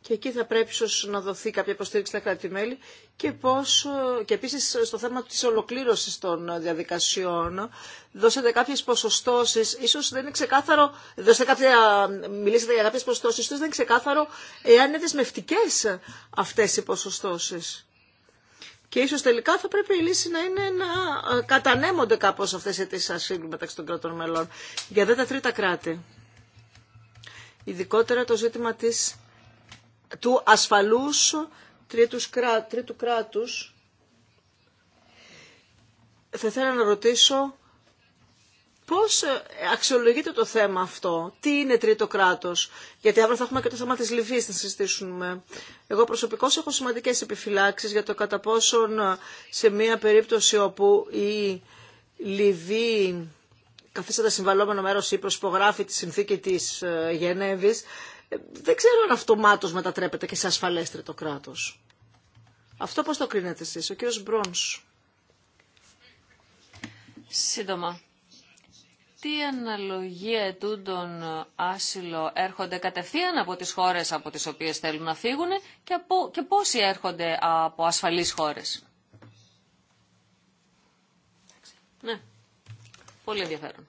Speaker 3: και εκεί θα πρέπει ίσω να δοθεί κάποια υποστήριξη στα κράτη-μέλη και, πώς, και επίσης στο θέμα της ολοκλήρωσης των διαδικασιών δώσετε κάποιες ποσοστώσεις, ίσως δεν είναι ξεκάθαρο, δώσετε κάποια, μιλήσετε για κάποιες ποσοστώσεις, ίσως δεν είναι ξεκάθαρο εάν είναι δεσμευτικές αυτές οι ποσοστώσεις. Και ίσως τελικά θα πρέπει η λύση να είναι να κατανέμονται κάπως αυτές οι αιτήσεις ασύλου μεταξύ των κρατών μελών. Για δε τα τρίτα κράτη. Ειδικότερα το ζήτημα της του ασφαλούς τρίτου κράτους. Θα ήθελα να ρωτήσω πώς ε, αξιολογείται το θέμα αυτό, τι είναι τρίτο κράτος, γιατί αύριο θα έχουμε και το θέμα της Λιβύης να συζητήσουμε. Εγώ προσωπικώς έχω σημαντικές επιφυλάξεις για το κατά πόσον ε, σε μια περίπτωση όπου η Λιβύη καθίσταται συμβαλόμενο μέρος ή προσπογράφει τη συνθήκη της ε, Γενέβης, δεν ξέρω αν αυτομάτως μετατρέπεται και σε ασφαλές τρίτο κράτος. Αυτό πώς το κρίνετε εσείς, ο κύριος Μπρόνς.
Speaker 2: Σύντομα. Τι αναλογία ετούντων άσυλο έρχονται κατευθείαν από τις χώρες από τις οποίες θέλουν να φύγουν και, από, και πόσοι έρχονται από ασφαλείς χώρες. Ναι, πολύ ενδιαφέρον.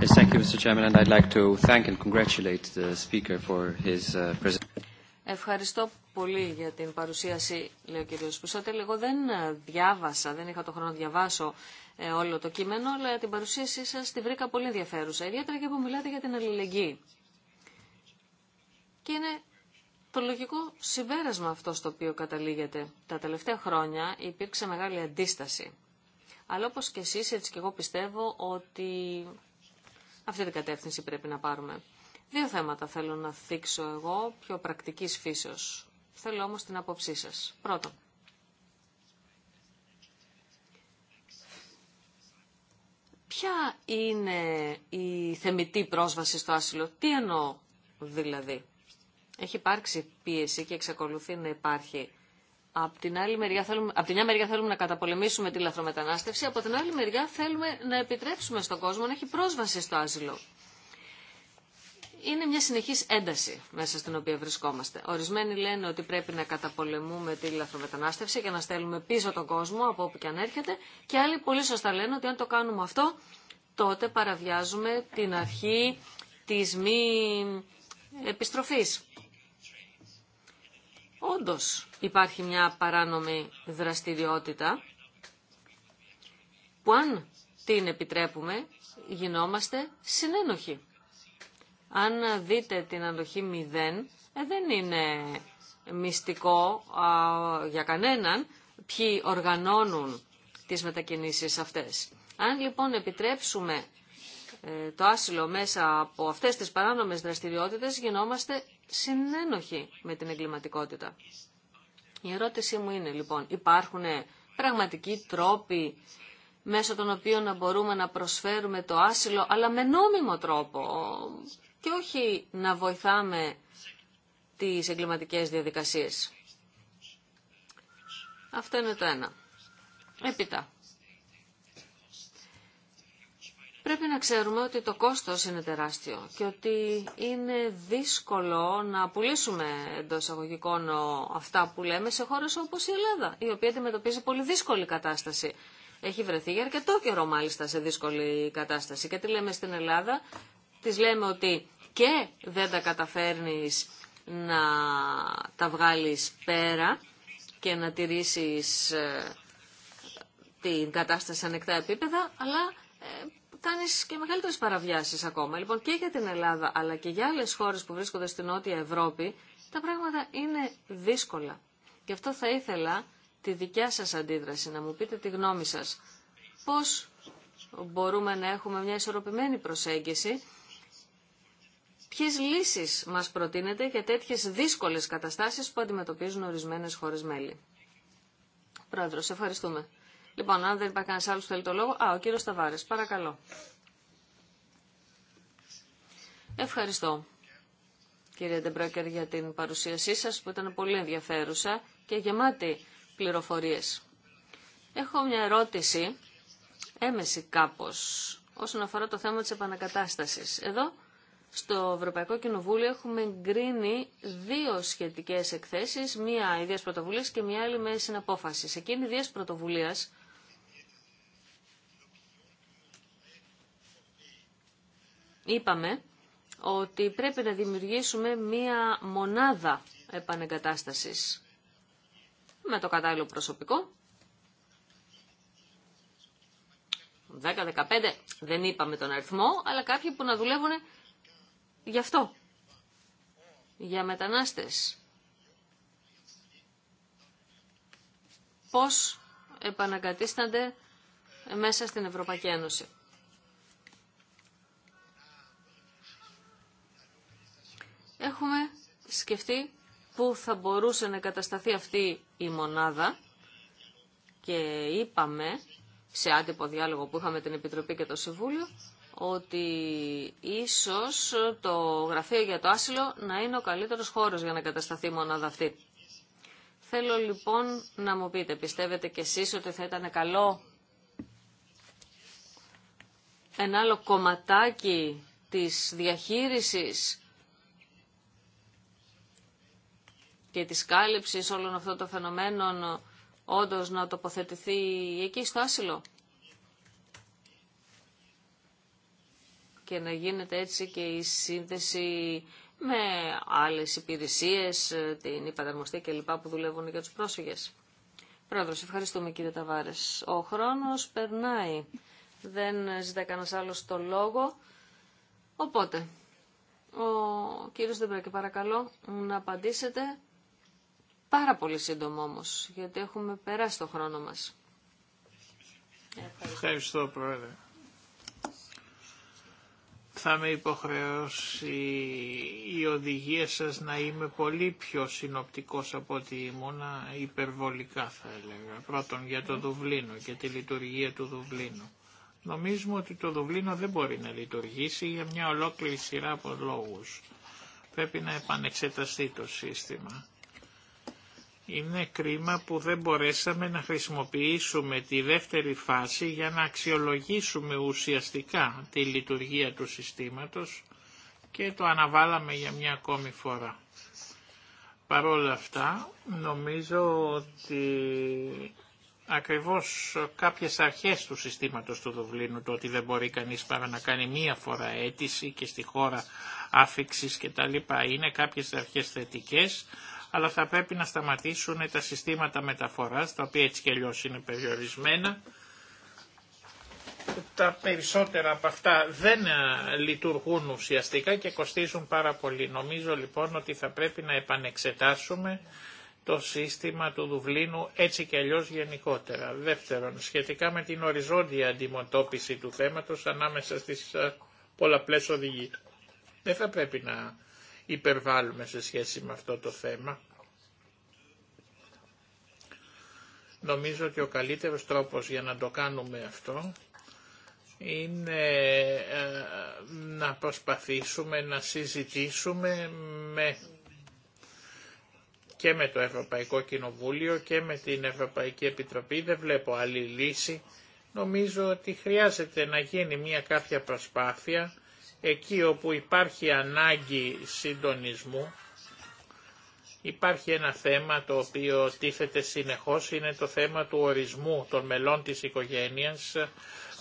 Speaker 5: Thank you, Mr. Chairman, and I'd like to thank and congratulate the speaker for his uh, presentation.
Speaker 2: Ευχαριστώ πολύ για την παρουσίαση, λέει ο κύριος Πουσότελ. Εγώ δεν ε, διάβασα, δεν είχα το χρόνο να διαβάσω ε, όλο το κείμενο, αλλά την παρουσίασή σας τη βρήκα πολύ ενδιαφέρουσα, ιδιαίτερα και που μιλάτε για την αλληλεγγύη. Και είναι το λογικό συμπέρασμα αυτό στο οποίο καταλήγεται. Τα τελευταία χρόνια υπήρξε μεγάλη αντίσταση. Αλλά όπως και εσείς, έτσι και εγώ πιστεύω ότι αυτή την κατεύθυνση πρέπει να πάρουμε. Δύο θέματα θέλω να θίξω εγώ, πιο πρακτικής φύσεως. Θέλω όμως την άποψή σας. Πρώτον, ποια είναι η θεμητή πρόσβαση στο άσυλο, τι εννοώ δηλαδή. Έχει υπάρξει πίεση και εξακολουθεί να υπάρχει από την, άλλη μεριά θέλουμε, από την μια μεριά θέλουμε να καταπολεμήσουμε τη λαθρομετανάστευση, από την άλλη μεριά θέλουμε να επιτρέψουμε στον κόσμο να έχει πρόσβαση στο άζυλο. Είναι μια συνεχής ένταση μέσα στην οποία βρισκόμαστε. Ορισμένοι λένε ότι πρέπει να καταπολεμούμε τη λαθρομετανάστευση και να στέλνουμε πίσω τον κόσμο από όπου και αν έρχεται και άλλοι πολύ σωστά λένε ότι αν το κάνουμε αυτό τότε παραβιάζουμε την αρχή της μη επιστροφής όντως υπάρχει μια παράνομη δραστηριότητα που αν την επιτρέπουμε γινόμαστε συνένοχοι. Αν δείτε την αντοχή μηδέν ε, δεν είναι μυστικό για κανέναν ποιοι οργανώνουν τις μετακινήσεις αυτές. Αν λοιπόν επιτρέψουμε ε, το άσυλο μέσα από αυτές τις παράνομες δραστηριότητες γινόμαστε συνένοχοι με την εγκληματικότητα. Η ερώτησή μου είναι λοιπόν, υπάρχουν πραγματικοί τρόποι μέσω των οποίων να μπορούμε να προσφέρουμε το άσυλο, αλλά με νόμιμο τρόπο και όχι να βοηθάμε τις εγκληματικές διαδικασίες. Αυτό είναι το ένα. Επίτα. πρέπει να ξέρουμε ότι το κόστος είναι τεράστιο και ότι είναι δύσκολο να πουλήσουμε εντό αγωγικών αυτά που λέμε σε χώρες όπως η Ελλάδα, η οποία αντιμετωπίζει πολύ δύσκολη κατάσταση. Έχει βρεθεί για αρκετό καιρό μάλιστα σε δύσκολη κατάσταση. Και τι λέμε στην Ελλάδα, τις λέμε ότι και δεν τα καταφέρνεις να τα βγάλεις πέρα και να τηρήσεις ε, την κατάσταση σε ανεκτά επίπεδα, αλλά ε, Κάνει και μεγαλύτερε παραβιάσεις ακόμα. Λοιπόν και για την Ελλάδα αλλά και για άλλες χώρες που βρίσκονται στην Νότια Ευρώπη τα πράγματα είναι δύσκολα. Γι' αυτό θα ήθελα τη δικιά σας αντίδραση, να μου πείτε τη γνώμη σας. Πώς μπορούμε να έχουμε μια ισορροπημένη προσέγγιση, ποιε λύσεις μας προτείνετε για τέτοιε δύσκολε καταστάσει που αντιμετωπίζουν ορισμένε χώρες μέλη. Πρόεδρος, ευχαριστούμε. Λοιπόν, αν δεν υπάρχει κανένα άλλο που θέλει το λόγο. Α, ο κύριο Σταβάρε, παρακαλώ. Ευχαριστώ, κύριε Ντεμπρόκερ, για την παρουσίασή σα που ήταν πολύ ενδιαφέρουσα και γεμάτη πληροφορίε. Έχω μια ερώτηση, έμεση κάπως, όσον αφορά το θέμα της επανακατάστασης. Εδώ, στο Ευρωπαϊκό Κοινοβούλιο, έχουμε εγκρίνει δύο σχετικές εκθέσεις, μία ιδίας πρωτοβουλίας και μία άλλη με συναπόφαση. Σε εκείνη ιδίας πρωτοβουλία. είπαμε ότι πρέπει να δημιουργήσουμε μία μονάδα επανεγκατάστασης με το κατάλληλο προσωπικό. 10-15 δεν είπαμε τον αριθμό, αλλά κάποιοι που να δουλεύουν γι' αυτό. Για μετανάστες. Πώς επανακατίστανται μέσα στην Ευρωπαϊκή Ένωση. έχουμε σκεφτεί πού θα μπορούσε να κατασταθεί αυτή η μονάδα και είπαμε σε άτυπο διάλογο που είχαμε την Επιτροπή και το Συμβούλιο ότι ίσως το γραφείο για το άσυλο να είναι ο καλύτερος χώρος για να κατασταθεί η μονάδα αυτή. Θέλω λοιπόν να μου πείτε, πιστεύετε κι εσείς ότι θα ήταν καλό ένα άλλο κομματάκι της διαχείρισης και της κάλυψης όλων αυτών των φαινομένων όντως να τοποθετηθεί εκεί στο άσυλο. Και να γίνεται έτσι και η σύνδεση με άλλες υπηρεσίες, την και κλπ. που δουλεύουν για τους πρόσφυγες. Πρόεδρος, ευχαριστούμε κύριε Ταβάρες. Ο χρόνος περνάει. Δεν ζητάει κανένα άλλο το λόγο. Οπότε, ο κύριος Δεμπρέκη παρακαλώ να απαντήσετε Πάρα πολύ σύντομο όμως, γιατί έχουμε περάσει το χρόνο μας.
Speaker 1: Ευχαριστώ, Πρόεδρε. Θα με υποχρεώσει η οδηγία σας να είμαι πολύ πιο συνοπτικός από ότι ήμουνα υπερβολικά θα έλεγα. Πρώτον για το Δουβλίνο και τη λειτουργία του Δουβλίνου. Νομίζουμε ότι το Δουβλίνο δεν μπορεί να λειτουργήσει για μια ολόκληρη σειρά από λόγους. Πρέπει να επανεξεταστεί το σύστημα είναι κρίμα που δεν μπορέσαμε να χρησιμοποιήσουμε τη δεύτερη φάση για να αξιολογήσουμε ουσιαστικά τη λειτουργία του συστήματος και το αναβάλαμε για μια ακόμη φορά. Παρ' όλα αυτά, νομίζω ότι ακριβώς κάποιες αρχές του συστήματος του Δουβλίνου, το ότι δεν μπορεί κανείς παρά να κάνει μία φορά αίτηση και στη χώρα άφηξης κτλ. είναι κάποιες αρχές θετικές, αλλά θα πρέπει να σταματήσουν τα συστήματα μεταφοράς, τα οποία έτσι και αλλιώ είναι περιορισμένα. Τα περισσότερα από αυτά δεν ε, λειτουργούν ουσιαστικά και κοστίζουν πάρα πολύ. Νομίζω λοιπόν ότι θα πρέπει να επανεξετάσουμε το σύστημα του Δουβλίνου έτσι και αλλιώς γενικότερα. Δεύτερον, σχετικά με την οριζόντια αντιμετώπιση του θέματος ανάμεσα στις ε, πολλαπλές οδηγίες. Δεν θα πρέπει να υπερβάλλουμε σε σχέση με αυτό το θέμα. Νομίζω ότι ο καλύτερος τρόπος για να το κάνουμε αυτό είναι ε, να προσπαθήσουμε να συζητήσουμε με και με το Ευρωπαϊκό Κοινοβούλιο και με την Ευρωπαϊκή Επιτροπή. Δεν βλέπω άλλη λύση. Νομίζω ότι χρειάζεται να γίνει μια κάποια προσπάθεια εκεί όπου υπάρχει ανάγκη συντονισμού, υπάρχει ένα θέμα το οποίο τίθεται συνεχώς, είναι το θέμα του ορισμού των μελών της οικογένειας,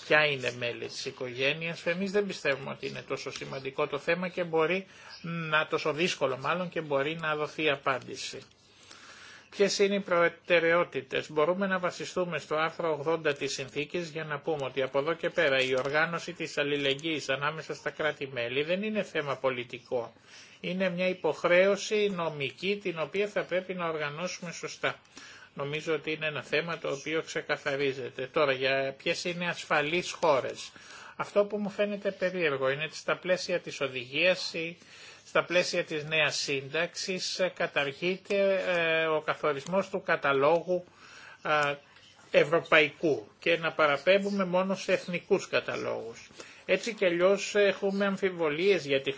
Speaker 1: ποια είναι μέλη της οικογένειας. Εμείς δεν πιστεύουμε ότι είναι τόσο σημαντικό το θέμα και μπορεί να, τόσο δύσκολο μάλλον και μπορεί να δοθεί απάντηση. Ποιες είναι οι προτεραιότητες. Μπορούμε να βασιστούμε στο άρθρο 80 της συνθήκης για να πούμε ότι από εδώ και πέρα η οργάνωση της αλληλεγγύης ανάμεσα στα κράτη-μέλη δεν είναι θέμα πολιτικό. Είναι μια υποχρέωση νομική την οποία θα πρέπει να οργανώσουμε σωστά. Νομίζω ότι είναι ένα θέμα το οποίο ξεκαθαρίζεται. Τώρα για ποιες είναι ασφαλείς χώρες. Αυτό που μου φαίνεται περίεργο είναι ότι στα πλαίσια της οδηγίας στα πλαίσια της νέας σύνταξης ε, καταργείται ε, ο καθορισμός του καταλόγου ε, ευρωπαϊκού και να παραπέμπουμε μόνο σε εθνικούς καταλόγους. Έτσι κι αλλιώ έχουμε αμφιβολίες για τη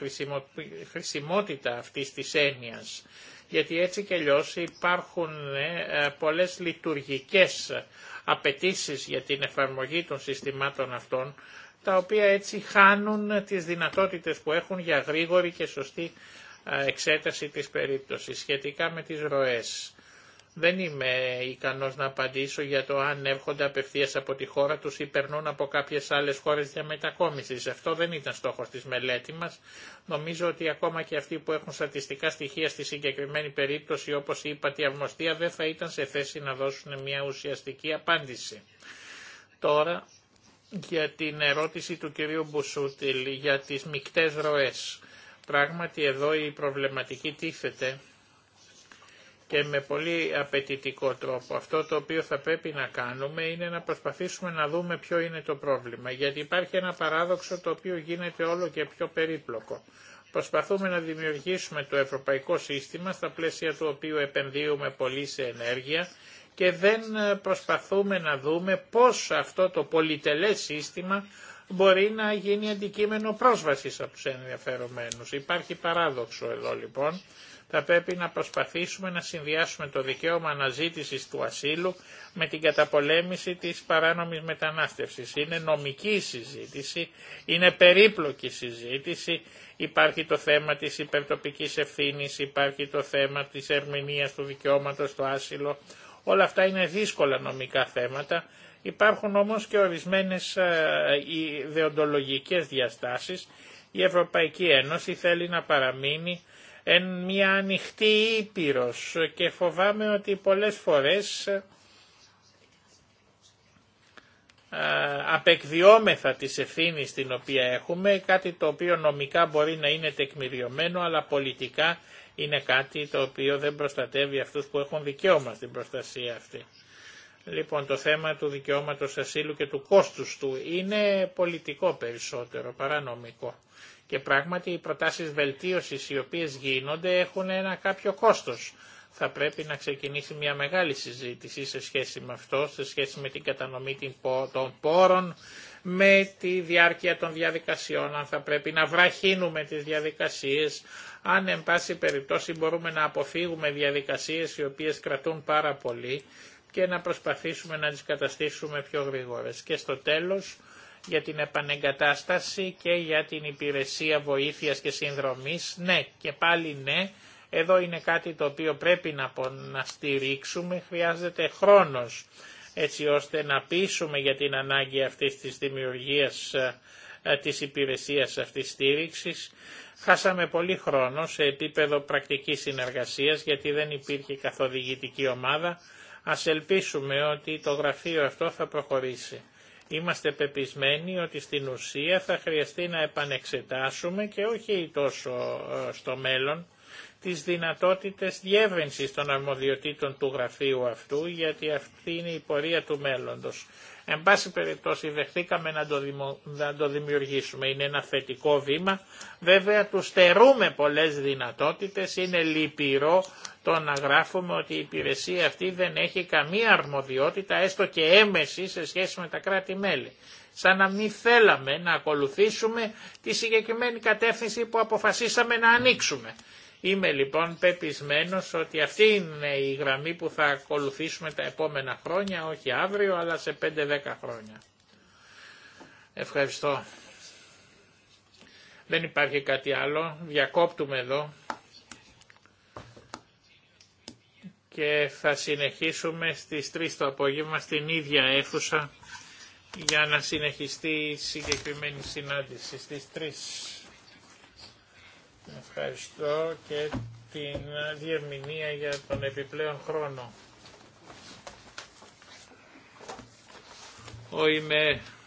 Speaker 1: χρησιμότητα αυτής της έννοιας, γιατί έτσι κι αλλιώ υπάρχουν πολλές λειτουργικές απαιτήσεις για την εφαρμογή των συστημάτων αυτών, τα οποία έτσι χάνουν τις δυνατότητες που έχουν για γρήγορη και σωστή εξέταση της περίπτωσης σχετικά με τις ροές. Δεν είμαι ικανός να απαντήσω για το αν έρχονται απευθείας από τη χώρα τους ή περνούν από κάποιες άλλες χώρες διαμετακόμισης. Αυτό δεν ήταν στόχος της μελέτη μας. Νομίζω ότι ακόμα και αυτοί που έχουν στατιστικά στοιχεία στη συγκεκριμένη περίπτωση, όπως είπα, τη αυμοστία δεν θα ήταν σε θέση να δώσουν μια ουσιαστική απάντηση. Τώρα για την ερώτηση του κυρίου Μπουσούτιλ για τις μικτές ροές. Πράγματι εδώ η προβληματική τίθεται και με πολύ απαιτητικό τρόπο. Αυτό το οποίο θα πρέπει να κάνουμε είναι να προσπαθήσουμε να δούμε ποιο είναι το πρόβλημα. Γιατί υπάρχει ένα παράδοξο το οποίο γίνεται όλο και πιο περίπλοκο. Προσπαθούμε να δημιουργήσουμε το ευρωπαϊκό σύστημα στα πλαίσια του οποίου επενδύουμε πολύ σε ενέργεια και δεν ε, προσπαθούμε να δούμε πώς αυτό το πολυτελές σύστημα μπορεί να γίνει αντικείμενο πρόσβασης από τους ενδιαφερομένους. Υπάρχει παράδοξο εδώ λοιπόν. Θα πρέπει να προσπαθήσουμε να συνδυάσουμε το δικαίωμα αναζήτησης του ασύλου με την καταπολέμηση της παράνομης μετανάστευσης. Είναι νομική συζήτηση, είναι περίπλοκη συζήτηση, υπάρχει το θέμα της υπερτοπικής ευθύνης, υπάρχει το θέμα της ερμηνείας του δικαιώματος στο άσυλο. Όλα αυτά είναι δύσκολα νομικά θέματα. Υπάρχουν όμως και ορισμένες ε, ιδεοντολογικές διαστάσεις. Η Ευρωπαϊκή Ένωση θέλει να παραμείνει εν μια ανοιχτή ήπειρος και φοβάμαι ότι πολλές φορές ε, απεκδιόμεθα τις ευθύνη την οποία έχουμε, κάτι το οποίο νομικά μπορεί να είναι τεκμηριωμένο αλλά πολιτικά είναι κάτι το οποίο δεν προστατεύει αυτούς που έχουν δικαίωμα στην προστασία αυτή. Λοιπόν, το θέμα του δικαιώματος ασύλου και του κόστους του είναι πολιτικό περισσότερο, παρανομικό. Και πράγματι οι προτάσεις βελτίωσης οι οποίες γίνονται έχουν ένα κάποιο κόστος. Θα πρέπει να ξεκινήσει μια μεγάλη συζήτηση σε σχέση με αυτό, σε σχέση με την κατανομή των πόρων, με τη διάρκεια των διαδικασιών, αν θα πρέπει να βραχύνουμε τις διαδικασίες, αν εν πάση περιπτώσει μπορούμε να αποφύγουμε διαδικασίες οι οποίες κρατούν πάρα πολύ και να προσπαθήσουμε να τις καταστήσουμε πιο γρήγορες. Και στο τέλος, για την επανεγκατάσταση και για την υπηρεσία βοήθειας και συνδρομής, ναι και πάλι ναι, εδώ είναι κάτι το οποίο πρέπει να στηρίξουμε, χρειάζεται χρόνος έτσι ώστε να πείσουμε για την ανάγκη αυτής της δημιουργίας ε, ε, της υπηρεσίας αυτής στήριξης. Χάσαμε πολύ χρόνο σε επίπεδο πρακτικής συνεργασίας γιατί δεν υπήρχε καθοδηγητική ομάδα. Ας ελπίσουμε ότι το γραφείο αυτό θα προχωρήσει. Είμαστε πεπισμένοι ότι στην ουσία θα χρειαστεί να επανεξετάσουμε και όχι τόσο ε, στο μέλλον τις δυνατότητες διεύρυνσης των αρμοδιοτήτων του γραφείου αυτού, γιατί αυτή είναι η πορεία του μέλλοντος. Εν πάση περιπτώσει δεχτήκαμε να το, να το δημιουργήσουμε. Είναι ένα θετικό βήμα. Βέβαια του στερούμε πολλές δυνατότητες. Είναι λυπηρό το να γράφουμε ότι η υπηρεσία αυτή δεν έχει καμία αρμοδιότητα, έστω και έμεση σε σχέση με τα κράτη-μέλη. Σαν να μην θέλαμε να ακολουθήσουμε τη συγκεκριμένη κατεύθυνση που αποφασίσαμε να ανοίξουμε. Είμαι λοιπόν πεπισμένος ότι αυτή είναι η γραμμή που θα ακολουθήσουμε τα επόμενα χρόνια, όχι αύριο, αλλά σε 5-10 χρόνια. Ευχαριστώ. Δεν υπάρχει κάτι άλλο. Διακόπτουμε εδώ. Και θα συνεχίσουμε στις 3 το απόγευμα στην ίδια αίθουσα για να συνεχιστεί η συγκεκριμένη συνάντηση στις 3. Ευχαριστώ και την διερμηνία για τον επιπλέον χρόνο. Ο